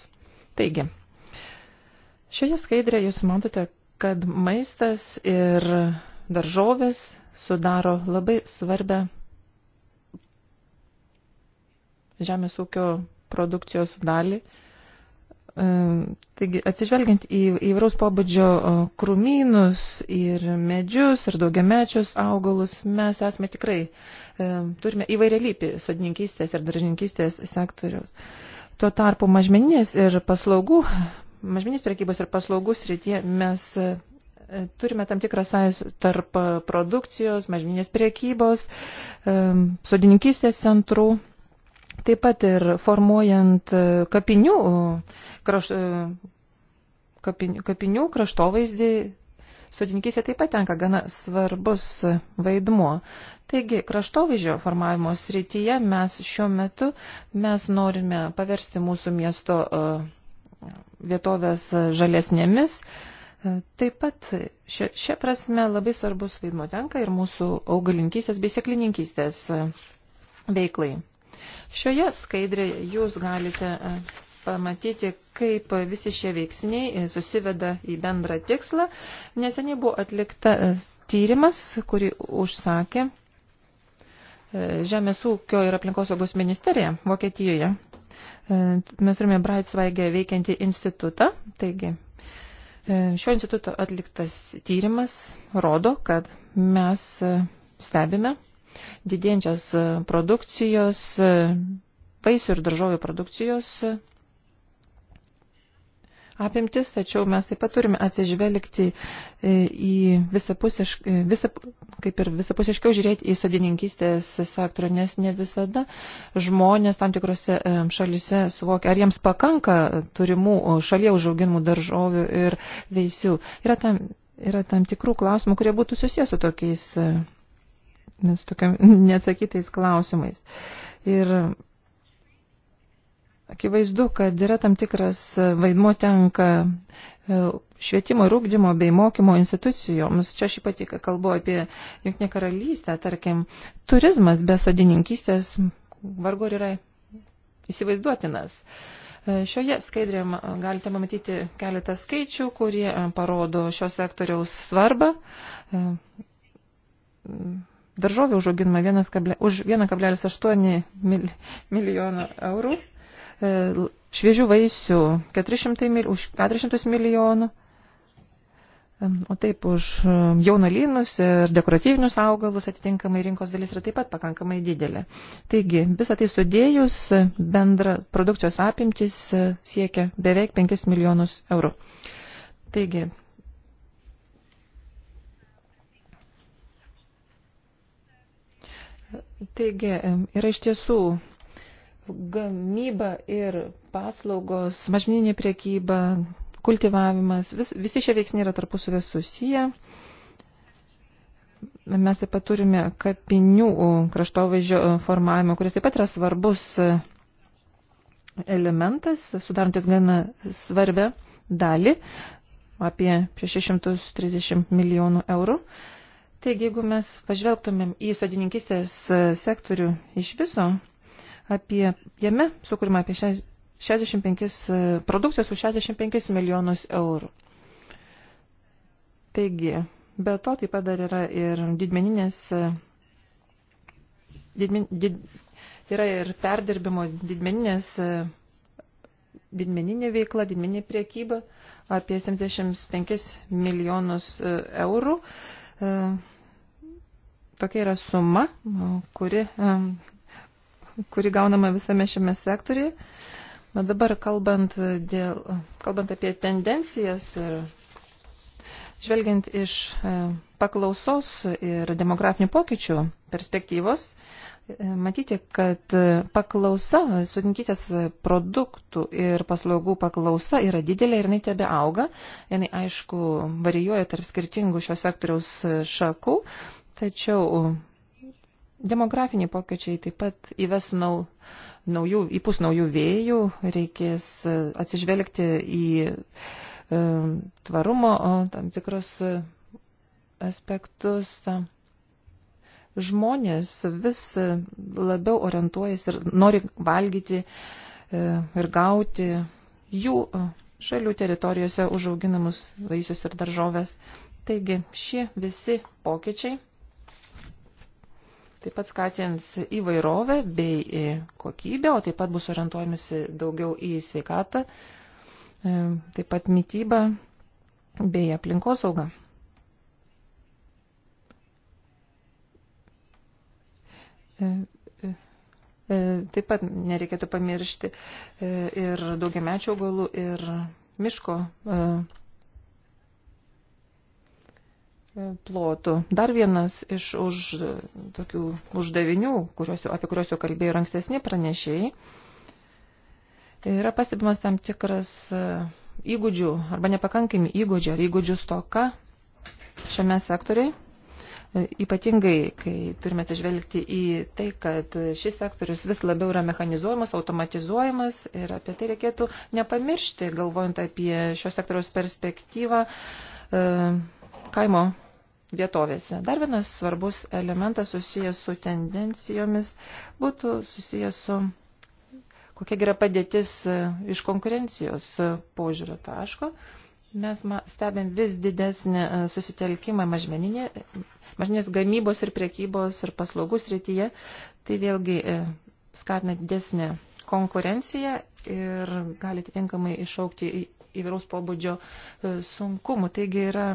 Taigi, šioje skaidrėje jūs matote, kad maistas ir daržovės sudaro labai svarbę žemės ūkio produkcijos dalį. E, taigi, atsižvelgiant į įvairaus pobūdžio e, krūmynus ir medžius ir daugiamečius augalus, mes esame tikrai, e, turime įvairialypį sodininkystės ir daržininkystės sektorius. Tuo tarpu mažmeninės ir paslaugų, mažmeninės prekybos ir paslaugų srityje mes turime tam tikrą sąjus tarp produkcijos, mažmeninės prekybos, sodininkystės centrų Taip pat ir formuojant e, kapinių, e, kraš, e, kapinių, kapinių kraštovaizdį, sodinkysė taip pat tenka gana svarbus vaidmuo. Taigi, kraštovaizdžio formavimo srityje mes šiuo metu mes norime paversti mūsų miesto vietovės žalesnėmis. Taip pat šia prasme labai svarbus vaidmo tenka ir mūsų augalinkystės bei sėklininkystės veiklai. Šioje skaidrėje jūs galite e, pamatyti, kaip visi šie veiksniai e, susiveda į bendrą tikslą. Neseniai buvo atlikta e, tyrimas, kurį užsakė Žemės ūkio ir aplinkosaugos ministerija Vokietijoje. Mes turime Braitsvaigę veikiantį institutą, taigi šio instituto atliktas tyrimas rodo, kad mes stebime didėjančios e, produkcijos, e, vaisių ir daržovių produkcijos e, apimtis, tačiau mes taip pat turime atsižvelgti į visapusiškai, visa, kaip ir visapusiškiau žiūrėti į sodininkystės sektorių, nes ne visada žmonės tam tikrose šalise suvokia, ar jiems pakanka turimų šalyje užauginimų daržovių ir veisių. Yra tam, yra tam tikrų klausimų, kurie būtų susijęs su tokiais su tokiam neatsakytais klausimais. Ir akivaizdu, kad yra tam tikras vaidmo tenka e, švietimo ir ūkdymo bei mokymo institucijoms. Čia aš ypatingai kalbu apie Junktinę karalystę, tarkim, turizmas be sodininkystės vargu ir yra įsivaizduotinas. E, šioje skaidrėje galite pamatyti keletą skaičių, kurie e, parodo šio sektoriaus svarbą daržovių užauginimą už 1,8 milijono eurų, e, šviežių vaisių 400 mil, už 400 milijonų, o taip už e, jaunolynus ir dekoratyvinius augalus atitinkamai rinkos dalis yra taip pat pakankamai didelė. Taigi, visą tai sudėjus e, bendra produkcijos apimtis siekia beveik 5 milijonus eurų. Taigi, Taigi, yra iš tiesų gamyba ir paslaugos, mažmeninė priekyba, kultivavimas, vis, visi šie veiksniai yra tarpusavės susiję. Mes taip pat turime kapinių kraštovaizdžio formavimą, kuris taip pat yra svarbus elementas, sudarantis gana svarbę dalį apie 630 milijonų eurų. Taigi, jeigu mes pažvelgtumėm į sodininkistės e, sektorių iš viso, apie jame sukūrima apie 65 e, produkcijos už 65 milijonus eurų. Taigi, be to taip pat dar yra ir didmeninės, e, didmin, did, yra ir perdirbimo didmeninės didmeninė veikla, didmeninė priekyba apie 75 milijonus eurų. E, tokia yra suma, kuri, kuri gaunama visame šiame sektoriuje. Bet dabar kalbant, dėl, kalbant apie tendencijas ir žvelgiant iš e, paklausos ir demografinių pokyčių perspektyvos, e, matyti, kad paklausa, sutinkytės produktų ir paslaugų paklausa yra didelė ir jinai tebe auga. Jinai, aišku, varijuoja tarp skirtingų šio sektoriaus šakų, Tačiau demografiniai pokyčiai taip pat įves nau, naujų, įpus naujų vėjų, reikės e, atsižvelgti į e, tvarumo tam tikrus e, aspektus. Tam žmonės vis e, labiau orientuojasi ir nori valgyti ir gauti jų šalių teritorijose užauginamus vaisius ir daržovės. Taigi šie visi pokyčiai Taip pat skatins įvairovę bei į kokybę, o taip pat bus orientuojamasi daugiau į sveikatą, e, taip pat mytybą bei aplinkosaugą. E, e, taip pat nereikėtų pamiršti ir daugiamečio augalų, ir miško E, plotų. Dar vienas iš už, e, tokių uždavinių, kuriuos, apie kuriuos jau kalbėjo ir ankstesni pranešėjai, yra pastebimas tam tikras e, įgūdžių arba nepakankami įgūdžių ar įgūdžių stoka šiame sektoriai. Ypatingai, kai turime atsižvelgti į tai, kad šis sektorius vis labiau yra mechanizuojamas, automatizuojamas ir apie tai reikėtų nepamiršti, galvojant apie šio sektoriaus perspektyvą kaimo vietovėse. Dar vienas svarbus elementas susijęs su tendencijomis būtų susijęs su kokia yra padėtis e, iš konkurencijos e, požiūrio taško. Mes stebim vis didesnį e, susitelkimą mažmeninės gamybos ir priekybos ir paslaugų srityje. Tai vėlgi skatina didesnį konkurenciją ir gali atitinkamai išaukti įvairaus pobūdžio sunkumų. Taigi yra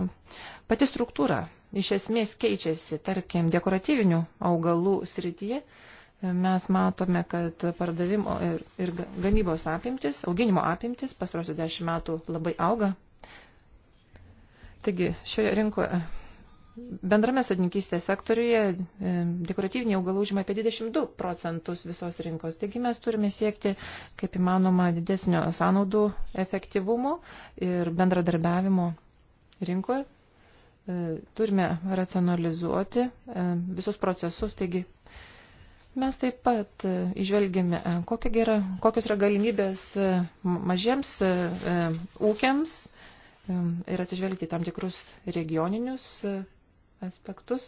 pati struktūra iš esmės keičiasi, tarkim, dekoratyvinių augalų srityje. Mes matome, kad pardavimo ir, ir gamybos apimtis, auginimo apimtis pastarosius dešimt metų labai auga. Taigi, šioje rinkoje, bendrame sodininkystės sektoriuje e, dekoratyviniai augalai užima apie 22 procentus visos rinkos. Taigi, mes turime siekti, kaip įmanoma, didesnio sąnaudų efektyvumo ir bendradarbiavimo rinkoje E, turime racionalizuoti e, visus procesus, taigi mes taip pat išvelgėme, e, kokia gera, kokios yra galimybės mažiems ūkiams ir atsižvelgti tam tikrus regioninius aspektus.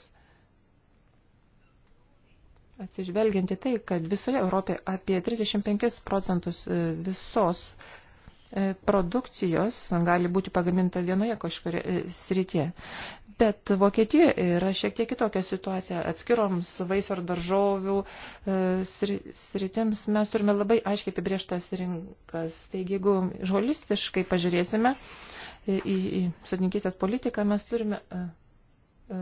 Atsižvelgianti tai, kad visoje Europoje apie 35 procentus visos E, produkcijos gali būti pagaminta vienoje kažkurioje srityje. Bet Vokietijoje yra šiek tiek kitokia situacija. Atskiroms vaisių ar daržovių e, sritims mes turime labai aiškiai apibrieštas rinkas. Taigi, jeigu holistiškai pažiūrėsime į, į sodininkystės politiką, mes turime. E,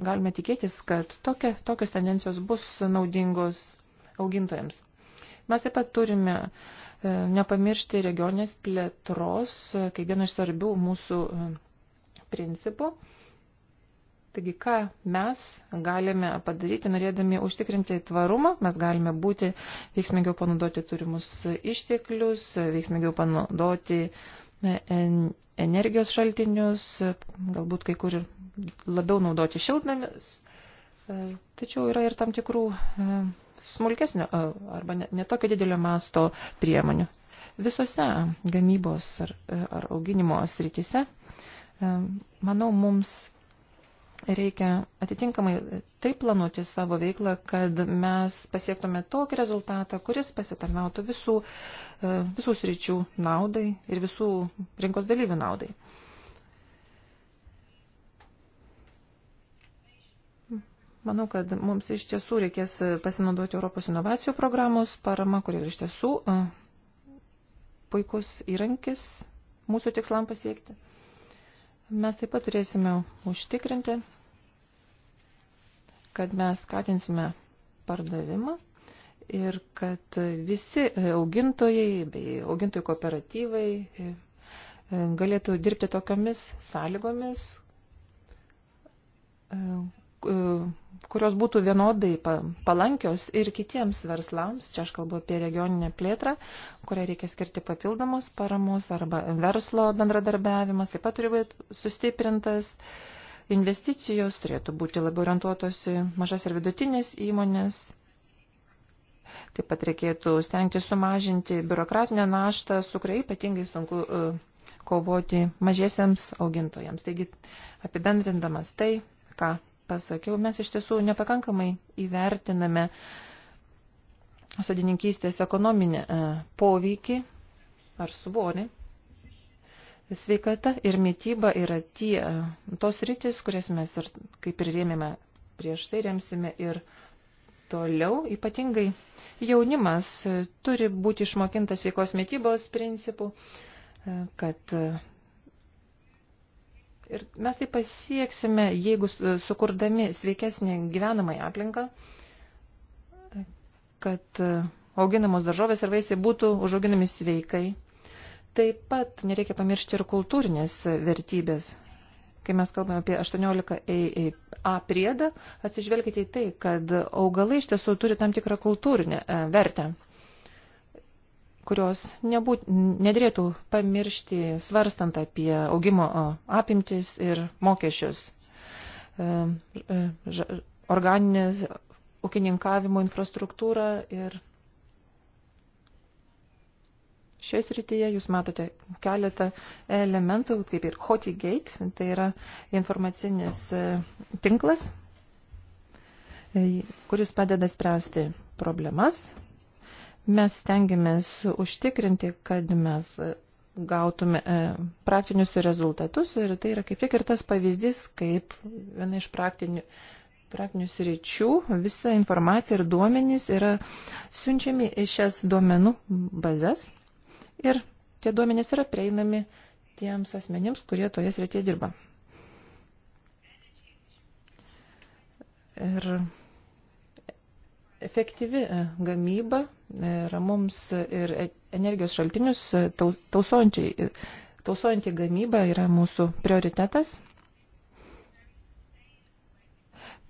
galime tikėtis, kad tokia, tokios tendencijos bus naudingos augintojams. Mes taip pat turime e, nepamiršti regionės plėtros e, kaip vieną iš svarbių mūsų e, principų. Taigi, ką mes galime padaryti, norėdami užtikrinti tvarumą, mes galime būti veiksmingiau panaudoti turimus išteklius, veiksmingiau panaudoti energijos šaltinius, galbūt kai kur ir labiau naudoti šiltnamis. Tačiau yra ir tam tikrų smulkesnio arba netokio ne didelio masto priemonių. Visose gamybos ar, e, ar auginimo srityse, e, manau, mums reikia atitinkamai taip planuoti savo veiklą, kad mes pasiektume tokį rezultatą, kuris pasitarnautų visų, e, visų sričių naudai ir visų rinkos dalyvių naudai. Manau, kad mums iš tiesų reikės e, pasinaudoti Europos inovacijų programos parama, kuri iš tiesų e, puikus įrankis mūsų tikslam pasiekti. Mes taip pat turėsime užtikrinti, kad mes skatinsime pardavimą ir kad visi augintojai bei augintojų kooperatyvai e, galėtų dirbti tokiamis sąlygomis, E, kurios būtų vienodai palankios ir kitiems verslams, čia aš kalbu apie regioninę plėtrą, kurią reikia skirti papildomos paramos arba verslo bendradarbiavimas, taip pat turi būti sustiprintas, investicijos turėtų būti labiau orientuotos į mažas ir vidutinės įmonės, taip pat reikėtų stengti sumažinti biurokratinę naštą, su kuria ypatingai sunku e, kovoti mažiesiems augintojams. Taigi, apibendrindamas tai, ką pasakiau, mes iš tiesų nepakankamai įvertiname sodininkystės ekonominį e, poveikį ar svorį. Sveikata ir mytyba yra tie, e, tos rytis, kurias mes ir kaip ir rėmėme prieš tai, remsime ir toliau. Ypatingai jaunimas e, turi būti išmokintas sveikos mytybos principų, kad Ir mes tai pasieksime, jeigu sukurdami sveikesnį gyvenamąją aplinką, kad e, auginamos daržovės ir vaisiai būtų užauginami sveikai. Taip pat nereikia pamiršti ir kultūrinės vertybės. Kai mes kalbame apie 18a priedą, atsižvelgite į tai, kad augalai iš tiesų turi tam tikrą kultūrinę e, vertę kurios nebūt, nedrėtų pamiršti, svarstant apie augimo apimtis ir mokesčius. E, e, Organinės ūkininkavimo infrastruktūra ir šioje srityje jūs matote keletą elementų, kaip ir Hotigate, tai yra informacinis e, tinklas, kuris padeda spręsti problemas Mes stengiamės užtikrinti, kad mes gautume e, praktinius rezultatus ir tai yra kaip tik ir tas pavyzdys, kaip viena iš praktinių, praktinių sričių visa informacija ir duomenys yra siunčiami į šias duomenų bazės ir tie duomenys yra prieinami tiems asmenims, kurie toje srityje dirba. Ir Efektyvi e, gamyba e, yra mums ir e, energijos šaltinius tausojanti gamyba yra mūsų prioritetas.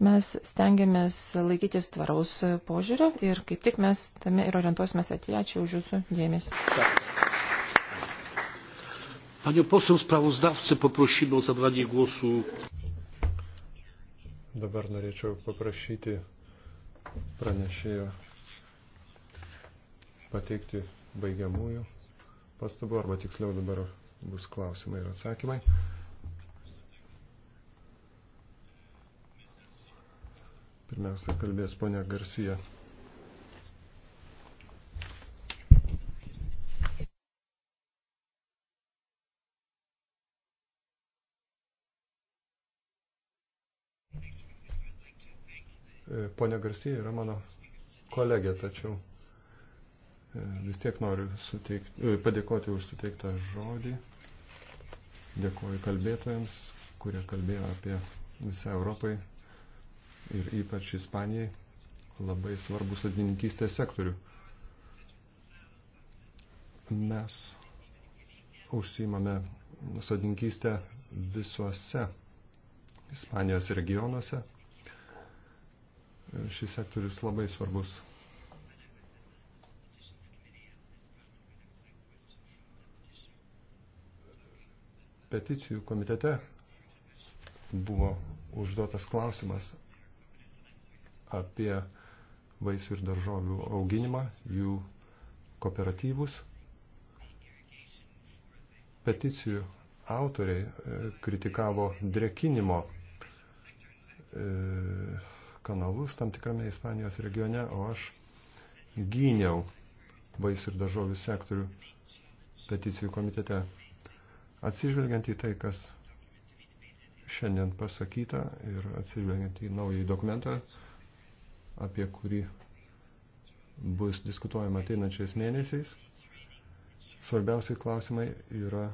Mes stengiamės laikytis tvaraus požiūrio ir kaip tik mes tame ir orientuosime ateityje. Ačiū už Jūsų dėmesį. Panie poseł sprawozdawcę poprosimy o zabranie głosu. Dabar norėčiau paprašyti pranešėjo pateikti baigiamųjų pastabų, arba tiksliau dabar bus klausimai ir atsakymai. Pirmiausia, kalbės ponia Garcija. Pone Garsija yra mano kolegė, tačiau e, vis tiek noriu suteikti, e, padėkoti už suteiktą žodį. Dėkuoju kalbėtojams, kurie kalbėjo apie visą Europai ir ypač Ispanijai labai svarbų sodininkystės sektorių. Mes užsimame sodininkystę visuose Ispanijos regionuose šis sektorius labai svarbus. Peticijų komitete buvo užduotas klausimas apie vaisių ir daržovių auginimą, jų kooperatyvus. Peticijų autoriai e, kritikavo drekinimo e, kanalus tam tikrame Ispanijos regione, o aš gyniau vaisių ir daržovių sektorių peticijų komitete. Atsižvelgiant į tai, kas šiandien pasakyta ir atsižvelgiant į naują dokumentą, apie kurį bus diskutuojama ateinančiais mėnesiais, svarbiausiai klausimai yra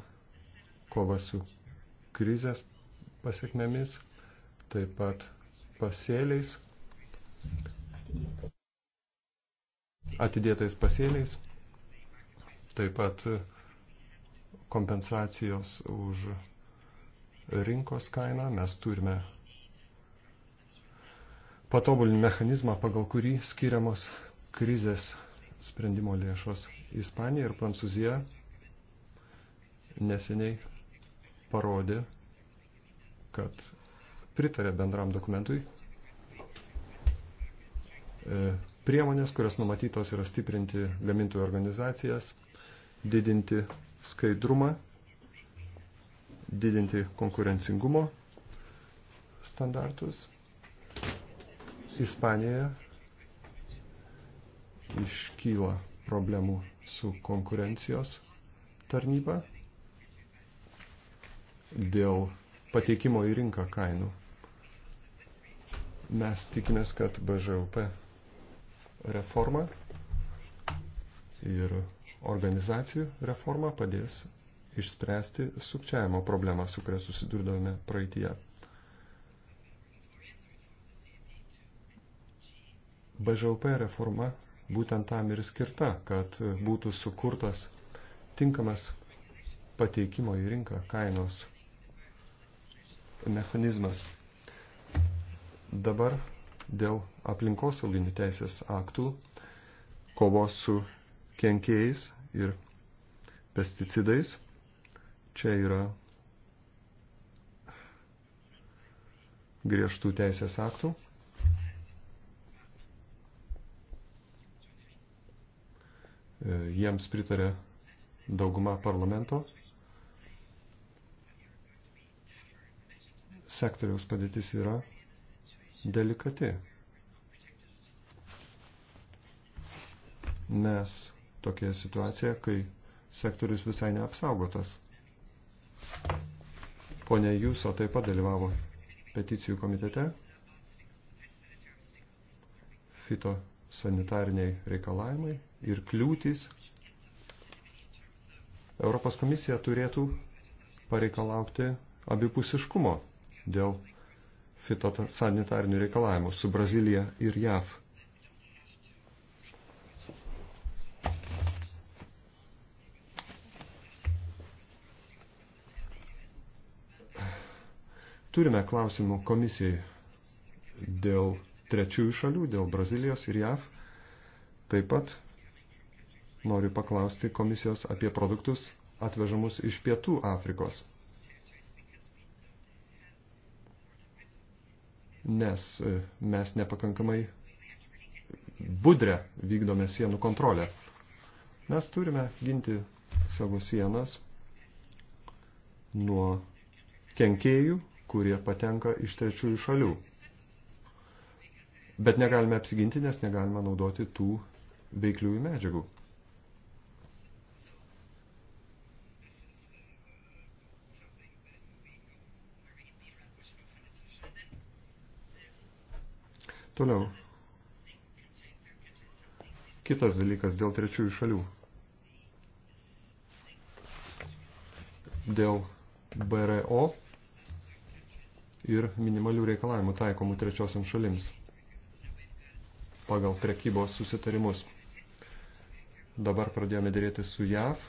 kova su krizės pasiekmėmis, taip pat pasėliais, atidėtais pasėliais, taip pat kompensacijos už rinkos kainą. Mes turime patobulinį mechanizmą, pagal kurį skiriamos krizės sprendimo lėšos. Ispanija ir Prancūzija neseniai parodė, kad pritarė bendram dokumentui. E, priemonės, kurios numatytos yra stiprinti gamintojų organizacijas, didinti skaidrumą, didinti konkurencingumo standartus. Ispanijoje iškyla problemų su konkurencijos tarnyba dėl pateikimo į rinką kainų. Mes tikimės, kad BŽUP reforma ir organizacijų reforma padės išspręsti sukčiavimo problemą, su kuria susidurdavome praeitie. BŽUP reforma būtent tam ir skirta, kad būtų sukurtas tinkamas pateikimo į rinką kainos mechanizmas. Dabar dėl aplinkosauginių teisės aktų, kovos su kenkėjais ir pesticidais. Čia yra griežtų teisės aktų. Jiems pritarė dauguma parlamento. Sektoriaus padėtis yra delikati. Nes tokia situacija, kai sektorius visai neapsaugotas. Pone Jūso taip pat dalyvavo peticijų komitete. Fito sanitariniai reikalavimai ir kliūtys. Europos komisija turėtų pareikalauti abipusiškumo dėl fitosanitarinių reikalavimų su Brazilija ir JAV. Turime klausimų komisijai dėl trečiųjų šalių, dėl Brazilijos ir JAV. Taip pat noriu paklausti komisijos apie produktus atvežamus iš Pietų Afrikos. nes e, mes nepakankamai budrę vykdome sienų kontrolę. Mes turime ginti savo sienas nuo kenkėjų, kurie patenka iš trečiųjų šalių. Bet negalime apsiginti, nes negalime naudoti tų veikliųjų medžiagų. Toliau. Kitas dalykas dėl trečiųjų šalių. Dėl BRO ir minimalių reikalavimų taikomų trečiosiam šalims pagal prekybos susitarimus. Dabar pradėjome dėrėti su JAV,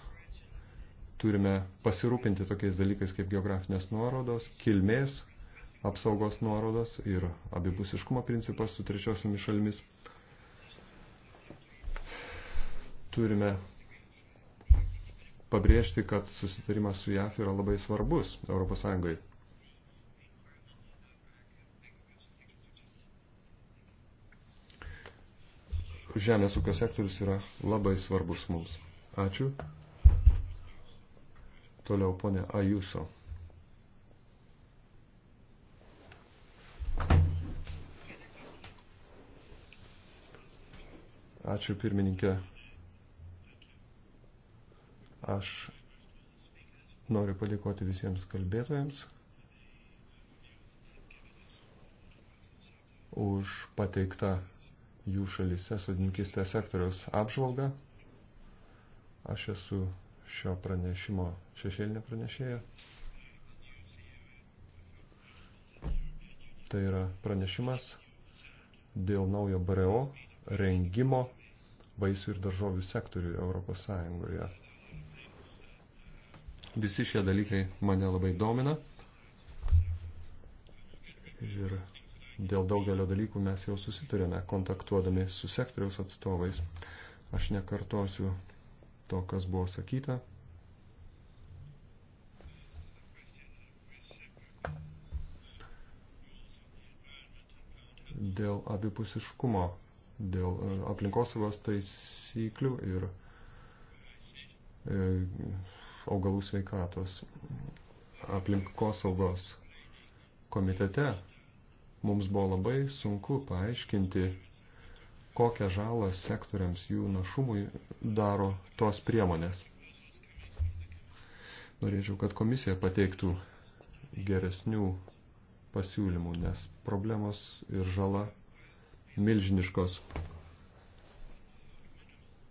turime pasirūpinti tokiais dalykais kaip geografinės nuorodos, kilmės apsaugos nuorodos ir abipusiškumo principas su trečiosiomis šalimis. Turime pabrėžti, kad susitarimas su JAF yra labai svarbus ES. Žemės ūkio sektorius yra labai svarbus mums. Ačiū. Toliau ponė Ajuso. Ačiū pirmininkė. Aš noriu padėkoti visiems kalbėtojams už pateiktą jų šalise sodininkistės sektoriaus apžvalgą. Aš esu šio pranešimo šešėlinė pranešėja. Tai yra pranešimas dėl naujo BRO rengimo vaisių ir daržovių sektoriui Europos Sąjungoje. Visi šie dalykai mane labai domina ir dėl daugelio dalykų mes jau susiturėme kontaktuodami su sektoriaus atstovais. Aš nekartosiu to, kas buvo sakyta. Dėl abipusiškumo dėl e, aplinkosaugos taisyklių ir e, augalų sveikatos. Aplinkosaugos komitete mums buvo labai sunku paaiškinti, kokią žalą sektoriams jų našumui daro tos priemonės. Norėčiau, kad komisija pateiktų geresnių pasiūlymų, nes problemos ir žala milžiniškos.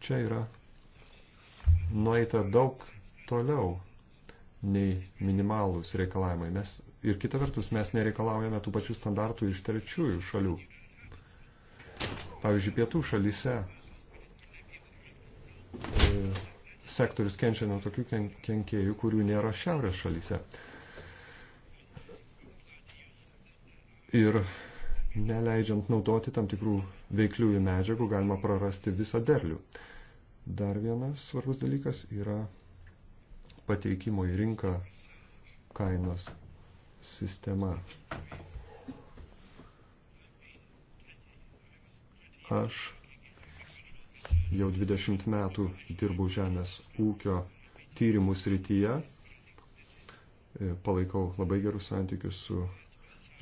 Čia yra nueita daug toliau nei minimalūs reikalavimai. Mes, ir kita vertus, mes nereikalaujame tų pačių standartų iš trečiųjų šalių. Pavyzdžiui, pietų šalyse e, sektorius kenčia nuo tokių kenkėjų, kurių nėra šiaurės šalyse. Ir neleidžiant naudoti tam tikrų veikliųjų medžiagų, galima prarasti visą derlių. Dar vienas svarbus dalykas yra pateikimo į rinką kainos sistema. Aš jau 20 metų dirbu žemės ūkio tyrimų srityje, palaikau labai gerus santykius su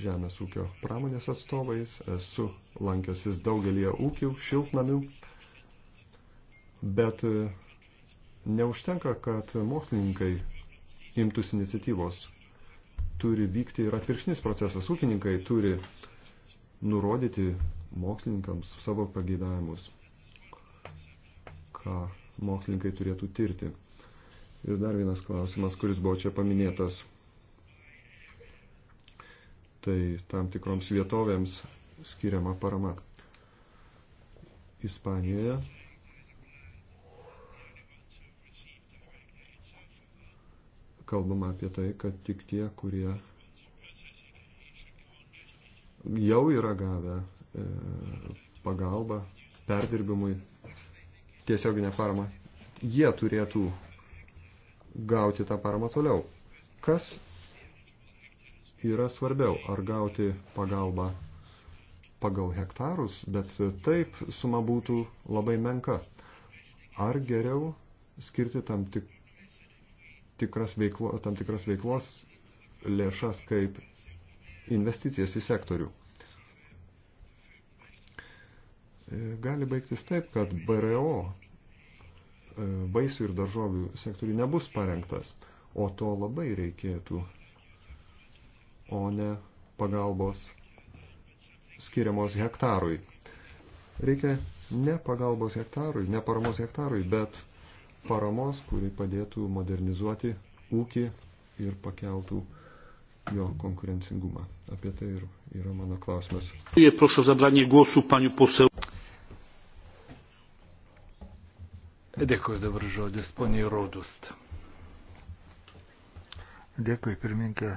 žemės ūkio pramonės atstovais, esu lankęsis daugelie ūkių, šiltnamių, bet e, neužtenka, kad mokslininkai imtųsi iniciatyvos. Turi vykti ir atvirkštinis procesas. Ūkininkai turi nurodyti mokslininkams savo pageidavimus, ką mokslininkai turėtų tirti. Ir dar vienas klausimas, kuris buvo čia paminėtas – tai tam tikroms vietovėms skiriama parama. Ispanijoje kalbama apie tai, kad tik tie, kurie jau yra gavę e, pagalbą perdirbimui tiesioginę paramą, jie turėtų gauti tą paramą toliau. Kas yra svarbiau, ar gauti pagalbą pagal hektarus, bet taip suma būtų labai menka. Ar geriau skirti tam, tik, tikras, veiklo, tam tikras veiklos lėšas kaip investicijas į sektorių. Gali baigtis taip, kad BRO e, vaisių ir daržovių sektorių nebus parengtas, o to labai reikėtų o ne pagalbos skiriamos hektarui. Reikia ne pagalbos hektarui, ne paramos hektarui, bet paramos, kuri padėtų modernizuoti ūkį ir pakeltų jo konkurencingumą. Apie tai ir yra mano klausimas. Proszę o zabranie głosu paniu poseł. Dėkui dabar žodis poniai Rodust. Dėkui pirminkė.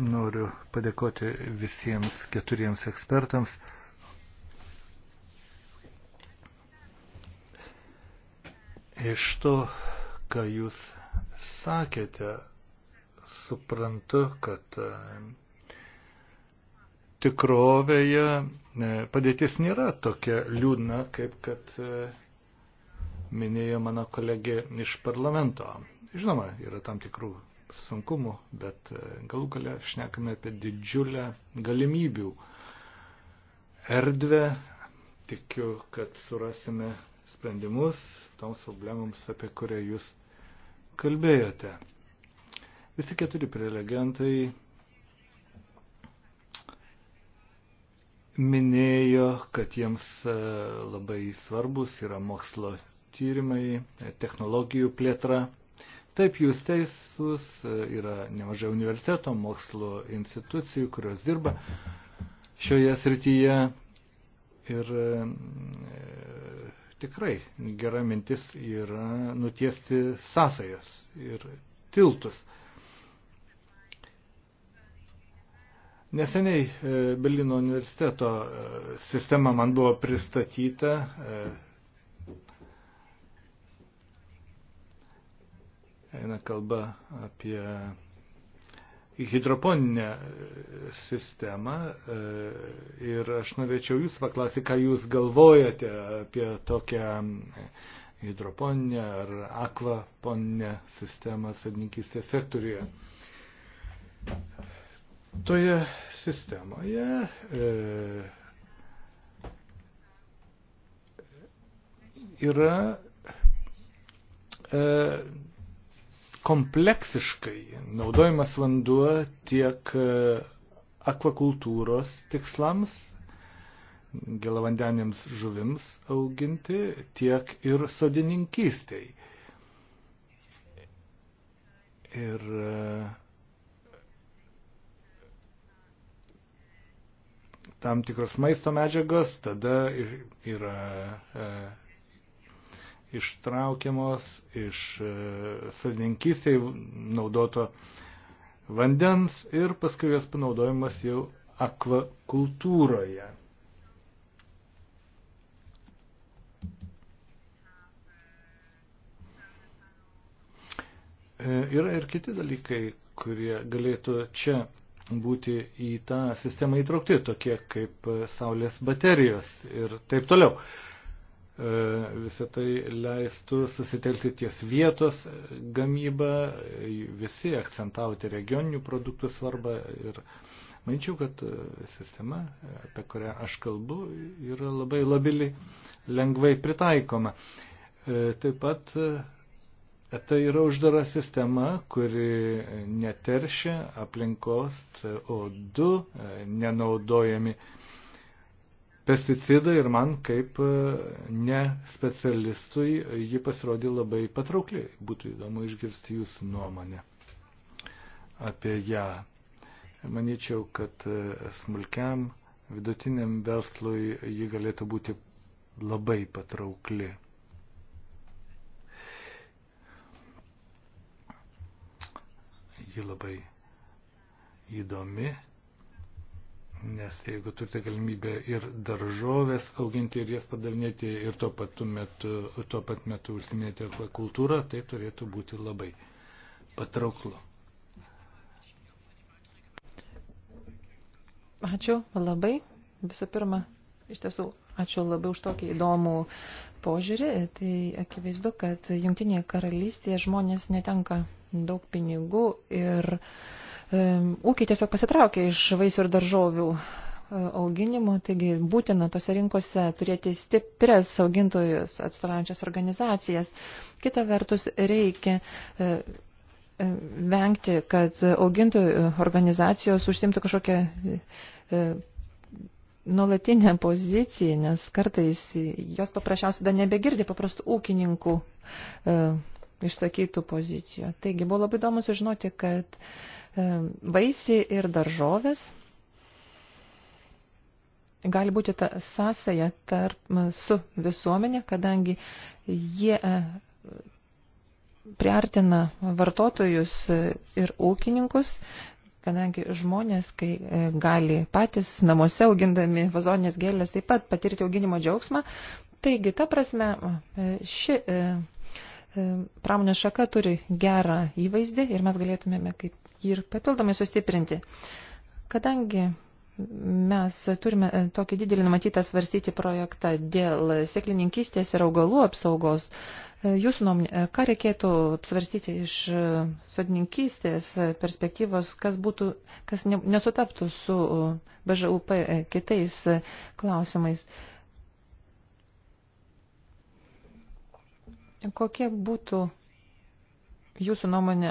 Noriu padėkoti visiems keturiems ekspertams. Iš to, ką jūs sakėte, suprantu, kad e, tikrovėje e, padėtis nėra tokia liūdna, kaip kad e, minėjo mano kolegė iš parlamento. Žinoma, yra tam tikrų sunkumų, bet e, galų galę šnekame apie didžiulę galimybių erdvę. Tikiu, kad surasime sprendimus toms problemams, apie kurią jūs kalbėjote. Visi keturi prelegentai minėjo, kad jiems e, labai svarbus yra mokslo tyrimai, technologijų plėtra. Taip, jūs teisus, yra nemažai universiteto mokslo institucijų, kurios dirba šioje srityje. Ir e, tikrai gera mintis yra nutiesti sąsajas ir tiltus. Neseniai e, Berlyno universiteto e, sistema man buvo pristatyta, eina kalba apie hidroponinę sistemą e, ir aš norėčiau jūs paklausyti, ką jūs galvojate apie tokią hidroponinę ar akvaponinę sistemą sadininkystės sektoriuje. Toje sistemoje e, yra e, kompleksiškai. Naudojamas vanduo tiek e, akvakultūros tikslams, gėlavandeniams žuvims auginti, tiek ir sodininkystei. Ir e, tam tikros maisto medžiagos tada yra e, ištraukiamos iš e, saldininkystėje naudoto vandens ir paskui jos panaudojimas jau akvakultūroje. E, yra ir kiti dalykai, kurie galėtų čia būti į tą sistemą įtraukti, tokie kaip saulės baterijos ir taip toliau. E, visą tai leistų susitelkti ties vietos gamybą, visi akcentauti regioninių produktų svarbą ir manyčiau, kad e, sistema, apie kurią aš kalbu, yra labai labili, lengvai pritaikoma. E, taip pat e, tai yra uždara sistema, kuri neteršia aplinkos CO2, nenaudojami pesticidai ir man kaip e, ne specialistui ji pasirodė labai patraukliai. Būtų įdomu išgirsti jūsų nuomonę apie ją. Manyčiau, kad e, smulkiam vidutiniam verslui ji galėtų būti labai patraukli. Ji labai įdomi nes jeigu turite galimybę ir daržovės auginti ir jas pardavinėti ir tuo pat metu, tuo pat metu užsiminėti akvakultūrą, tai turėtų būti labai patrauklu. Ačiū labai. Visų pirma, iš tiesų, ačiū labai už tokį įdomų požiūrį. Tai akivaizdu, kad Junktinėje karalystėje žmonės netenka daug pinigų ir uh, ūkiai tiesiog pasitraukia iš vaisių ir daržovių e, auginimo, taigi būtina tose rinkose turėti stiprias augintojus atstovaujančias organizacijas. Kita vertus, reikia e, e, vengti, kad augintojų organizacijos užsimtų kažkokią nuolatinę poziciją, nes kartais jos paprasčiausiai dar nebegirdi paprastų ūkininkų išsakytų pozicijų. Taigi buvo labai įdomu sužinoti, kad uh, E, vaisiai ir daržovės gali būti ta sąsaja tarp, su visuomenė, kadangi jie e, priartina vartotojus ir ūkininkus, kadangi žmonės, kai e, gali patys namuose augindami vazoninės gėlės taip pat patirti auginimo džiaugsmą, taigi ta prasme ši pramonės šaka turi gerą įvaizdį ir mes galėtumėme kaip ir papildomai sustiprinti. Kadangi mes turime e, tokį didelį numatytą svarstyti projektą dėl sėklininkystės ir augalų apsaugos. E, jūsų nuomonė, e, ką reikėtų svarstyti iš sodininkystės perspektyvos, kas, būtų, kas nesutaptų su BŽUP kitais klausimais? Kokie būtų jūsų nuomonė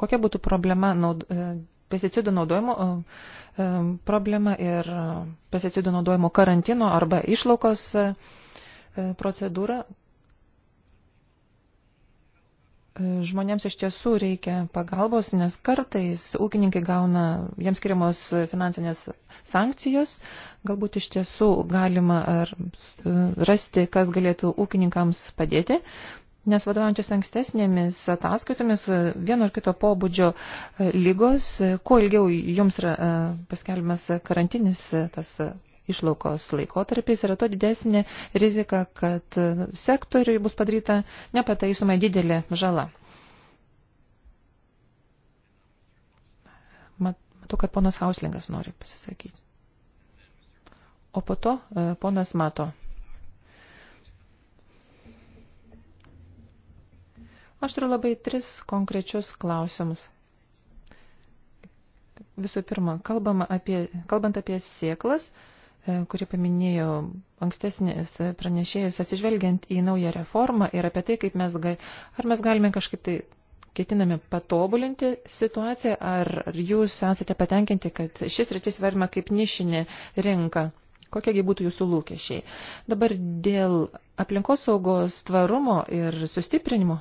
kokia būtų problema naud, e, pesticidų naudojimo e, e, problema ir pesticidų naudojimo karantino arba išlaukos procedūra. Žmonėms iš tiesų reikia pagalbos, nes kartais ūkininkai gauna jiems skiriamos finansinės sankcijos. Galbūt iš tiesų galima ar rasti, kas galėtų ūkininkams padėti, Nes vadovaujančios ankstesnėmis ataskaitomis e, vieno ar kito pobūdžio e, lygos, e, kuo ilgiau jums yra paskelbimas karantinis tas išlaukos laikotarpis, yra to didesnė rizika, kad sektoriui bus padaryta nepataisoma didelė žala. Matau, kad ponas Hauslingas nori pasisakyti. O po to ponas Mato. Aš turiu labai tris konkrečius klausimus. Visų pirma, apie, kalbant apie sėklas, e, kurį paminėjo ankstesnis pranešėjas, atsižvelgiant į naują reformą ir apie tai, kaip mes, gal, ar mes galime kažkaip tai ketiname patobulinti situaciją, ar jūs esate patenkinti, kad šis rytis varma kaip nišinė rinka. Kokiegi būtų jūsų lūkesčiai? Dabar dėl aplinkos saugos tvarumo ir sustiprinimo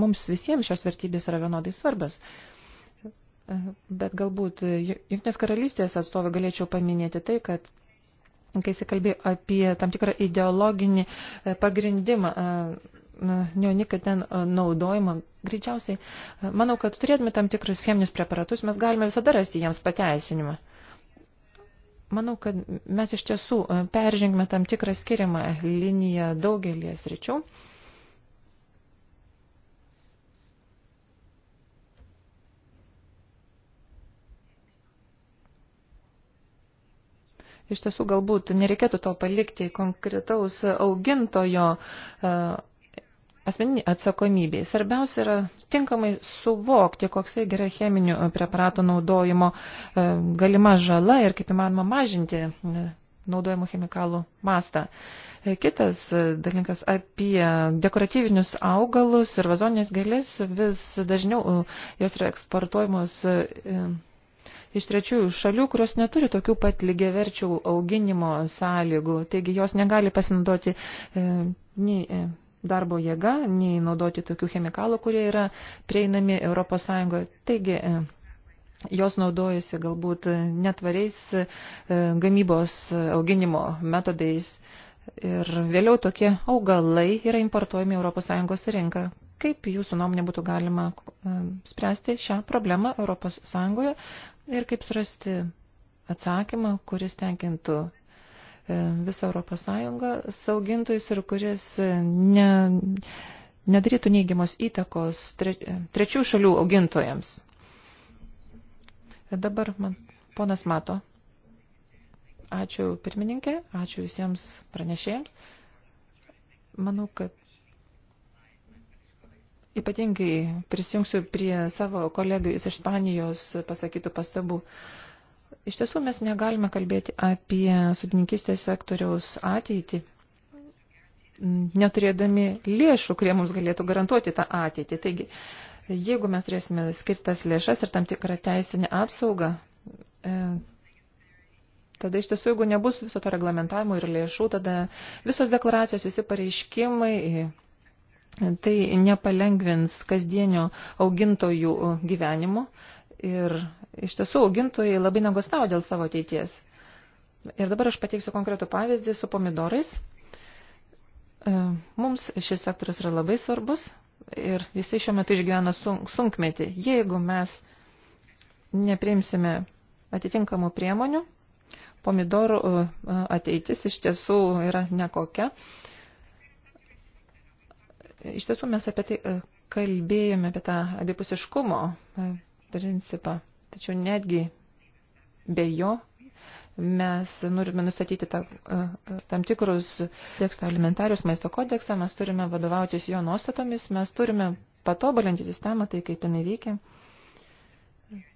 mums visiems šios vertybės yra vienodai svarbios. Bet galbūt Junktinės karalystės atstovai galėčiau paminėti tai, kad kai jis kalbėjo apie tam tikrą ideologinį e, pagrindimą e, neonikatin e, naudojimą, greičiausiai, manau, kad turėdami tam tikrus cheminius preparatus, mes galime visada rasti jiems pateisinimą. Manau, kad mes iš tiesų e, peržengime tam tikrą skiriamą liniją daugelį sričių. Iš tiesų, galbūt nereikėtų to palikti konkretaus augintojo e, asmeninį atsakomybę. Svarbiausia yra tinkamai suvokti, koksai yra cheminių preparatų naudojimo e, galima žala ir kaip įmanoma mažinti e, naudojimų chemikalų mastą. E, kitas dalykas apie dekoratyvinius augalus ir vazoninės gėlės vis dažniau jos yra eksportuojamos iš trečiųjų šalių, kurios neturi tokių pat lygiaverčių auginimo sąlygų, taigi jos negali pasinaudoti nei darbo jėga, nei naudoti tokių chemikalų, kurie yra prieinami ES. Taigi, e, jos naudojasi galbūt netvariais e, gamybos auginimo metodais. Ir vėliau tokie augalai yra importuojami ES rinką. Kaip jūsų nuomonė būtų galima e, spręsti šią problemą ES ir kaip surasti atsakymą, kuris tenkintų E, visą Europos Sąjungą saugintojus ir kuris e, ne, nedarytų neigiamos įtakos tre, e, trečių šalių augintojams. Dabar man ponas mato. Ačiū pirmininkė, ačiū visiems pranešėjams. Manau, kad ypatingai prisijungsiu prie savo kolegų iš Ispanijos pasakytų pastabų. Uh, Iš tiesų mes negalime kalbėti apie sudininkistės sektoriaus ateitį, neturėdami lėšų, kurie mums galėtų garantuoti tą ateitį. Taigi, jeigu mes turėsime skirtas lėšas ir tam tikrą teisinę apsaugą, e, Tada iš tiesų, jeigu nebus viso to reglamentavimo ir lėšų, tada visos deklaracijos, visi pareiškimai, e, tai nepalengvins kasdienio augintojų e, gyvenimo ir iš tiesų augintojai labai negostavo dėl savo ateities. Ir dabar aš pateiksiu konkretų pavyzdį su pomidorais. E, mums šis sektoras yra labai svarbus ir jisai šiuo metu išgyvena sunk sunkmetį. Jeigu mes nepriimsime atitinkamų priemonių, pomidorų e, ateitis iš tiesų yra nekokia. Iš tiesų mes apie tai e, kalbėjome, apie tą abipusiškumo principą. Tačiau netgi be jo mes norime nustatyti ta, e, e, tam tikrus tekstą alimentarius maisto kodeksą, mes turime vadovautis jo nuostatomis, mes turime patobulinti sistemą, tai kaip jinai veikia.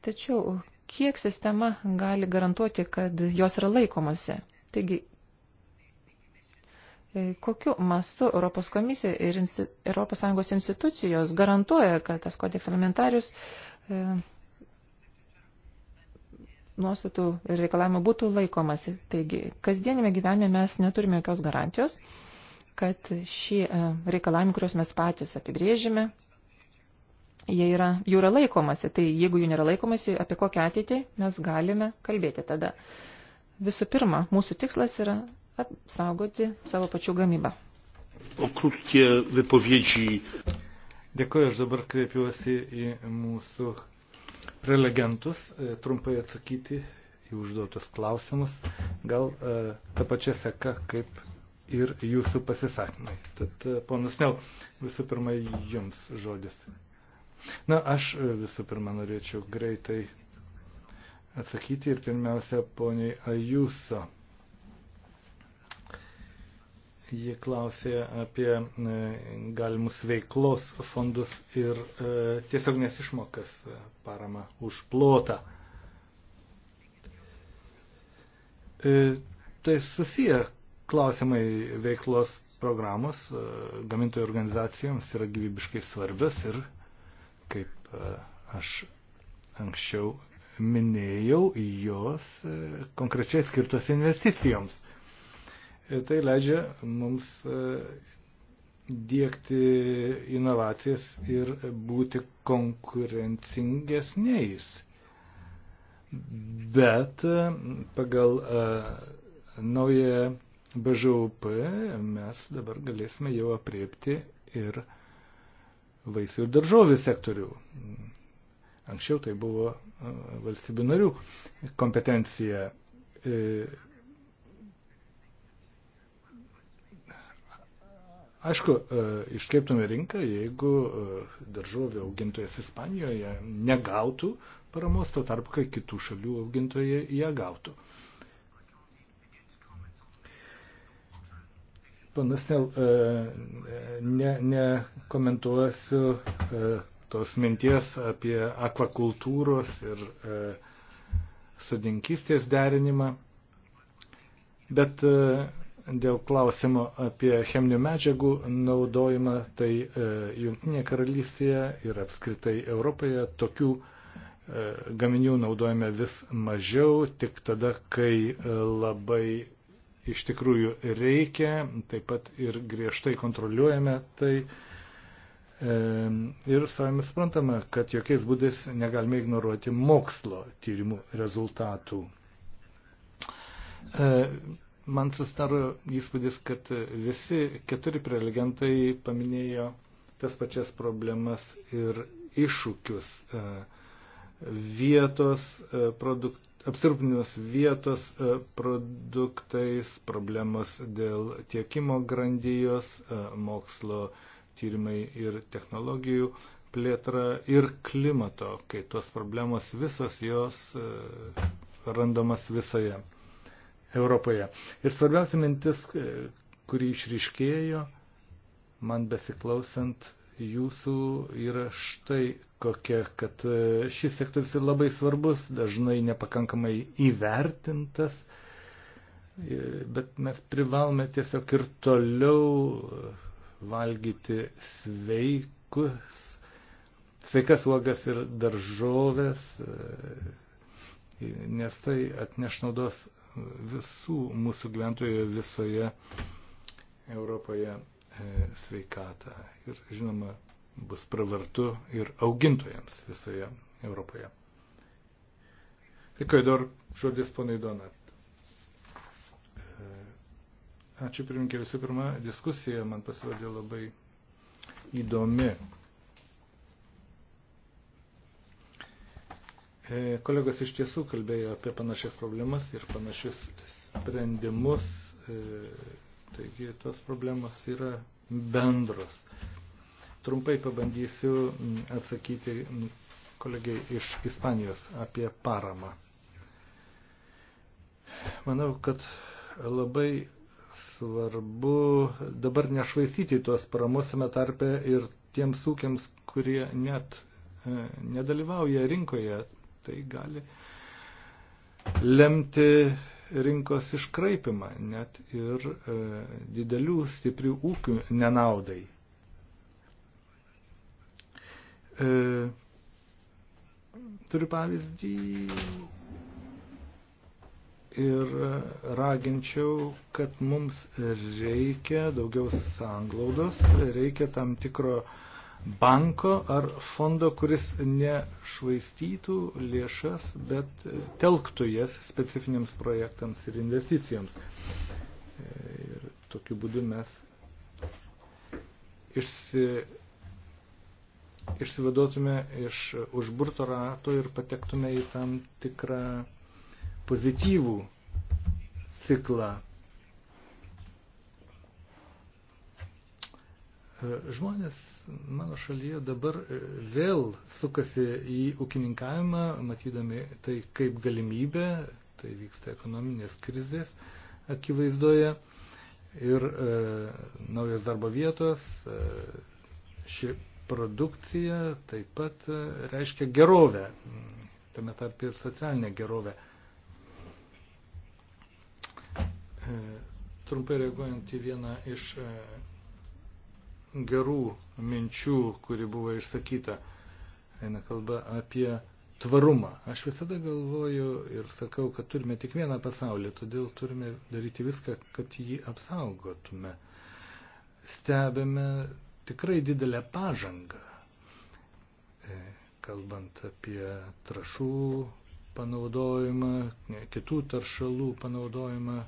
Tačiau kiek sistema gali garantuoti, kad jos yra laikomasi? Taigi, e, kokiu mastu Europos komisija ir Europos Sąjungos institucijos garantuoja, kad tas kodeks alimentarius e, nuostatų ir reikalavimų būtų laikomasi. Taigi, kasdienime gyvenime mes neturime jokios garantijos, kad šie e, reikalavimai, kuriuos mes patys apibrėžime, jie yra, jų yra laikomasi. Tai jeigu jų nėra laikomasi, apie kokią ateitį mes galime kalbėti tada. Visų pirma, mūsų tikslas yra apsaugoti savo pačių gamybą. O krūtie vypovėdžiai. Dėkuoju, aš dabar kreipiuosi į mūsų prelegentus e, trumpai atsakyti į užduotus klausimus, gal e, tą pačią seką kaip ir jūsų pasisakymai. Tad, e, ponas Nel, visų pirma, jums žodis. Na, aš visų pirma norėčiau greitai atsakyti ir pirmiausia, poniai Ajuso. Ji klausė apie e, galimus veiklos fondus ir e, tiesiog nesišmokas e, parama už plotą. Tai susiję klausimai veiklos programos gamintojų organizacijoms yra gyvybiškai svarbios ir, kaip aš anksčiau minėjau, jos konkrečiai skirtos investicijoms. Tai leidžia mums e, dėkti inovacijas ir būti konkurencingesniais. Bet e, pagal e, naują BŽUP mes dabar galėsime jau apriepti ir vaisių ir daržovių sektorių. Anksčiau tai buvo valstybių narių kompetencija. Aišku, e, iškreiptume rinką, jeigu e, daržovių augintojas Ispanijoje negautų paramos, to tarp, kai kitų šalių augintojai ją gautų. Panas Nel, e, nekomentuosiu ne, ne tos minties apie akvakultūros ir sodinkystės derinimą, bet Dėl klausimo apie cheminių medžiagų naudojimą, tai e, Junktinė karalystėje ir apskritai Europoje tokių e, gaminių naudojame vis mažiau, tik tada, kai e, labai iš tikrųjų reikia, taip pat ir griežtai kontroliuojame tai. Ir savame suprantama, kad jokiais būdais negalime ignoruoti mokslo tyrimų rezultatų. Man susidaro įspūdis, kad visi keturi prelegentai paminėjo tas pačias problemas ir iššūkius e, vietos e, produktų apsirūpinimas vietos e, produktais, problemos dėl tiekimo grandijos, mokslo tyrimai ir technologijų plėtra ir klimato, kai tos problemos visos jos randomas visoje Europoje. Ir svarbiausia mintis, e, kuri išriškėjo man besiklausant jūsų yra štai kokia, kad e, šis sektorius yra labai svarbus, dažnai nepakankamai įvertintas, e, bet mes privalome tiesiog ir toliau valgyti sveikus, sveikas uogas ir daržovės, nes tai atneš naudos visų mūsų gyventojų visoje Europoje e, sveikatą. Ir žinoma, bus pravartu ir augintojams visoje Europoje. Dėkui, dar žodis ponai Donat. E, ačiū pirminkė visų pirma, diskusija man pasirodė labai įdomi. E, kolegos iš tiesų kalbėjo apie panašias problemas ir panašius sprendimus, e, taigi tos problemos yra bendros. Trumpai pabandysiu atsakyti kolegiai iš Ispanijos apie paramą. Manau, kad labai svarbu dabar nešvaistyti tuos paramos tame tarpe ir tiems ūkiams, kurie net e, nedalyvauja rinkoje, tai gali lemti rinkos iškraipimą, net ir e, didelių stiprių ūkių nenaudai. E, turiu pavyzdį ir raginčiau, kad mums reikia daugiau sanglaudos, reikia tam tikro e, banko ar fondo, kuris nešvaistytų lėšas, bet telktų jas specifiniams projektams ir investicijoms. Ir tokiu būdu mes išsi, išsivaduotume iš užburto rato ir patektume į tam tikrą pozityvų ciklą E, žmonės mano šalyje dabar e, vėl sukasi į ūkininkavimą, matydami tai kaip galimybę, tai vyksta ekonominės krizės akivaizdoje ir e, naujas darbo vietos, e, ši produkcija taip pat e, reiškia gerovę, tame tarp ir socialinę gerovę. E, trumpai reaguojant į vieną iš e, gerų minčių, kuri buvo išsakyta. Eina kalba apie tvarumą. Aš visada galvoju ir sakau, kad turime tik vieną pasaulį, todėl turime daryti viską, kad jį apsaugotume. Stebime tikrai didelę pažangą, e, kalbant apie trašų panaudojimą, kitų taršalų panaudojimą,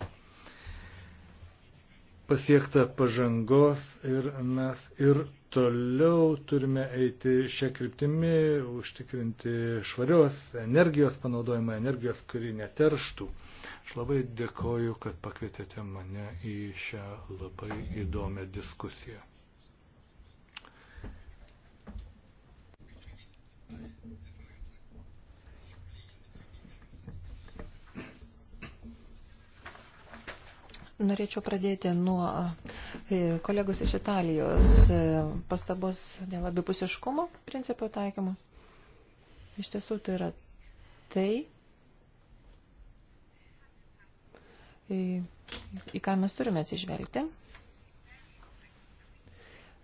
pasiekta pažangos ir mes ir toliau turime eiti šią kryptimį, užtikrinti švarios energijos panaudojimą, energijos, kuri neterštų. Aš labai dėkoju, kad pakvietėte mane į šią labai įdomią diskusiją. Norėčiau pradėti nuo e, kolegos iš Italijos e, pastabos dėl abipusiškumo principų taikymų. Iš tiesų tai yra tai, į, į ką mes turime atsižvelgti.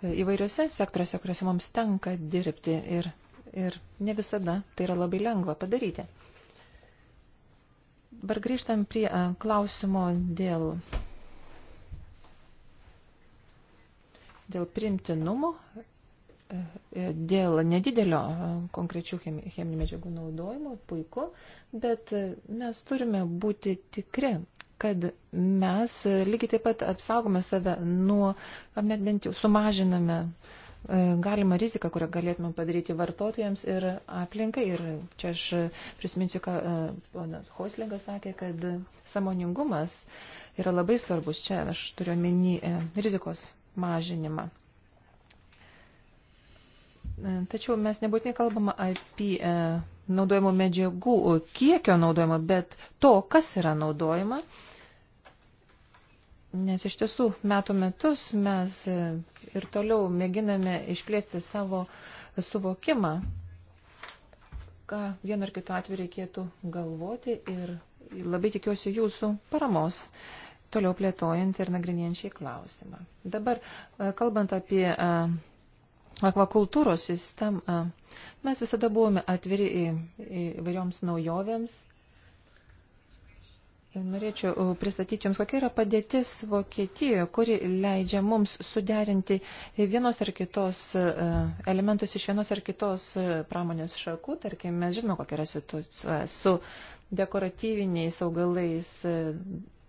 E, įvairiuose sektoriuose, kuriuose mums tenka dirbti ir, ir ne visada tai yra labai lengva padaryti. Dabar grįžtam prie klausimo dėl dėl primtinumo, e, dėl nedidelio e, konkrečių cheminių medžiagų naudojimo, puiku, bet e, mes turime būti tikri, kad mes lygiai taip pat apsaugome save nuo, bent jau sumažiname galima rizika, kurią galėtume padaryti vartotojams ir aplinkai. Ir čia aš prisiminsiu, ką ponas Hoslingas sakė, kad samoningumas yra labai svarbus. Čia aš turiu meni rizikos mažinimą. E, tačiau mes nebūtinai kalbama apie e, naudojimo medžiagų kiekio naudojimą, bet to, kas yra naudojama. Nes iš tiesų metų metus mes e, ir toliau mėginame išplėsti savo suvokimą, ką vienu ar kitu atveju reikėtų galvoti ir labai tikiuosi jūsų paramos. Uh, toliau plėtojant ir nagrinėjant šį klausimą. Dabar, e, kalbant apie e, akvakultūros sistemą, e, mes visada buvome atviri įvairioms naujovėms. Norėčiau pristatyti Jums, kokia yra padėtis Vokietijoje, kuri leidžia mums suderinti vienos ar kitos elementus iš vienos ar kitos pramonės šakų. Tarkim, mes žinome, kokia yra situacija su dekoratyviniais augalais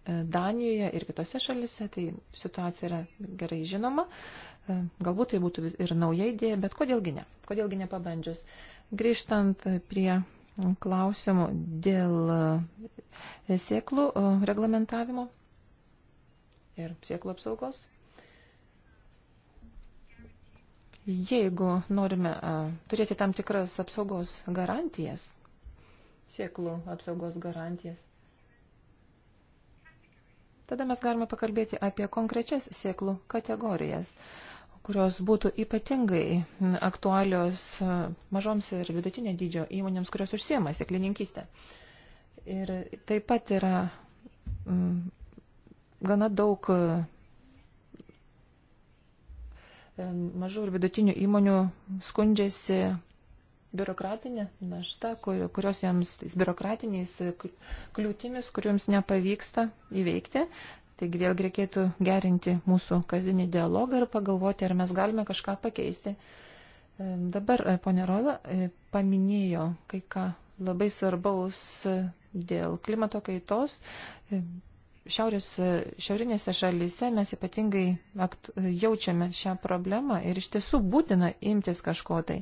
E, Danijoje ir kitose šalise, tai situacija yra gerai žinoma. E, Galbūt tai būtų ir nauja idėja, bet kodėlgi ne? Kodėlgi nepabandžius? Grįžtant prie klausimų dėl e, sėklų reglamentavimo ir sėklų apsaugos. Jeigu norime turėti tam tikras apsaugos garantijas, sėklų apsaugos garantijas, Tada mes galime pakalbėti apie konkrečias sėklų kategorijas kurios būtų ypatingai aktualios e, mažoms ir vidutinio dydžio įmonėms, kurios užsiema sėklininkystę. Ir taip pat yra mm, gana daug e, mažų ir vidutinių įmonių skundžiasi biurokratinė našta, kurios jiems tais biurokratiniais kliūtimis, kuriuoms nepavyksta įveikti. Taigi vėlgi reikėtų gerinti mūsų kasdienį dialogą ir pagalvoti, ar mes galime kažką pakeisti. Dabar e, ponė Rola e, paminėjo kai ką labai svarbaus e, dėl klimato kaitos. Šiaurės, šiaurinėse šalyse mes ypatingai aktu, jaučiame šią problemą ir iš tiesų būtina imtis kažko tai.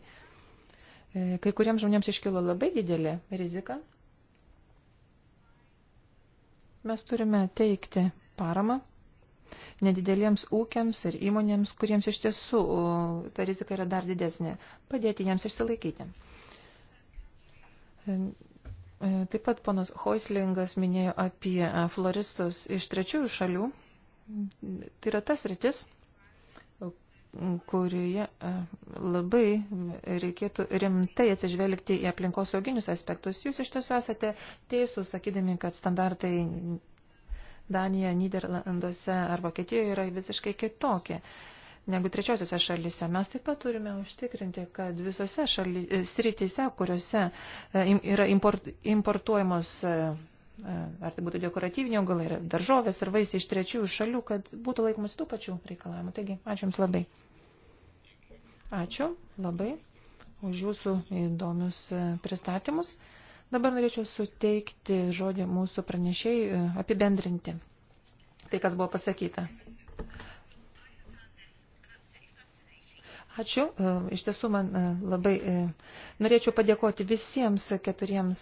E, kai kuriems žmonėms iškilo labai didelė rizika. Mes turime teikti paramą nedideliems ūkiams ir įmonėms, kuriems iš tiesų ta rizika yra dar didesnė, padėti jiems išsilaikyti. E, e, taip pat ponas Hoislingas minėjo apie floristus iš trečiųjų šalių. Tai yra tas rytis, kurioje e, labai reikėtų rimtai atsižvelgti į aplinkosauginius aspektus. Jūs iš tiesų esate teisūs, sakydami, kad standartai Danijoje, Niderlanduose ar Vokietijoje yra visiškai kitokie negu trečiosiuose šalyse. Mes taip pat turime užtikrinti, kad visose šaly, srityse, kuriuose e, yra import, importuojamos e, E, ar tai būtų dekoratyviniai augalai, ar daržovės, ar vaisiai iš trečiųjų šalių, kad būtų laikomasi tų pačių reikalavimų. Taigi, ačiū Jums labai. Ačiū labai už Jūsų įdomius e, pristatymus. Dabar norėčiau suteikti žodį mūsų pranešėjai e, apibendrinti tai, kas buvo pasakyta. Ačiū. E, iš tiesų, man e, labai e, norėčiau padėkoti visiems keturiems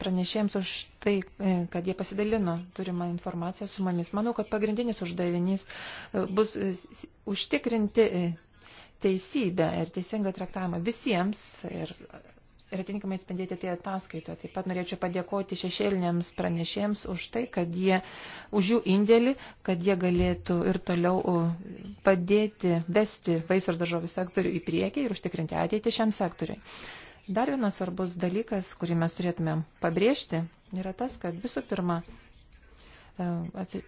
pranešėjams už tai, kad jie pasidalino turimą informaciją su mumis. Manau, kad pagrindinis uždavinys bus užtikrinti teisybę ir teisingą traktavimą visiems ir ir atinkamai spendėti tai ataskaitoje. Taip pat norėčiau padėkoti šešėlinėms pranešėjams už tai, kad jie, už jų indėlį, kad jie galėtų ir toliau padėti vesti vaisių ir daržovių sektorių į priekį ir užtikrinti ateitį šiam sektoriui. Dar vienas svarbus dalykas, kurį mes turėtumėm pabrėžti, yra tas, kad visų pirma, e,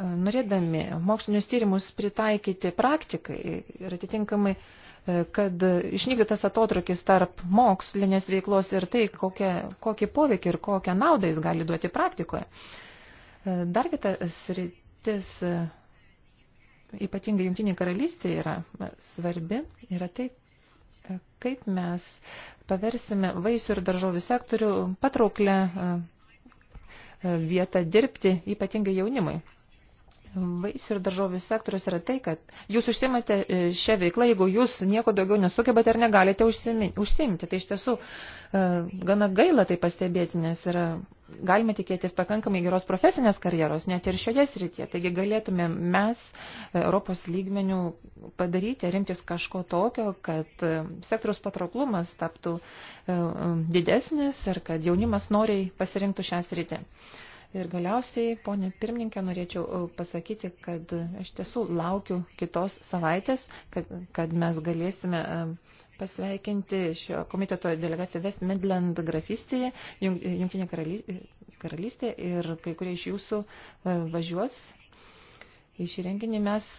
norėdami mokslinius tyrimus pritaikyti praktikai ir atitinkamai, e, kad išnyktų tas atotrukis tarp mokslinės veiklos ir tai, kokie, kokį poveikį ir kokią naudą jis gali duoti praktikoje. E, dar kita sritis, e, ypatingai jungtinė karalystė, yra svarbi, yra tai, kaip mes paversime vaisių ir daržovių sektorių patrauklę vietą dirbti, ypatingai jaunimui. Vaisių ir daržovių sektorius yra tai, kad jūs užsimate e, šią veiklą, jeigu jūs nieko daugiau nesugebate ar negalite užsimti. Tai iš tiesų e, gana gaila tai pastebėti, nes yra, galime tikėtis pakankamai geros profesinės karjeros, net ir šioje srityje. Taigi galėtume mes e, Europos lygmenių padaryti, rimtis kažko tokio, kad sektoriaus patrauklumas taptų didesnis ir kad jaunimas noriai pasirinktų šią sritį. Ir galiausiai, ponė pirmininkė, norėčiau e, pasakyti, kad iš tiesų laukiu kitos savaitės, kad, kad mes galėsime e, pasveikinti šio komiteto delegaciją West Midland grafystėje, Jungtinė e, karalystė ir kai kurie iš jūsų važiuos. Į šį renginį mes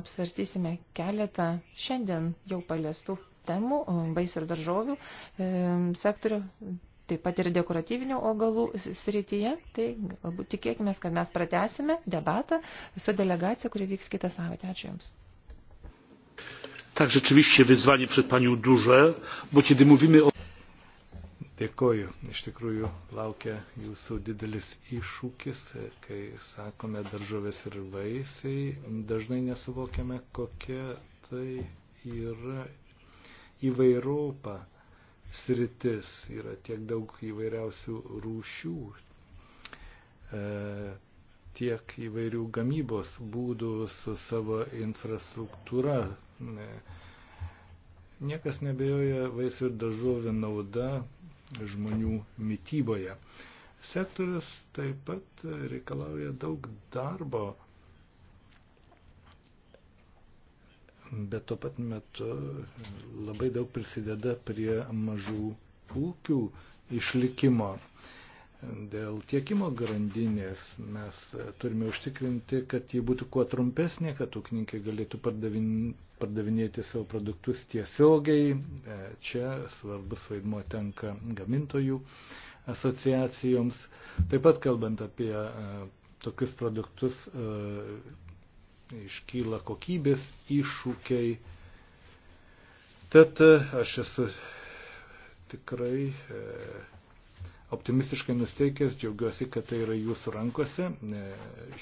apsvarstysime keletą šiandien jau paliestų temų, vaisių ir daržovių sektorių, taip pat ir dekoratyvinių augalų srityje. Tai galbūt tikėkime, kad mes pratesime debatą su delegacija, kuri vyks kitą savaitę. Ačiū Jums. Tak, rzeczywiście wyzwanie przed Panią duże, bo kiedy mówimy o... Dėkoju. Iš tikrųjų laukia jūsų didelis iššūkis, kai sakome daržovės ir vaisiai. Dažnai nesuvokiame, kokia tai yra įvairopa sritis. Yra tiek daug įvairiausių rūšių, e, tiek įvairių gamybos būdų su savo infrastruktūra. E, niekas nebejoja vaisių ir daržovių nauda žmonių mytyboje. Sektorius taip pat reikalauja daug darbo bet tuo pat metu labai daug prisideda prie mažų ūkių išlikimo. Dėl tiekimo grandinės mes turime užtikrinti, kad ji būtų kuo trumpesnė, kad ūkininkai galėtų pardavin, pardavinėti savo produktus tiesiogiai. E, čia svarbus vaidmo tenka gamintojų asociacijoms. Taip pat kalbant apie e, tokius produktus e, iškyla kokybės iššūkiai. Tad e, aš esu tikrai e, optimistiškai nusteikęs, džiaugiuosi, kad tai yra jūsų rankose. E,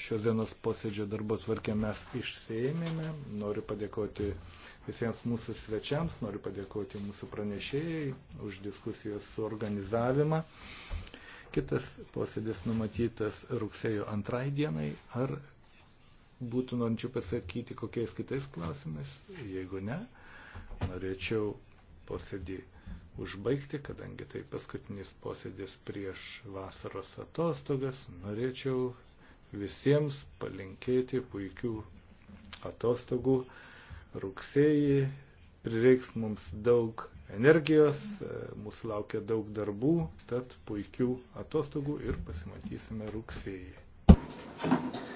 šios dienos posėdžio darbo tvarkę mes išsėmėme. Noriu padėkoti visiems mūsų svečiams, noriu padėkoti mūsų pranešėjai už diskusijos suorganizavimą. Kitas posėdis numatytas rugsėjo antrai dienai ar būtų norinčių pasakyti kokiais kitais klausimais. Jeigu ne, norėčiau posėdį užbaigti, kadangi tai paskutinis posėdis prieš vasaros atostogas. Norėčiau visiems palinkėti puikių atostogų rugsėjį. Prireiks mums daug energijos, mūsų laukia daug darbų, tad puikių atostogų ir pasimatysime rugsėjį. Thank you.